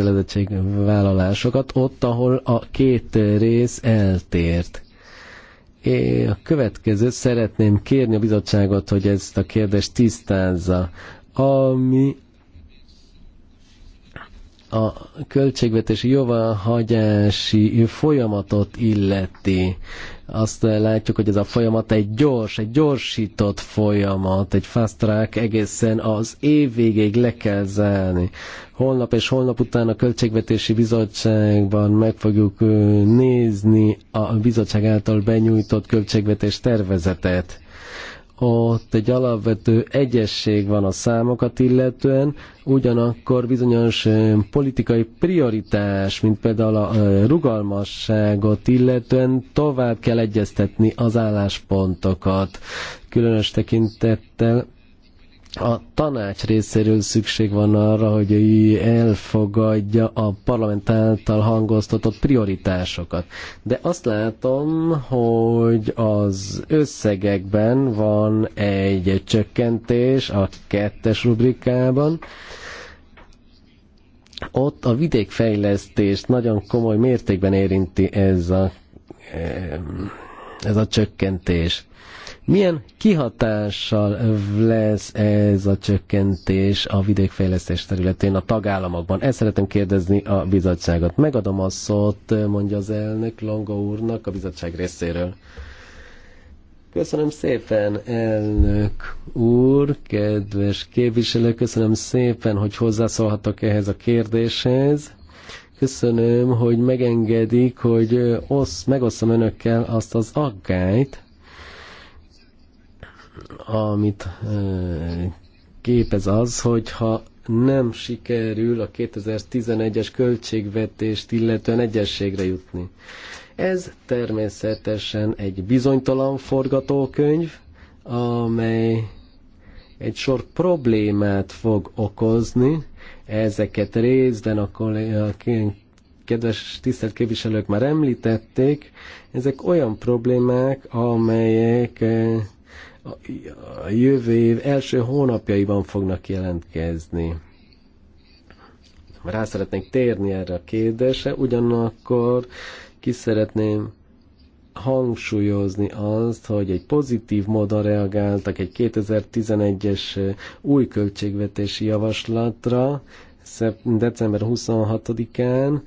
vállalásokat ott, ahol a két rész eltért. É, a következő szeretném kérni a bizottságot, hogy ezt a kérdést tisztázza, ami a költségvetési jóváhagyási folyamatot illeti. Azt látjuk, hogy ez a folyamat egy gyors, egy gyorsított folyamat, egy fast track egészen az év végéig le kell zárni. Holnap és holnap után a Költségvetési Bizottságban meg fogjuk nézni a bizottság által benyújtott költségvetés tervezetet ott egy alapvető egyesség van a számokat illetően, ugyanakkor bizonyos politikai prioritás, mint például a rugalmasságot illetően tovább kell egyeztetni az álláspontokat, különös tekintettel a tanács részéről szükség van arra, hogy elfogadja a parlament által hangoztatott prioritásokat. De azt látom, hogy az összegekben van egy csökkentés a kettes rubrikában, ott a vidékfejlesztést nagyon komoly mértékben érinti ez a, ez a csökkentés. Milyen kihatással lesz ez a csökkentés a vidékfejlesztés területén a tagállamokban? Ezt szeretem kérdezni a bizottságot. Megadom a szót, mondja az elnök Longa úrnak a bizottság részéről. Köszönöm szépen, elnök úr, kedves képviselő, köszönöm szépen, hogy hozzászólhatok ehhez a kérdéshez. Köszönöm, hogy megengedik, hogy osz, megosszam önökkel azt az aggályt, amit képez az, hogyha nem sikerül a 2011-es költségvetést illetően egyességre jutni. Ez természetesen egy bizonytalan forgatókönyv, amely egy sor problémát fog okozni, ezeket részben a, a kedves tisztelt képviselők már említették, ezek olyan problémák, amelyek a jövő év első hónapjaiban fognak jelentkezni. Rá szeretnék térni erre a kérdésre, ugyanakkor ki szeretném hangsúlyozni azt, hogy egy pozitív módon reagáltak egy 2011-es új költségvetési javaslatra, december 26-án,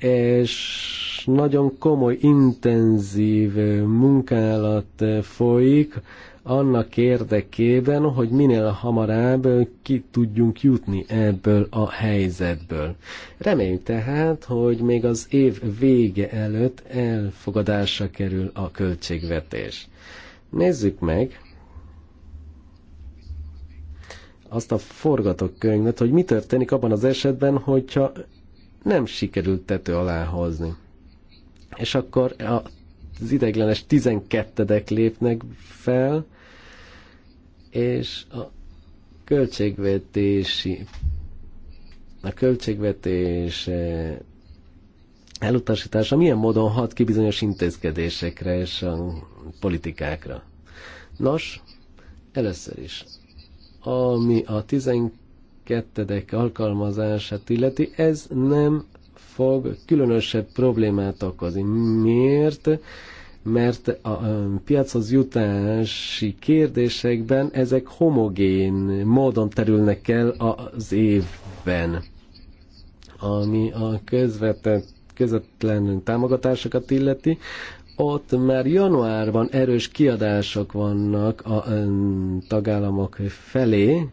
és nagyon komoly, intenzív munkálat folyik annak érdekében, hogy minél hamarabb ki tudjunk jutni ebből a helyzetből. Reméljük tehát, hogy még az év vége előtt elfogadásra kerül a költségvetés. Nézzük meg, azt a forgatókönyvet, hogy mi történik abban az esetben, hogyha nem sikerült tető alá hozni. És akkor az ideiglenes 12 lépnek fel, és a költségvetési a költségvetés eh, elutasítása milyen módon hat ki bizonyos intézkedésekre és a politikákra. Nos, először is, ami a 12 kettedek alkalmazását illeti, ez nem fog különösebb problémát okozni. Miért? Mert a piachoz jutási kérdésekben ezek homogén módon terülnek el az évben. Ami a közvetett, közvetlen támogatásokat illeti, ott már januárban erős kiadások vannak a tagállamok felé,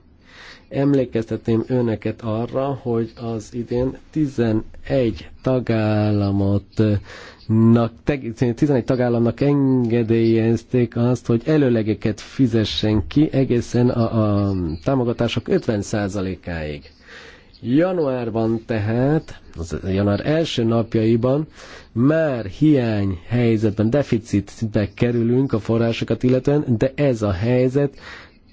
Emlékeztetném önöket arra, hogy az idén 11 tagállamot 11 tagállamnak engedélyezték azt, hogy előlegeket fizessen ki egészen a, a támogatások 50%-áig. Januárban tehát, az január első napjaiban már hiány helyzetben, deficitbe kerülünk a forrásokat illetően, de ez a helyzet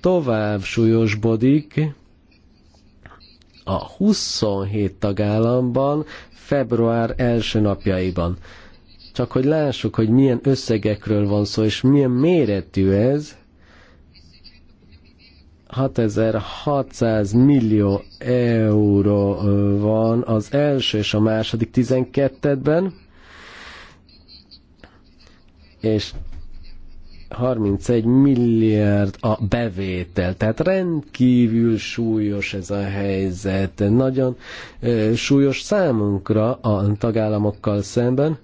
tovább súlyosbodik, a 27 tagállamban február első napjaiban. Csak hogy lássuk, hogy milyen összegekről van szó, és milyen méretű ez, 6600 millió euró van az első és a második 12-ben, és 31 milliárd a bevétel, tehát rendkívül súlyos ez a helyzet, nagyon súlyos számunkra a tagállamokkal szemben,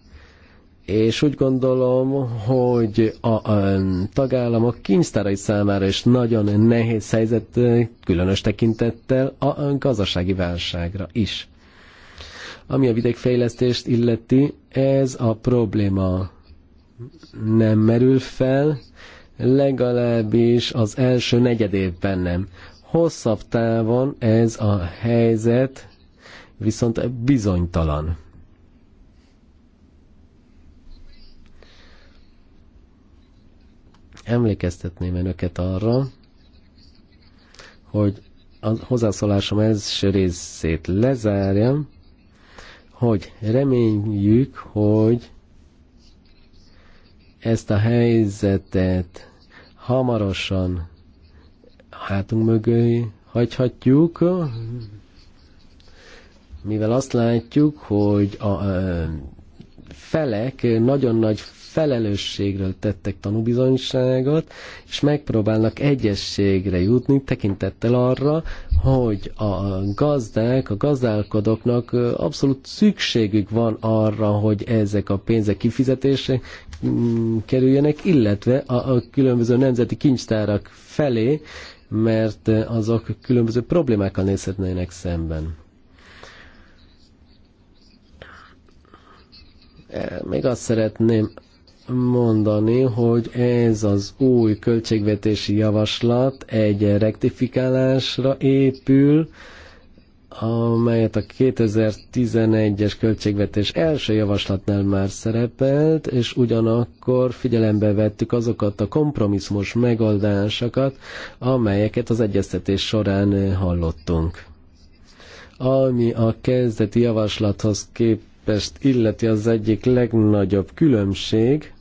és úgy gondolom, hogy a, a tagállamok kincstárai számára is nagyon nehéz helyzet, különös tekintettel a gazdasági válságra is. Ami a vidékfejlesztést illeti, ez a probléma nem merül fel, legalábbis az első negyed évben nem. Hosszabb távon ez a helyzet viszont bizonytalan. Emlékeztetném önöket arra, hogy a hozzászólásom első részét lezárjam, hogy reményjük, hogy ezt a helyzetet hamarosan hátunk mögé hagyhatjuk, mivel azt látjuk, hogy a felek nagyon nagy felelősségről tettek tanúbizonyságot, és megpróbálnak egyességre jutni tekintettel arra, hogy a gazdák, a gazdálkodóknak abszolút szükségük van arra, hogy ezek a pénzek kifizetése mm, kerüljenek, illetve a, a különböző nemzeti kincstárak felé, mert azok különböző problémákkal nézhetnének szemben. Még azt szeretném mondani, hogy ez az új költségvetési javaslat egy rektifikálásra épül, amelyet a 2011-es költségvetés első javaslatnál már szerepelt, és ugyanakkor figyelembe vettük azokat a kompromisszumos megoldásokat, amelyeket az egyeztetés során hallottunk. Ami a kezdeti javaslathoz képest illeti az egyik legnagyobb különbség,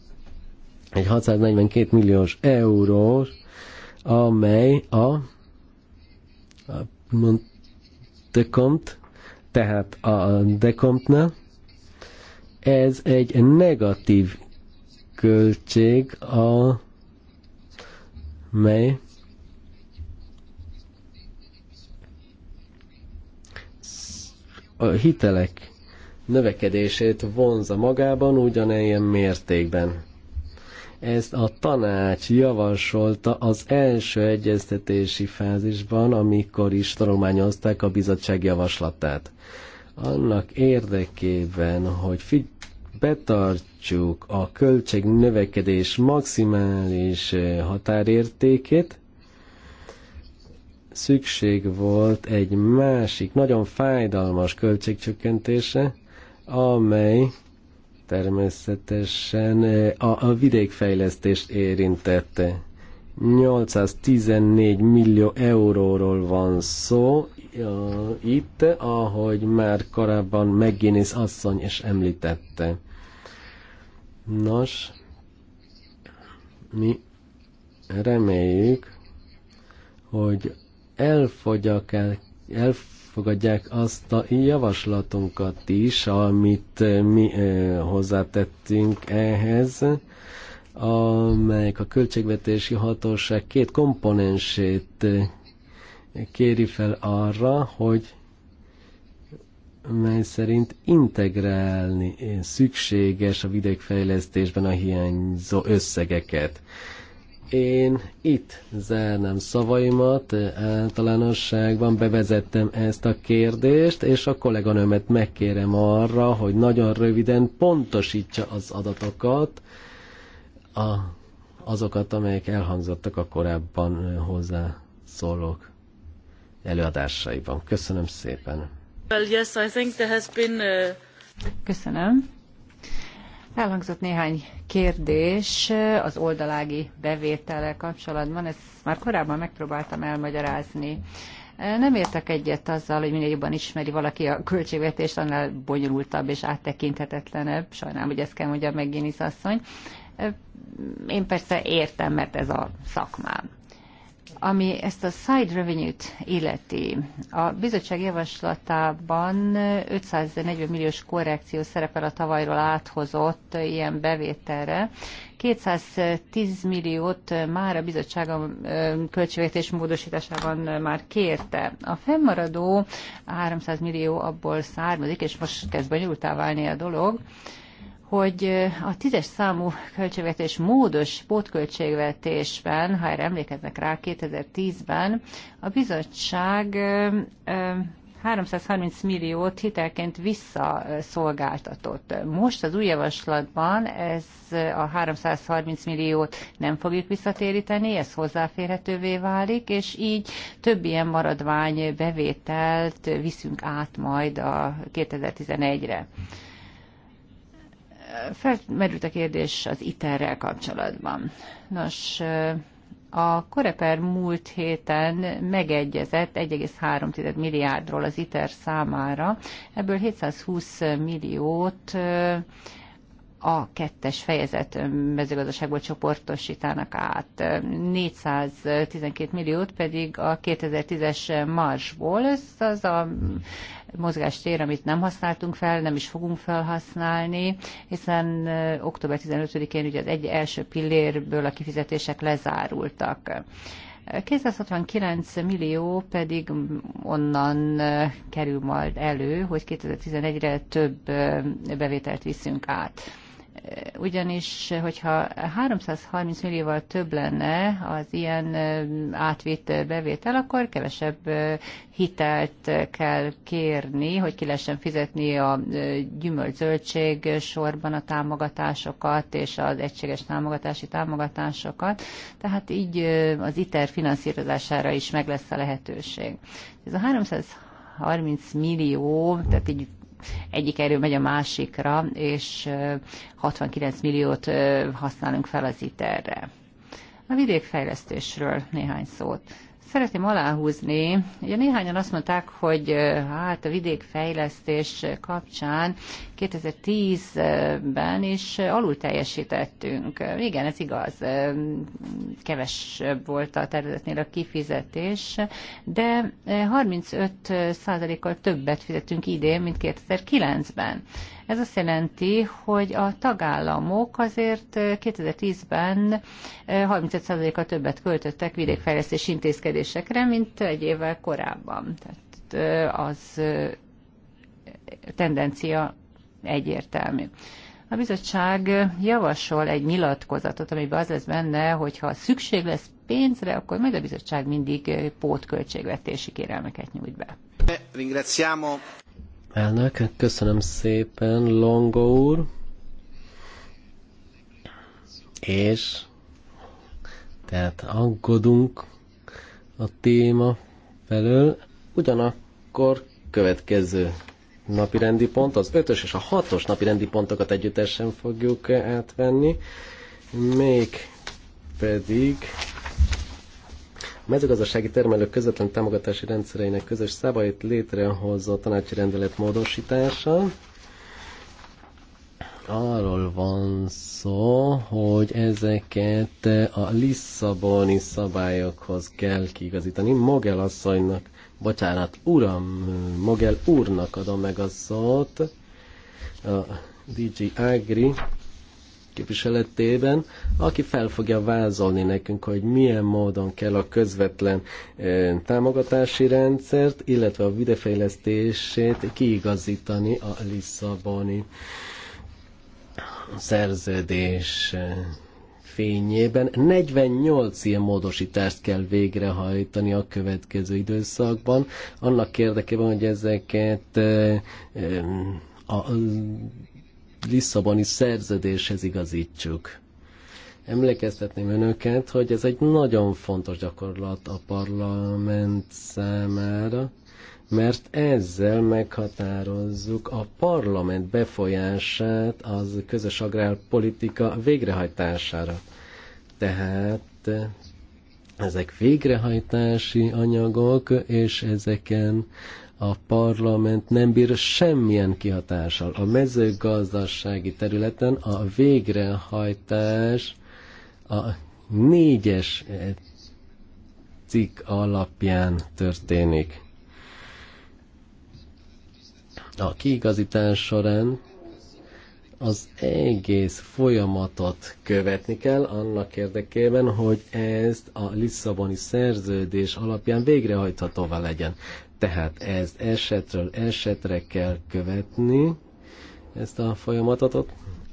egy 642 milliós eurós, amely a, a Dekomt, tehát a dekomtnál, ez egy negatív költség, a, mely a hitelek növekedését vonza magában ugyanilyen mértékben. Ezt a tanács javasolta az első egyeztetési fázisban, amikor is tanulmányozták a bizottság javaslatát. Annak érdekében, hogy figy- betartsuk a költségnövekedés maximális eh, határértékét, szükség volt egy másik, nagyon fájdalmas költségcsökkentése, amely természetesen eh, a, a vidékfejlesztést érintette. 814 millió euróról van szó itt, ahogy már korábban McGuinness asszony is említette. Nos, mi reméljük, hogy el, el elfogadják azt a javaslatunkat is, amit mi eh, hozzátettünk ehhez, amelyek a költségvetési hatóság két komponensét eh, kéri fel arra, hogy mely szerint integrálni eh, szükséges a vidékfejlesztésben a hiányzó összegeket. Én itt zárnám szavaimat, e, általánosságban bevezettem ezt a kérdést, és a kolléganőmet megkérem arra, hogy nagyon röviden pontosítsa az adatokat, a, azokat, amelyek elhangzottak a korábban e, hozzá szólók előadásaiban. Köszönöm szépen. Well, yes, I think there has been uh... Köszönöm. Elhangzott néhány kérdés az oldalági bevétellel kapcsolatban, ezt már korábban megpróbáltam elmagyarázni. Nem értek egyet azzal, hogy minél jobban ismeri valaki a költségvetést, annál bonyolultabb és áttekinthetetlenebb. Sajnálom, hogy ezt kell mondja meg Génisz asszony. Én persze értem, mert ez a szakmám. Ami ezt a side revenue-t illeti, a bizottság javaslatában 540 milliós korrekció szerepel a tavalyról áthozott ilyen bevételre. 210 milliót már a bizottság a költségvetés módosításában már kérte. A fennmaradó 300 millió abból származik, és most kezd bonyolultá válni a dolog, hogy a tízes számú költségvetés módos pótköltségvetésben, ha erre emlékeznek rá, 2010-ben a bizottság 330 milliót hitelként visszaszolgáltatott. Most az új javaslatban ez a 330 milliót nem fogjuk visszatéríteni, ez hozzáférhetővé válik, és így több ilyen maradvány bevételt viszünk át majd a 2011-re felmerült a kérdés az iterrel kapcsolatban. Nos, a Koreper múlt héten megegyezett 1,3 milliárdról az ITER számára, ebből 720 milliót a kettes fejezet mezőgazdaságból csoportosítanak át, 412 milliót pedig a 2010-es marsból, ez az a mozgástér, amit nem használtunk fel, nem is fogunk felhasználni, hiszen október 15-én ugye az egy első pillérből a kifizetések lezárultak. 269 millió pedig onnan kerül majd elő, hogy 2011-re több bevételt viszünk át. Eh, ugyanis, hogyha 330 millióval több lenne az ilyen eh, átvitt eh, bevétel, akkor kevesebb hitelt kell kérni, hogy ki lehessen fizetni a gyümölcsöltség sorban a támogatásokat és az egységes támogatási támogatásokat. Tehát így az ITER finanszírozására is meg lesz a lehetőség. Ez a 330 millió, tehát így egyik erő megy a másikra, és 69 milliót használunk fel az ITER-re. A vidékfejlesztésről néhány szót. Szeretném aláhúzni, ugye néhányan azt mondták, hogy hát a vidékfejlesztés kapcsán 2010-ben is alul teljesítettünk. Igen, ez igaz, kevesebb volt a tervezetnél a kifizetés, de 35%-kal többet fizetünk idén, mint 2009-ben. Ez azt jelenti, hogy a tagállamok azért 2010-ben 35%-kal többet költöttek vidékfejlesztési intézkedésekre, mint egy évvel korábban. Tehát az tendencia egyértelmű. A bizottság javasol egy nyilatkozatot, amiben az lesz benne, hogy ha szükség lesz pénzre, akkor majd a bizottság mindig pótköltségvetési kérelmeket nyújt be. Ringraziamo. Elnök, köszönöm szépen, Longo úr. És tehát aggódunk a téma felől, ugyanakkor következő napirendi pont, az 5-ös és a 6-os napirendi pontokat együttesen fogjuk átvenni, még pedig a mezőgazdasági termelők közvetlen támogatási rendszereinek közös szabályt létrehozó tanácsi rendelet módosítása. Arról van szó, hogy ezeket a Lisszaboni szabályokhoz kell kiigazítani. Mogel asszonynak bocsánat, uram, Mogel úrnak adom meg a szót a DJ Agri képviseletében, aki fel fogja vázolni nekünk, hogy milyen módon kell a közvetlen eh, támogatási rendszert, illetve a videfejlesztését kiigazítani a Lisszaboni szerződés eh, fényében 48 ilyen módosítást kell végrehajtani a következő időszakban, annak érdekében, hogy ezeket a Lisszaboni szerződéshez igazítsuk. Emlékeztetném önöket, hogy ez egy nagyon fontos gyakorlat a parlament számára, mert ezzel meghatározzuk a parlament befolyását az közös agrárpolitika végrehajtására. Tehát ezek végrehajtási anyagok, és ezeken a parlament nem bír semmilyen kihatással. A mezőgazdasági területen a végrehajtás a négyes cikk alapján történik a kiigazítás során az egész folyamatot követni kell annak érdekében, hogy ezt a Lisszaboni szerződés alapján végrehajthatóvá legyen. Tehát ezt esetről esetre kell követni, ezt a folyamatot.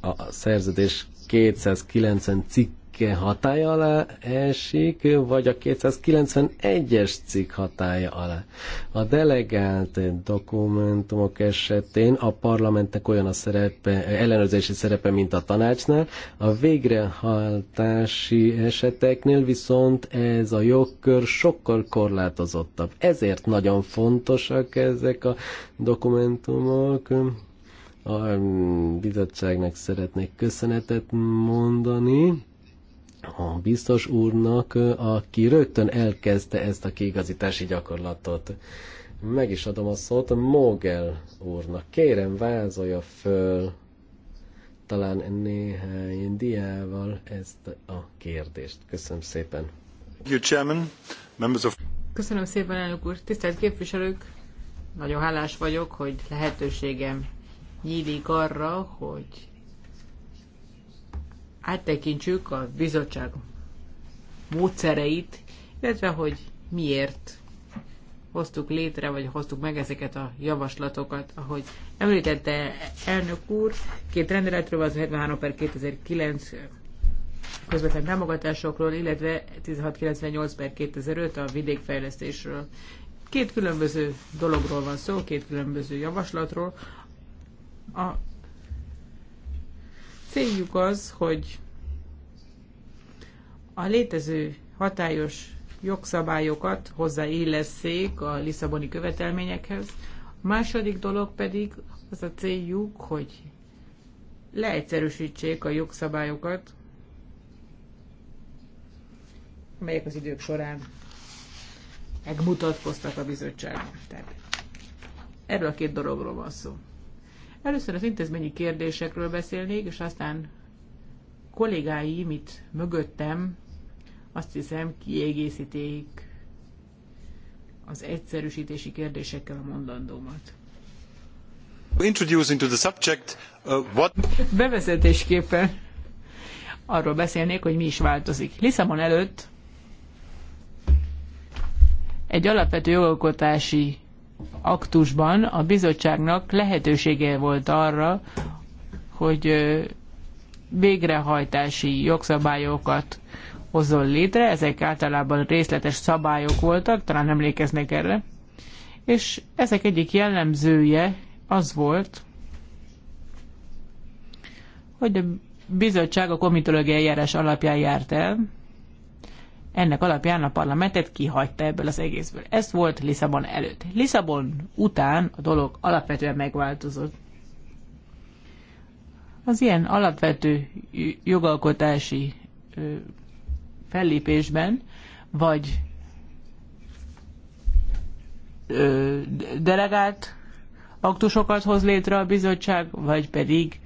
A szerződés 290 cikk cikk hatája alá esik, vagy a 291-es cikk hatája alá. A delegált dokumentumok esetén a parlamentnek olyan a szerepe, ellenőrzési szerepe, mint a tanácsnál, a végrehajtási eseteknél viszont ez a jogkör sokkal korlátozottabb. Ezért nagyon fontosak ezek a dokumentumok, a bizottságnak szeretnék köszönetet mondani a biztos úrnak, aki rögtön elkezdte ezt a kiigazítási gyakorlatot. Meg is adom a szót Mogel úrnak. Kérem, vázolja föl talán néhány diával ezt a kérdést. Köszönöm szépen. Köszönöm szépen, elnök úr. Tisztelt képviselők, nagyon hálás vagyok, hogy lehetőségem nyílik arra, hogy áttekintsük a bizottság módszereit, illetve hogy miért hoztuk létre, vagy hoztuk meg ezeket a javaslatokat, ahogy említette elnök úr, két rendeletről, az 73 per 2009 közvetlen támogatásokról, illetve 1698 per 2005 a vidékfejlesztésről. Két különböző dologról van szó, két különböző javaslatról. A Céljuk az, hogy a létező hatályos jogszabályokat hozzáillesszék a Lisszaboni követelményekhez. A második dolog pedig az a céljuk, hogy leegyszerűsítsék a jogszabályokat, amelyek az idők során megmutatkoztak a bizottságon. Tehát erről a két dologról van szó. Először az intézményi kérdésekről beszélnék, és aztán kollégáim itt mögöttem azt hiszem kiegészíték az egyszerűsítési kérdésekkel a mondandómat. Introducing to the subject, uh, what... Bevezetésképpen arról beszélnék, hogy mi is változik. Lisszabon előtt egy alapvető jogalkotási aktusban a bizottságnak lehetősége volt arra, hogy végrehajtási jogszabályokat hozzon létre, ezek általában részletes szabályok voltak, talán emlékeznek erre, és ezek egyik jellemzője az volt, hogy a bizottság a komitológiai eljárás alapján járt el, ennek alapján a parlamentet kihagyta ebből az egészből. Ez volt Lisszabon előtt. Lisszabon után a dolog alapvetően megváltozott. Az ilyen alapvető jogalkotási fellépésben, vagy delegált aktusokat hoz létre a bizottság, vagy pedig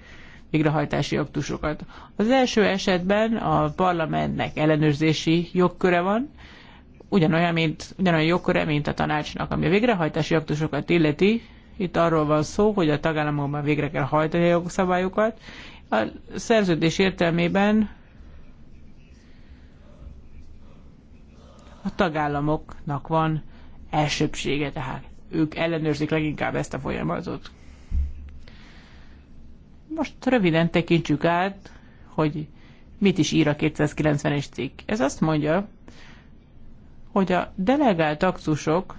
végrehajtási aktusokat. Az első esetben a parlamentnek ellenőrzési jogköre van, ugyanolyan, mint, ugyanolyan jogköre, mint a tanácsnak, ami a végrehajtási aktusokat illeti. Itt arról van szó, hogy a tagállamokban végre kell hajtani a jogszabályokat. A szerződés értelmében a tagállamoknak van elsőbsége, tehát ők ellenőrzik leginkább ezt a folyamatot. Most röviden tekintsük át, hogy mit is ír a 290-es cikk. Ez azt mondja, hogy a delegált aktusok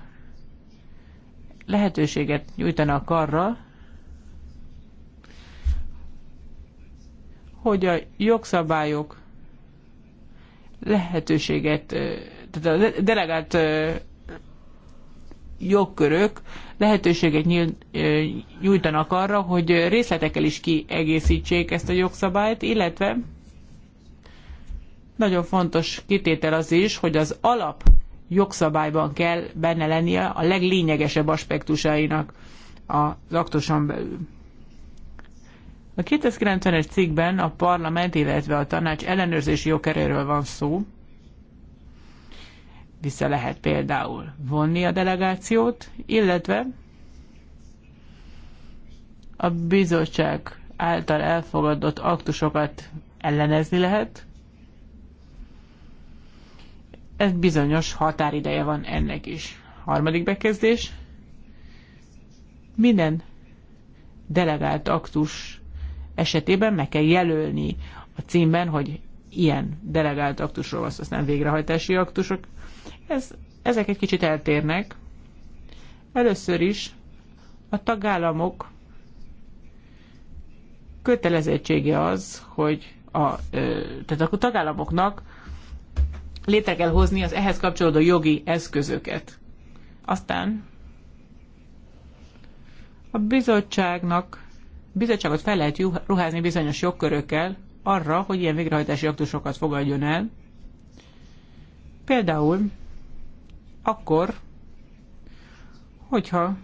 lehetőséget nyújtanak arra, hogy a jogszabályok lehetőséget, tehát a delegált jogkörök lehetőséget nyújtanak arra, hogy részletekkel is kiegészítsék ezt a jogszabályt, illetve nagyon fontos kitétel az is, hogy az alap jogszabályban kell benne lennie a leglényegesebb aspektusainak az aktuson belül. A 290-es cikkben a parlament, illetve a tanács ellenőrzési jogkeréről van szó, vissza lehet például vonni a delegációt, illetve a bizottság által elfogadott aktusokat ellenezni lehet. Ez bizonyos határideje van ennek is. Harmadik bekezdés. Minden delegált aktus esetében meg kell jelölni a címben, hogy ilyen delegált aktusról van szó, nem végrehajtási aktusok ez, ezek egy kicsit eltérnek. Először is a tagállamok kötelezettsége az, hogy a, tehát a tagállamoknak létre kell hozni az ehhez kapcsolódó jogi eszközöket. Aztán a bizottságnak, bizottságot fel lehet ruházni bizonyos jogkörökkel arra, hogy ilyen végrehajtási aktusokat fogadjon el. Például akkor, hogyha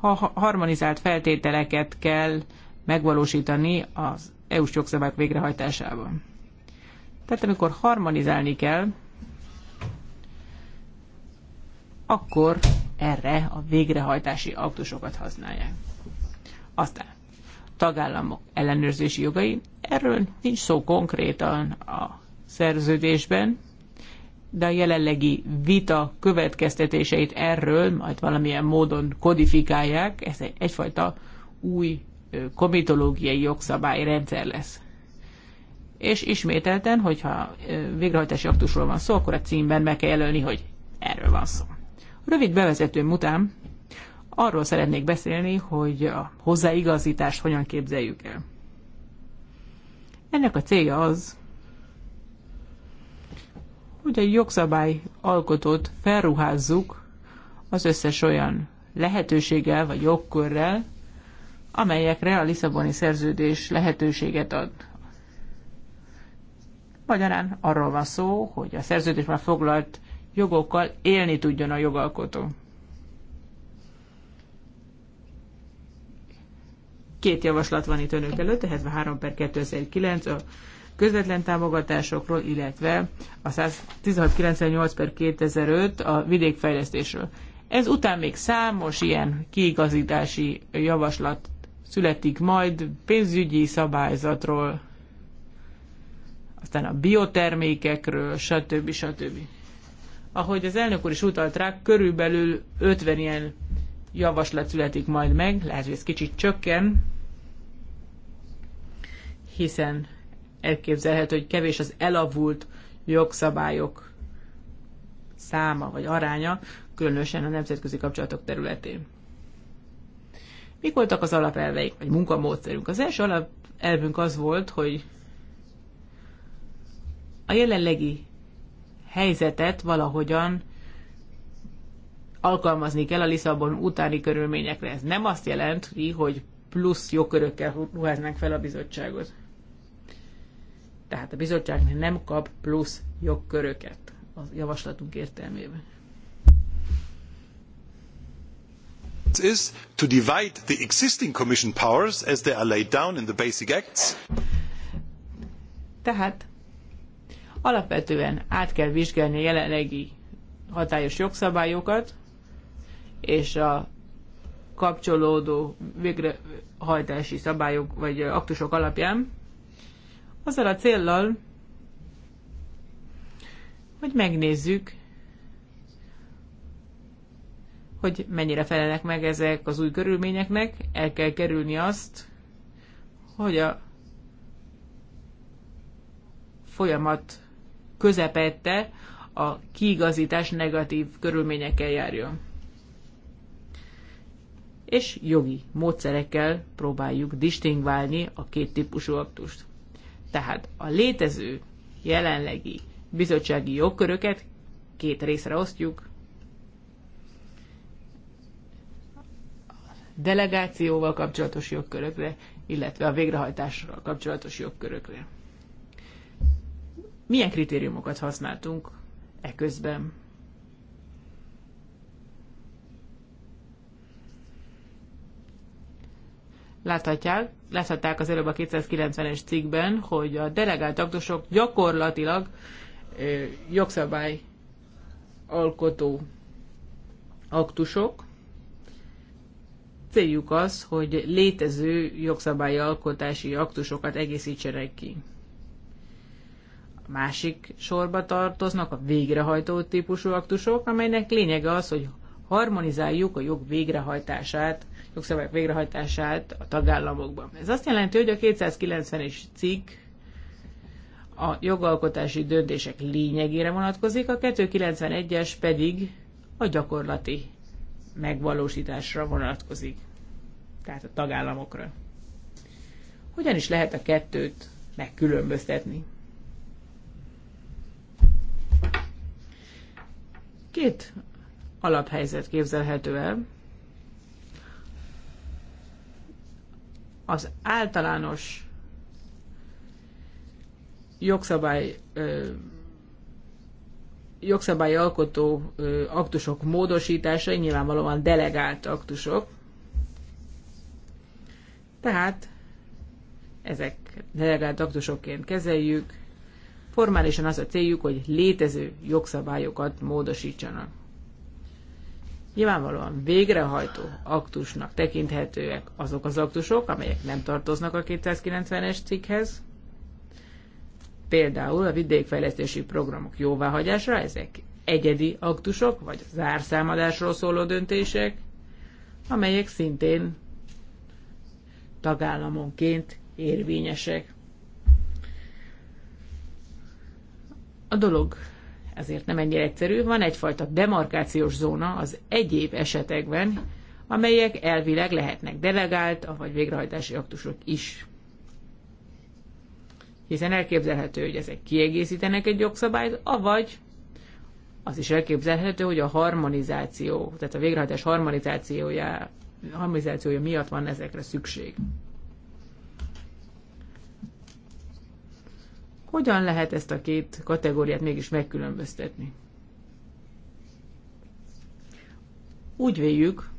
ha harmonizált feltételeket kell megvalósítani az EU-s jogszabályok végrehajtásában. Tehát amikor harmonizálni kell, akkor erre a végrehajtási aktusokat használják. Aztán tagállamok ellenőrzési jogai, erről nincs szó konkrétan a szerződésben, de a jelenlegi vita következtetéseit erről majd valamilyen módon kodifikálják, ez egyfajta új komitológiai rendszer lesz. És ismételten, hogyha végrehajtási aktusról van szó, akkor a címben meg kell jelölni, hogy erről van szó. Rövid bevezetőm után arról szeretnék beszélni, hogy a hozzáigazítást hogyan képzeljük el. Ennek a célja az, hogy a jogszabály alkotót felruházzuk az összes olyan lehetőséggel vagy jogkörrel, amelyekre a Lisszaboni szerződés lehetőséget ad. Magyarán arról van szó, hogy a szerződésben foglalt jogokkal élni tudjon a jogalkotó. Két javaslat van itt önök előtt, a 73 per 2009, a közvetlen támogatásokról, illetve a 1698 per 2005 a vidékfejlesztésről. Ez után még számos ilyen kiigazítási javaslat születik majd pénzügyi szabályzatról, aztán a biotermékekről, stb. stb. Ahogy az elnök úr is utalt rá, körülbelül 50 ilyen javaslat születik majd meg, lehet, hogy ez kicsit csökken, hiszen elképzelhető, hogy kevés az elavult jogszabályok száma vagy aránya, különösen a nemzetközi kapcsolatok területén. Mik voltak az alapelveik, vagy munkamódszerünk? Az első alapelvünk az volt, hogy a jelenlegi helyzetet valahogyan alkalmazni kell a Lisszabon utáni körülményekre. Ez nem azt jelenti, hogy plusz jogkörökkel ruháznánk fel a bizottságot tehát a bizottság nem kap plusz jogköröket a javaslatunk értelmében. is to divide the existing commission powers as they are laid down in the basic acts. Tehát alapvetően át kell vizsgálni a jelenlegi hatályos jogszabályokat, és a kapcsolódó végrehajtási szabályok vagy aktusok alapján azzal a céllal, hogy megnézzük, hogy mennyire felelnek meg ezek az új körülményeknek, el kell kerülni azt, hogy a folyamat közepette a kiigazítás negatív körülményekkel járjon. És jogi módszerekkel próbáljuk distingválni a két típusú aktust. Tehát a létező jelenlegi bizottsági jogköröket két részre osztjuk. Delegációval kapcsolatos jogkörökre, illetve a végrehajtással kapcsolatos jogkörökre. Milyen kritériumokat használtunk e közben? Láthatják, láthatták az előbb a 290-es cikkben, hogy a delegált aktusok gyakorlatilag ö, jogszabály alkotó aktusok. Céljuk az, hogy létező jogszabályi alkotási aktusokat egészítsenek ki. A másik sorba tartoznak a végrehajtó típusú aktusok, amelynek lényege az, hogy harmonizáljuk a jog végrehajtását jogszabályok végrehajtását a tagállamokban. Ez azt jelenti, hogy a 290-es cikk a jogalkotási döntések lényegére vonatkozik, a 291-es pedig a gyakorlati megvalósításra vonatkozik, tehát a tagállamokra. Hogyan is lehet a kettőt megkülönböztetni? Két alaphelyzet képzelhető el. az általános jogszabály jogszabály alkotó aktusok módosítása, nyilvánvalóan delegált aktusok. Tehát ezek delegált aktusokként kezeljük. Formálisan az a céljuk, hogy létező jogszabályokat módosítsanak. Nyilvánvalóan végrehajtó aktusnak tekinthetőek azok az aktusok, amelyek nem tartoznak a 290-es cikkhez, például a vidékfejlesztési programok jóváhagyása, ezek egyedi aktusok, vagy zárszámadásról szóló döntések, amelyek szintén tagállamonként érvényesek. A dolog ezért nem ennyire egyszerű. Van egyfajta demarkációs zóna az egyéb esetekben, amelyek elvileg lehetnek delegált, vagy végrehajtási aktusok is. Hiszen elképzelhető, hogy ezek kiegészítenek egy jogszabályt, avagy az is elképzelhető, hogy a harmonizáció, tehát a végrehajtás harmonizációja, harmonizációja miatt van ezekre szükség. Hogyan lehet ezt a két kategóriát mégis megkülönböztetni? Úgy véljük,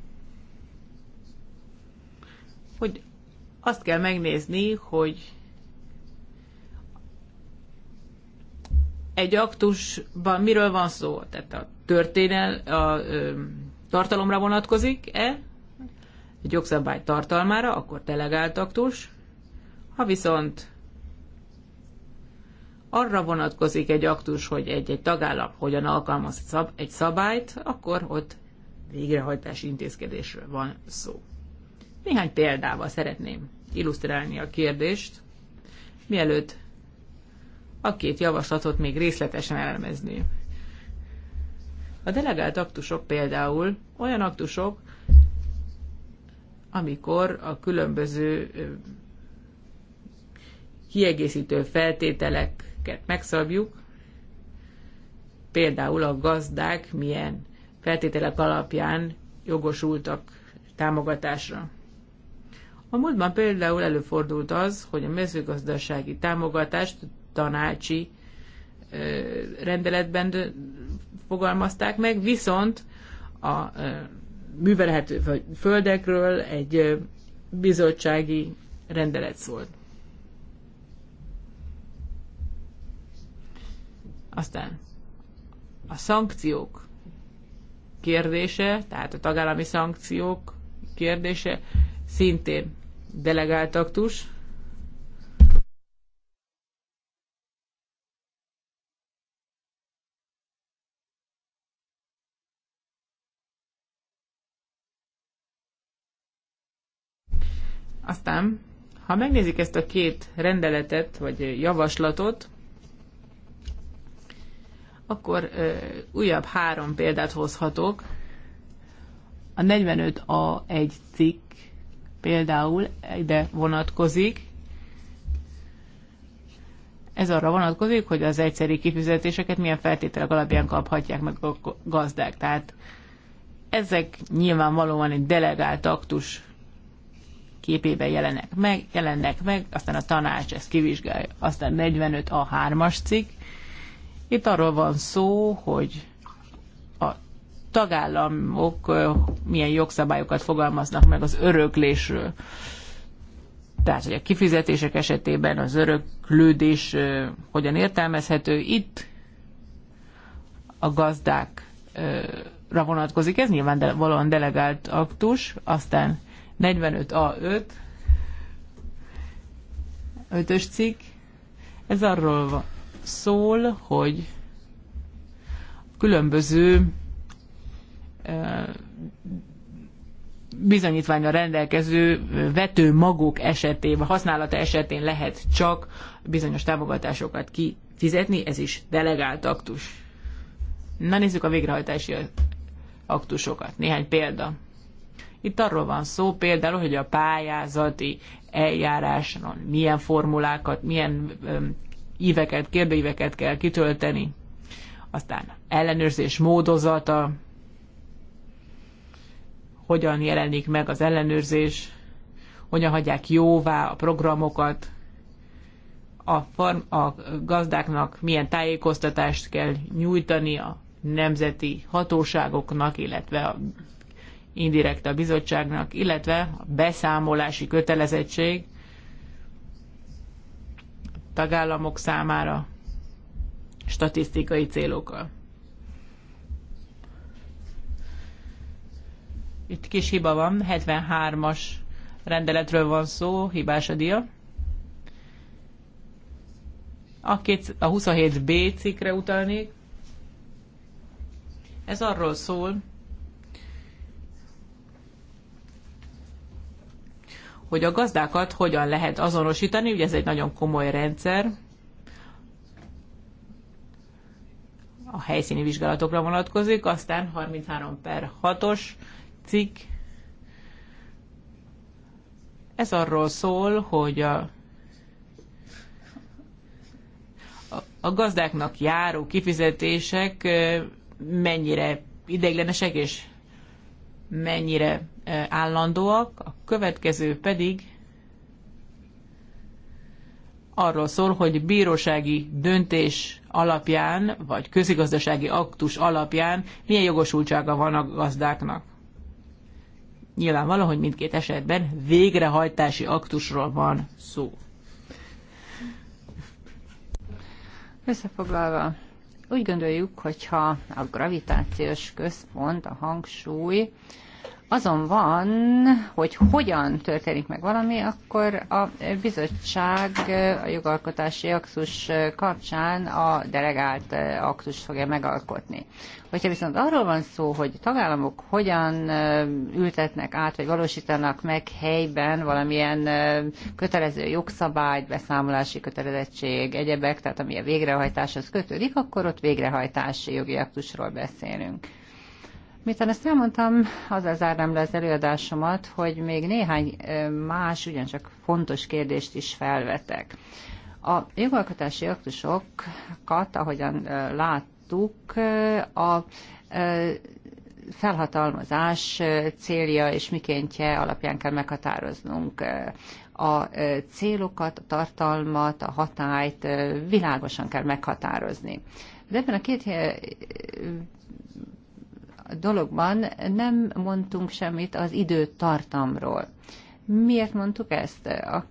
hogy azt kell megnézni, hogy egy aktusban miről van szó? Tehát a történel, a ö, tartalomra vonatkozik-e? Egy jogszabály tartalmára, akkor delegált aktus. Ha viszont arra vonatkozik egy aktus, hogy egy-egy tagállam hogyan alkalmaz szab egy szabályt, akkor ott végrehajtási intézkedésről van szó. Néhány példával szeretném illusztrálni a kérdést, mielőtt a két javaslatot még részletesen elemezni. A delegált aktusok például olyan aktusok, amikor a különböző kiegészítő feltételek őket megszabjuk, például a gazdák milyen feltételek alapján jogosultak támogatásra. A múltban például előfordult az, hogy a mezőgazdasági támogatást tanácsi rendeletben fogalmazták meg, viszont a művelhető földekről egy bizottsági rendelet szólt. Aztán a szankciók kérdése, tehát a tagállami szankciók kérdése szintén delegált aktus. Aztán, ha megnézik ezt a két rendeletet, vagy javaslatot, akkor újabb három példát hozhatok. A 45A1 cikk például ide vonatkozik. Ez arra vonatkozik, hogy az egyszeri kifizetéseket milyen feltételek alapján kaphatják meg a gazdák. Tehát ezek nyilvánvalóan egy delegált aktus képében jelennek meg, jelennek meg, aztán a tanács ezt kivizsgálja. Aztán 45 a 3-as cikk, itt arról van szó, hogy a tagállamok milyen jogszabályokat fogalmaznak meg az öröklésről. Tehát, hogy a kifizetések esetében az öröklődés hogyan értelmezhető. Itt a gazdákra vonatkozik. Ez nyilván de, valóan delegált aktus, aztán 45A5, 5-ös cikk, ez arról szól, hogy különböző bizonyítványra rendelkező vetőmagok esetében, használata esetén lehet csak bizonyos támogatásokat kifizetni, ez is delegált aktus. Na nézzük a végrehajtási aktusokat. Néhány példa. Itt arról van szó például, hogy a pályázati eljáráson milyen formulákat, milyen íveket, kérdőíveket kell kitölteni. Aztán ellenőrzés módozata, hogyan jelenik meg az ellenőrzés, hogyan hagyják jóvá a programokat, a, farm, a gazdáknak milyen tájékoztatást kell nyújtani a nemzeti hatóságoknak, illetve a, indirekt a bizottságnak, illetve a beszámolási kötelezettség, tagállamok számára statisztikai célokkal. Itt kis hiba van, 73-as rendeletről van szó, hibás a dia. A, két, a 27B cikkre utalnék. Ez arról szól, hogy a gazdákat hogyan lehet azonosítani, ugye ez egy nagyon komoly rendszer, a helyszíni vizsgálatokra vonatkozik, aztán 33 per 6-os cikk. Ez arról szól, hogy a, a gazdáknak járó kifizetések mennyire ideiglenesek és mennyire állandóak, a következő pedig arról szól, hogy bírósági döntés alapján, vagy közigazdasági aktus alapján milyen jogosultsága van a gazdáknak. Nyilván hogy mindkét esetben végrehajtási aktusról van szó. Összefoglalva, úgy gondoljuk, hogyha a gravitációs központ, a hangsúly azon van, hogy hogyan történik meg valami, akkor a bizottság a jogalkotási aktus kapcsán a delegált aktust fogja megalkotni. Hogyha viszont arról van szó, hogy tagállamok hogyan ültetnek át, vagy valósítanak meg helyben valamilyen kötelező jogszabályt, beszámolási kötelezettség, egyebek, tehát ami a végrehajtáshoz kötődik, akkor ott végrehajtási jogi aktusról beszélünk. Miután ezt elmondtam, azzal zárnám le az előadásomat, hogy még néhány más, ugyancsak fontos kérdést is felvetek. A jogalkotási aktusokat, ahogyan láttuk, a felhatalmazás célja és mikéntje alapján kell meghatároznunk a célokat, a tartalmat, a hatályt világosan kell meghatározni. De ebben a két dologban nem mondtunk semmit az időtartamról. Miért mondtuk ezt? A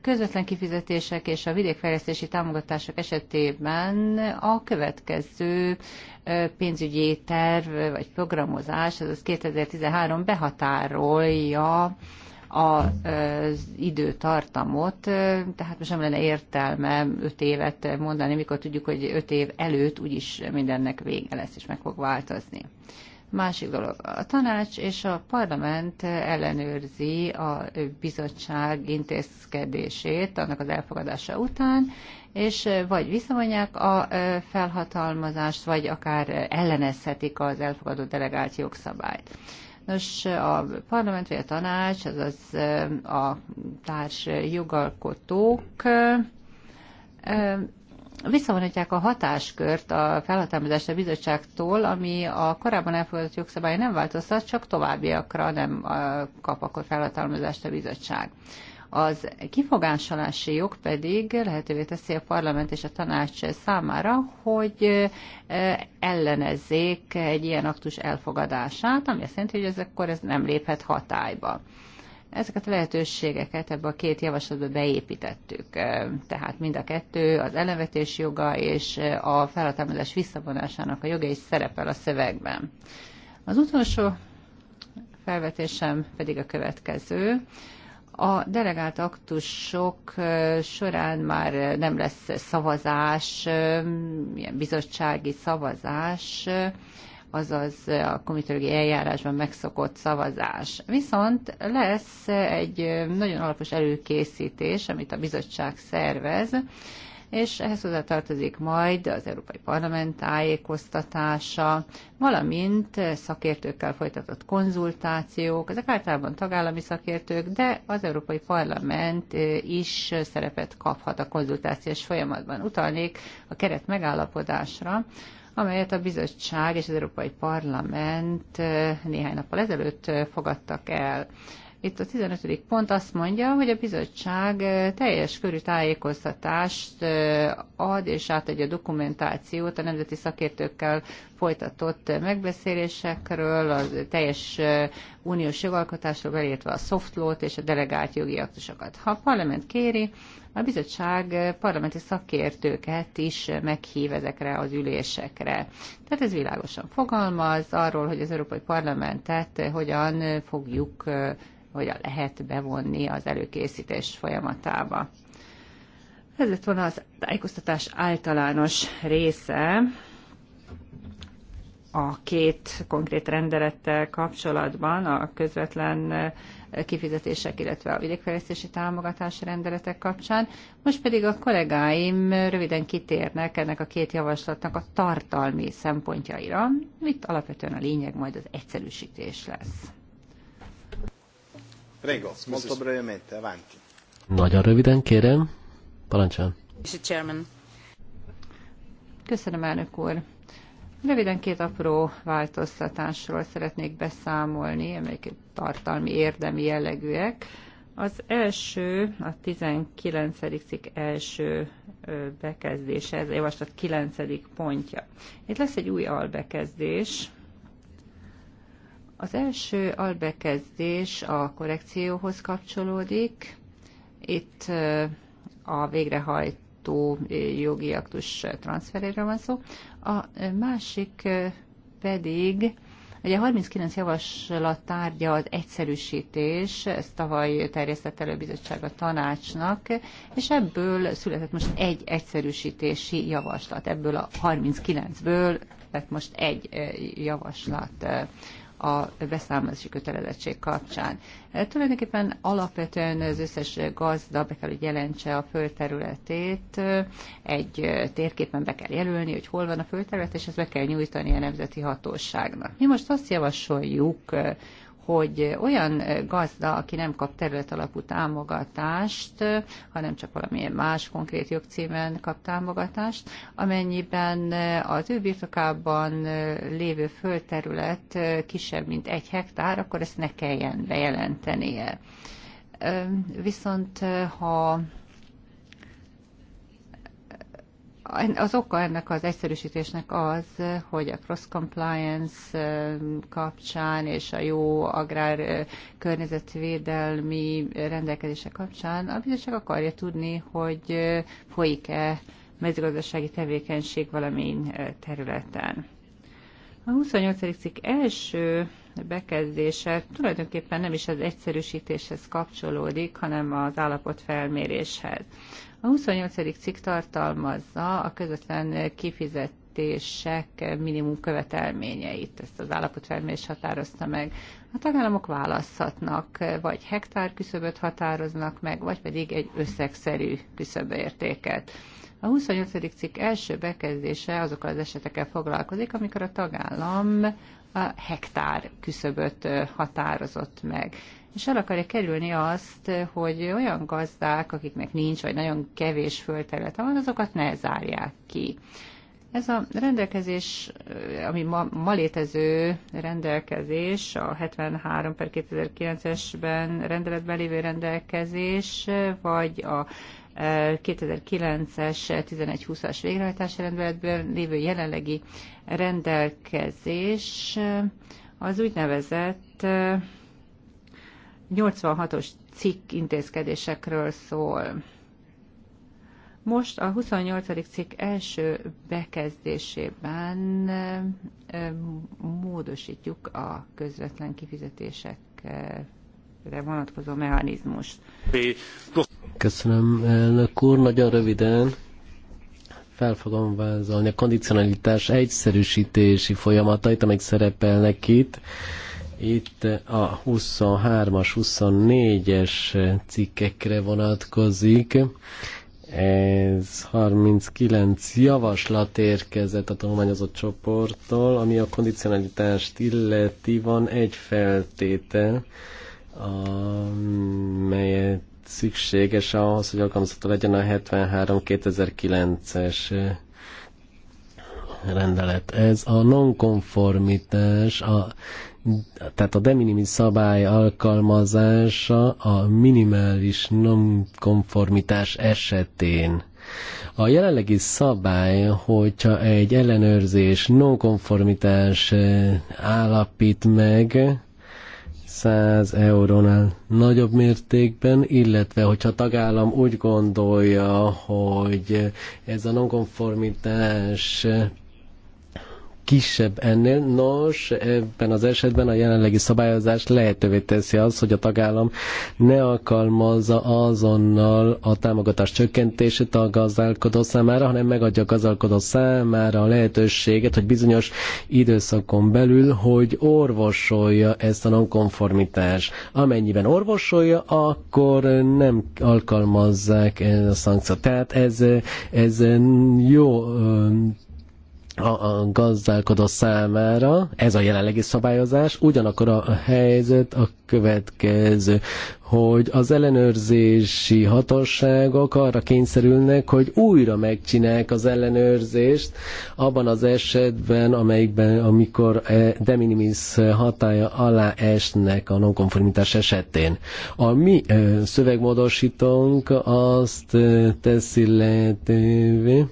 közvetlen kifizetések és a vidékfejlesztési támogatások esetében a következő pénzügyi terv vagy programozás, azaz 2013 behatárolja az időtartamot, tehát most nem lenne értelme 5 évet mondani, mikor tudjuk, hogy 5 év előtt úgyis mindennek vége lesz, és meg fog változni. Másik dolog, a tanács és a parlament ellenőrzi a bizottság intézkedését annak az elfogadása után, és vagy visszavonják a felhatalmazást, vagy akár ellenezhetik az elfogadott delegált jogszabályt. Nos, a parlament vagy a tanács, azaz a társ jogalkotók visszavonítják a hatáskört a felhatalmazási bizottságtól, ami a korábban elfogadott jogszabály nem változtat, csak továbbiakra nem kap akkor felhatalmazást a bizottság. Az kifogásolási jog pedig lehetővé teszi a parlament és a tanács számára, hogy ellenezzék egy ilyen aktus elfogadását, ami azt jelenti, hogy ez akkor ez nem léphet hatályba. Ezeket a lehetőségeket ebbe a két javaslatba beépítettük. Tehát mind a kettő, az elevetés joga és a felhatalmazás visszavonásának a joga is szerepel a szövegben. Az utolsó felvetésem pedig a következő. A delegált aktusok során már nem lesz szavazás, ilyen bizottsági szavazás, azaz a komitológiai eljárásban megszokott szavazás. Viszont lesz egy nagyon alapos előkészítés, amit a bizottság szervez, és ehhez hozzá tartozik majd az Európai Parlament tájékoztatása, valamint szakértőkkel folytatott konzultációk, ezek általában tagállami szakértők, de az Európai Parlament is szerepet kaphat a konzultációs folyamatban. Utalnék a keret megállapodásra, amelyet a bizottság és az Európai Parlament néhány nappal ezelőtt fogadtak el. Itt a 15. pont azt mondja, hogy a bizottság teljes körű tájékoztatást ad és átadja dokumentációt a nemzeti szakértőkkel folytatott megbeszélésekről, a teljes uniós jogalkotásról, beleértve a soft law-t és a delegált jogi aktusokat. Ha a parlament kéri, a bizottság parlamenti szakértőket is meghív ezekre az ülésekre. Tehát ez világosan fogalmaz arról, hogy az Európai Parlamentet hogyan fogjuk, hogyan lehet bevonni az előkészítés folyamatába. Ez lett volna az tájékoztatás általános része a két konkrét rendelettel kapcsolatban, a közvetlen kifizetések, illetve a vidékfejlesztési támogatási rendeletek kapcsán. Most pedig a kollégáim röviden kitérnek ennek a két javaslatnak a tartalmi szempontjaira. Itt alapvetően a lényeg majd az egyszerűsítés lesz. avanti. Nagyon röviden kérem, parancsán. Köszönöm, elnök úr. Röviden két apró változtatásról szeretnék beszámolni, amelyek tartalmi érdemi jellegűek. Az első, a 19. cikk első bekezdése, ez a javaslat 9. pontja. Itt lesz egy új albekezdés. Az első albekezdés a korrekcióhoz kapcsolódik. Itt a végrehajt alkotó eh, jogi aktus eh, transferéről van szó. A eh, másik pedig Ugye 39 javaslat tárgya az egyszerűsítés, ezt tavaly terjesztett előbizottság a tanácsnak, és ebből született most egy egyszerűsítési javaslat. Ebből a 39-ből lett most egy javaslat a beszámolási kötelezettség kapcsán. E, tulajdonképpen alapvetően az összes gazda be kell, hogy jelentse a földterületét, e, egy e, térképen be kell jelölni, hogy hol van a földterület, és ezt be kell nyújtani a nemzeti hatóságnak. Mi most azt javasoljuk, hogy olyan gazda, aki nem kap területalapú támogatást, hanem csak valamilyen más konkrét jogcímen kap támogatást, amennyiben az ő birtokában lévő földterület kisebb, mint egy hektár, akkor ezt ne kelljen bejelentenie. Viszont ha az oka ennek az egyszerűsítésnek az, hogy a cross-compliance kapcsán és a jó agrár környezetvédelmi rendelkezése kapcsán a bizottság akarja tudni, hogy folyik-e mezőgazdasági tevékenység valamilyen területen. A 28. cikk első bekezdése tulajdonképpen nem is az egyszerűsítéshez kapcsolódik, hanem az állapotfelméréshez. A 28. cikk tartalmazza a közvetlen kifizetések minimum követelményeit. Ezt az állapotfelmérés határozta meg. A tagállamok választhatnak, vagy hektár küszöböt határoznak meg, vagy pedig egy összegszerű küszöbértéket. A 28. cikk első bekezdése azokkal az esetekkel foglalkozik, amikor a tagállam a hektár küszöböt határozott meg és el akarja kerülni azt, hogy olyan gazdák, akiknek nincs, vagy nagyon kevés földterülete van, azokat ne zárják ki. Ez a rendelkezés, ami ma, ma létező rendelkezés, a 73 per 2009-esben rendeletben lévő rendelkezés, vagy a 2009-es e, 1120-as végrehajtási rendeletben lévő jelenlegi rendelkezés e, az úgynevezett e, 86-os cikk intézkedésekről szól. Most a 28. cikk első bekezdésében módosítjuk a közvetlen kifizetésekre vonatkozó mechanizmust. Köszönöm, elnök úr. Nagyon röviden fel fogom vázolni a kondicionalitás egyszerűsítési folyamatait, amik szerepelnek itt. Itt a 23-as, 24-es cikkekre vonatkozik. Ez 39 javaslat érkezett a tanulmányozott csoporttól, ami a kondicionalitást illeti, van egy feltétel, melyet szükséges ahhoz, hogy alkalmazható legyen a 73-2009-es rendelet. Ez a nonkonformitás, a tehát a de minimis szabály alkalmazása a minimális nonkonformitás esetén. A jelenlegi szabály, hogyha egy ellenőrzés nonkonformitás eh, állapít meg, 100 eurónál nagyobb mértékben, illetve hogyha a tagállam úgy gondolja, hogy ez a nonkonformitás kisebb ennél. Nos, ebben az esetben a jelenlegi szabályozás lehetővé teszi az, hogy a tagállam ne alkalmazza azonnal a támogatás csökkentését a gazdálkodó számára, hanem megadja a gazdálkodó számára a lehetőséget, hogy bizonyos időszakon belül, hogy orvosolja ezt a nonkonformitást. Amennyiben orvosolja, akkor nem alkalmazzák a szankciót. Tehát ez, ez jó a gazdálkodó számára, ez a jelenlegi szabályozás, ugyanakkor a helyzet a következő, hogy az ellenőrzési hatóságok arra kényszerülnek, hogy újra megcsinálják az ellenőrzést abban az esetben, amelyikben, amikor eh, de minimis hatája alá esnek a nonkonformitás esetén. A mi eh, szövegmódosítónk azt eh, teszi lehetővé,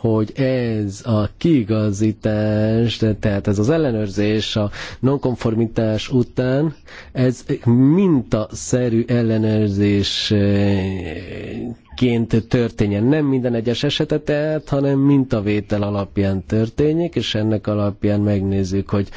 hogy ez a kiigazítás, tehát ez az ellenőrzés a nonkonformitás után, ez mintaszerű ellenőrzés eh, esetként történjen. Nem minden egyes esetet tehát, hanem mintavétel alapján történik, és ennek alapján megnézzük, hogy,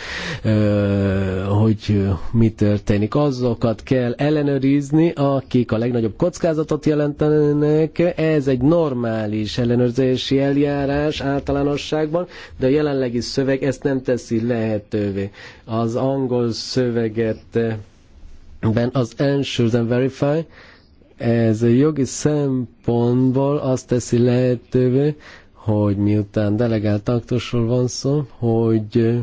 ö, hogy mi történik. Azokat kell ellenőrizni, akik a legnagyobb kockázatot jelentenek. Ez egy normális ellenőrzési eljárás általánosságban, de a jelenlegi szöveg ezt nem teszi lehetővé. Az angol szöveget ben az ensure and verify ez a jogi szempontból azt teszi lehetővé, hogy miután delegált aktusról van szó, hogy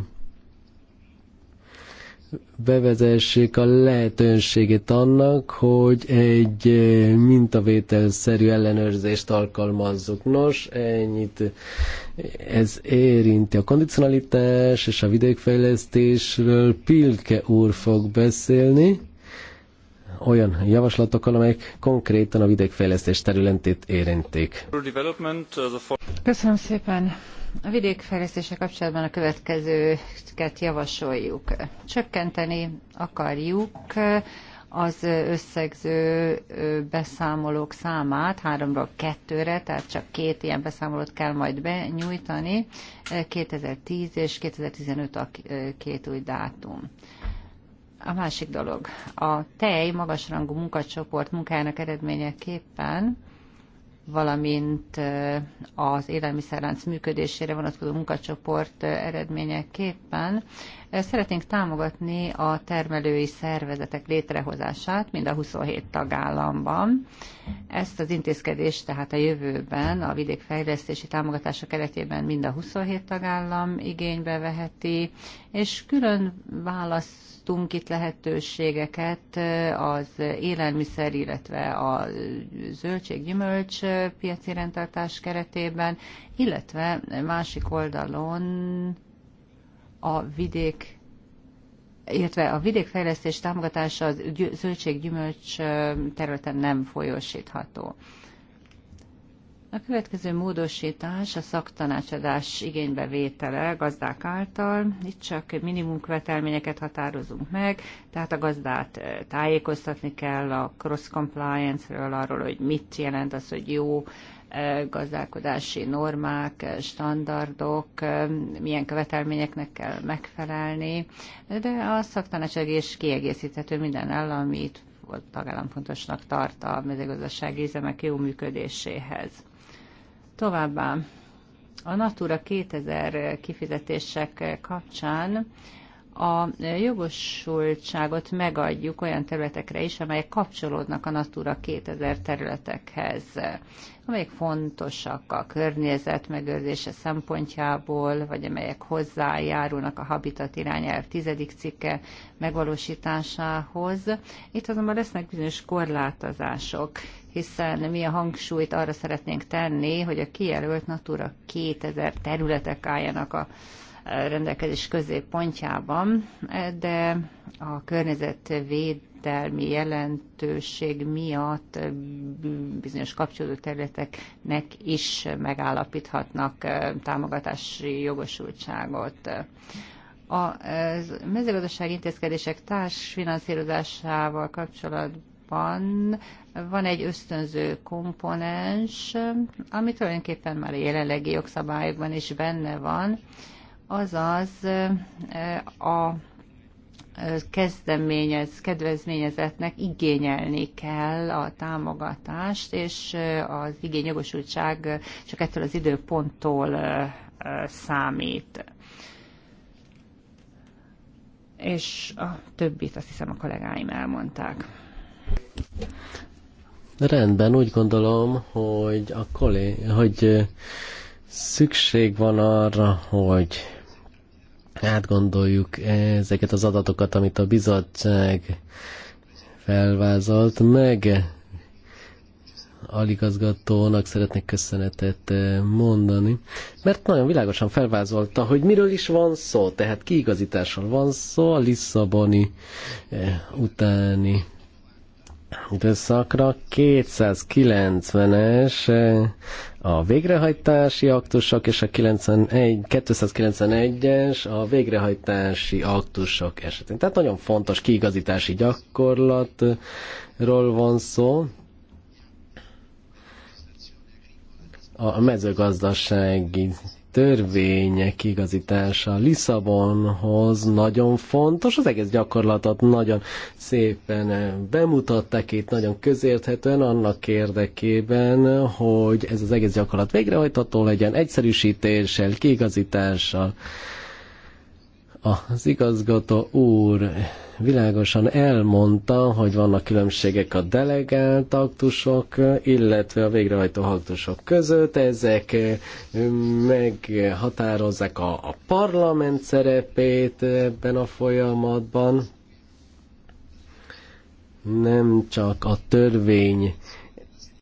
bevezessék a lehetőségét annak, hogy egy mintavételszerű ellenőrzést alkalmazzuk. Nos, ennyit ez érinti a kondicionalitás és a vidékfejlesztésről. Pilke úr fog beszélni olyan javaslatokkal, amelyek konkrétan a vidékfejlesztés területét érintik. Köszönöm szépen. A vidékfejlesztése kapcsolatban a következőket javasoljuk. Csökkenteni akarjuk az összegző beszámolók számát háromról kettőre, tehát csak két ilyen beszámolót kell majd benyújtani, 2010 és 2015 a két új dátum. A másik dolog, a tej magasrangú munkacsoport munkájának eredményeképpen valamint az élelmiszerlánc működésére vonatkozó munkacsoport eredményeképpen. Szeretnénk támogatni a termelői szervezetek létrehozását mind a 27 tagállamban. Ezt az intézkedést tehát a jövőben a vidékfejlesztési támogatása keretében mind a 27 tagállam igénybe veheti, és külön válasz hoztunk itt lehetőségeket az élelmiszer, illetve a zöldség-gyümölcs piaci rendtartás keretében, illetve másik oldalon a vidék illetve a vidékfejlesztés támogatása a zöldség-gyümölcs területen nem folyósítható. A következő módosítás a szaktanácsadás igénybevétele gazdák által. Itt csak minimum követelményeket határozunk meg, tehát a gazdát tájékoztatni kell a cross compliance-ről, arról, hogy mit jelent az, hogy jó gazdálkodási normák, standardok, milyen követelményeknek kell megfelelni, de a szaktanácsadás kiegészíthető minden amit a tagállam fontosnak tart a mezőgazdasági üzemek jó működéséhez. Továbbá a Natura 2000 kifizetések kapcsán a jogosultságot megadjuk olyan területekre is, amelyek kapcsolódnak a Natura 2000 területekhez, amelyek fontosak a környezet megőrzése szempontjából, vagy amelyek hozzájárulnak a Habitat irányelv tizedik cikke megvalósításához. Itt azonban lesznek bizonyos korlátozások, hiszen mi a hangsúlyt arra szeretnénk tenni, hogy a kijelölt Natura 2000 területek álljanak a rendelkezés középpontjában, de a környezetvédelmi jelentőség miatt bizonyos kapcsolódó területeknek is megállapíthatnak támogatási jogosultságot. A mezőgazdasági intézkedések társfinanszírozásával kapcsolatban Európában van egy ösztönző komponens, ami tulajdonképpen már a jelenlegi jogszabályokban is benne van, azaz eh, a eh, kezdeményez, kedvezményezetnek igényelni kell a támogatást, és eh, az igényjogosultság csak ettől az időponttól számít. És a többit azt hiszem a kollégáim elmondták. Rendben, úgy gondolom, hogy a kollé, hogy szükség van arra, hogy átgondoljuk ezeket az adatokat, amit a bizottság felvázolt, meg aligazgatónak szeretnék köszönetet mondani, mert nagyon világosan felvázolta, hogy miről is van szó, tehát kiigazításról van szó a Lisszaboni utáni időszakra. 290-es eh, a végrehajtási aktusok és a 91, 291-es a végrehajtási aktusok esetén. Tehát nagyon fontos kiigazítási gyakorlatról van szó. A mezőgazdasági törvények igazítása Lisszabonhoz nagyon fontos. Az egész gyakorlatot nagyon szépen bemutatták itt, nagyon közérthetően annak érdekében, hogy ez az egész gyakorlat végrehajtható legyen, egyszerűsítéssel, kiigazítással. Az igazgató úr világosan elmondta, hogy vannak különbségek a delegált aktusok, illetve a végrehajtó aktusok között. Ezek meghatározzák a, a parlament szerepét ebben a folyamatban. Nem csak a törvény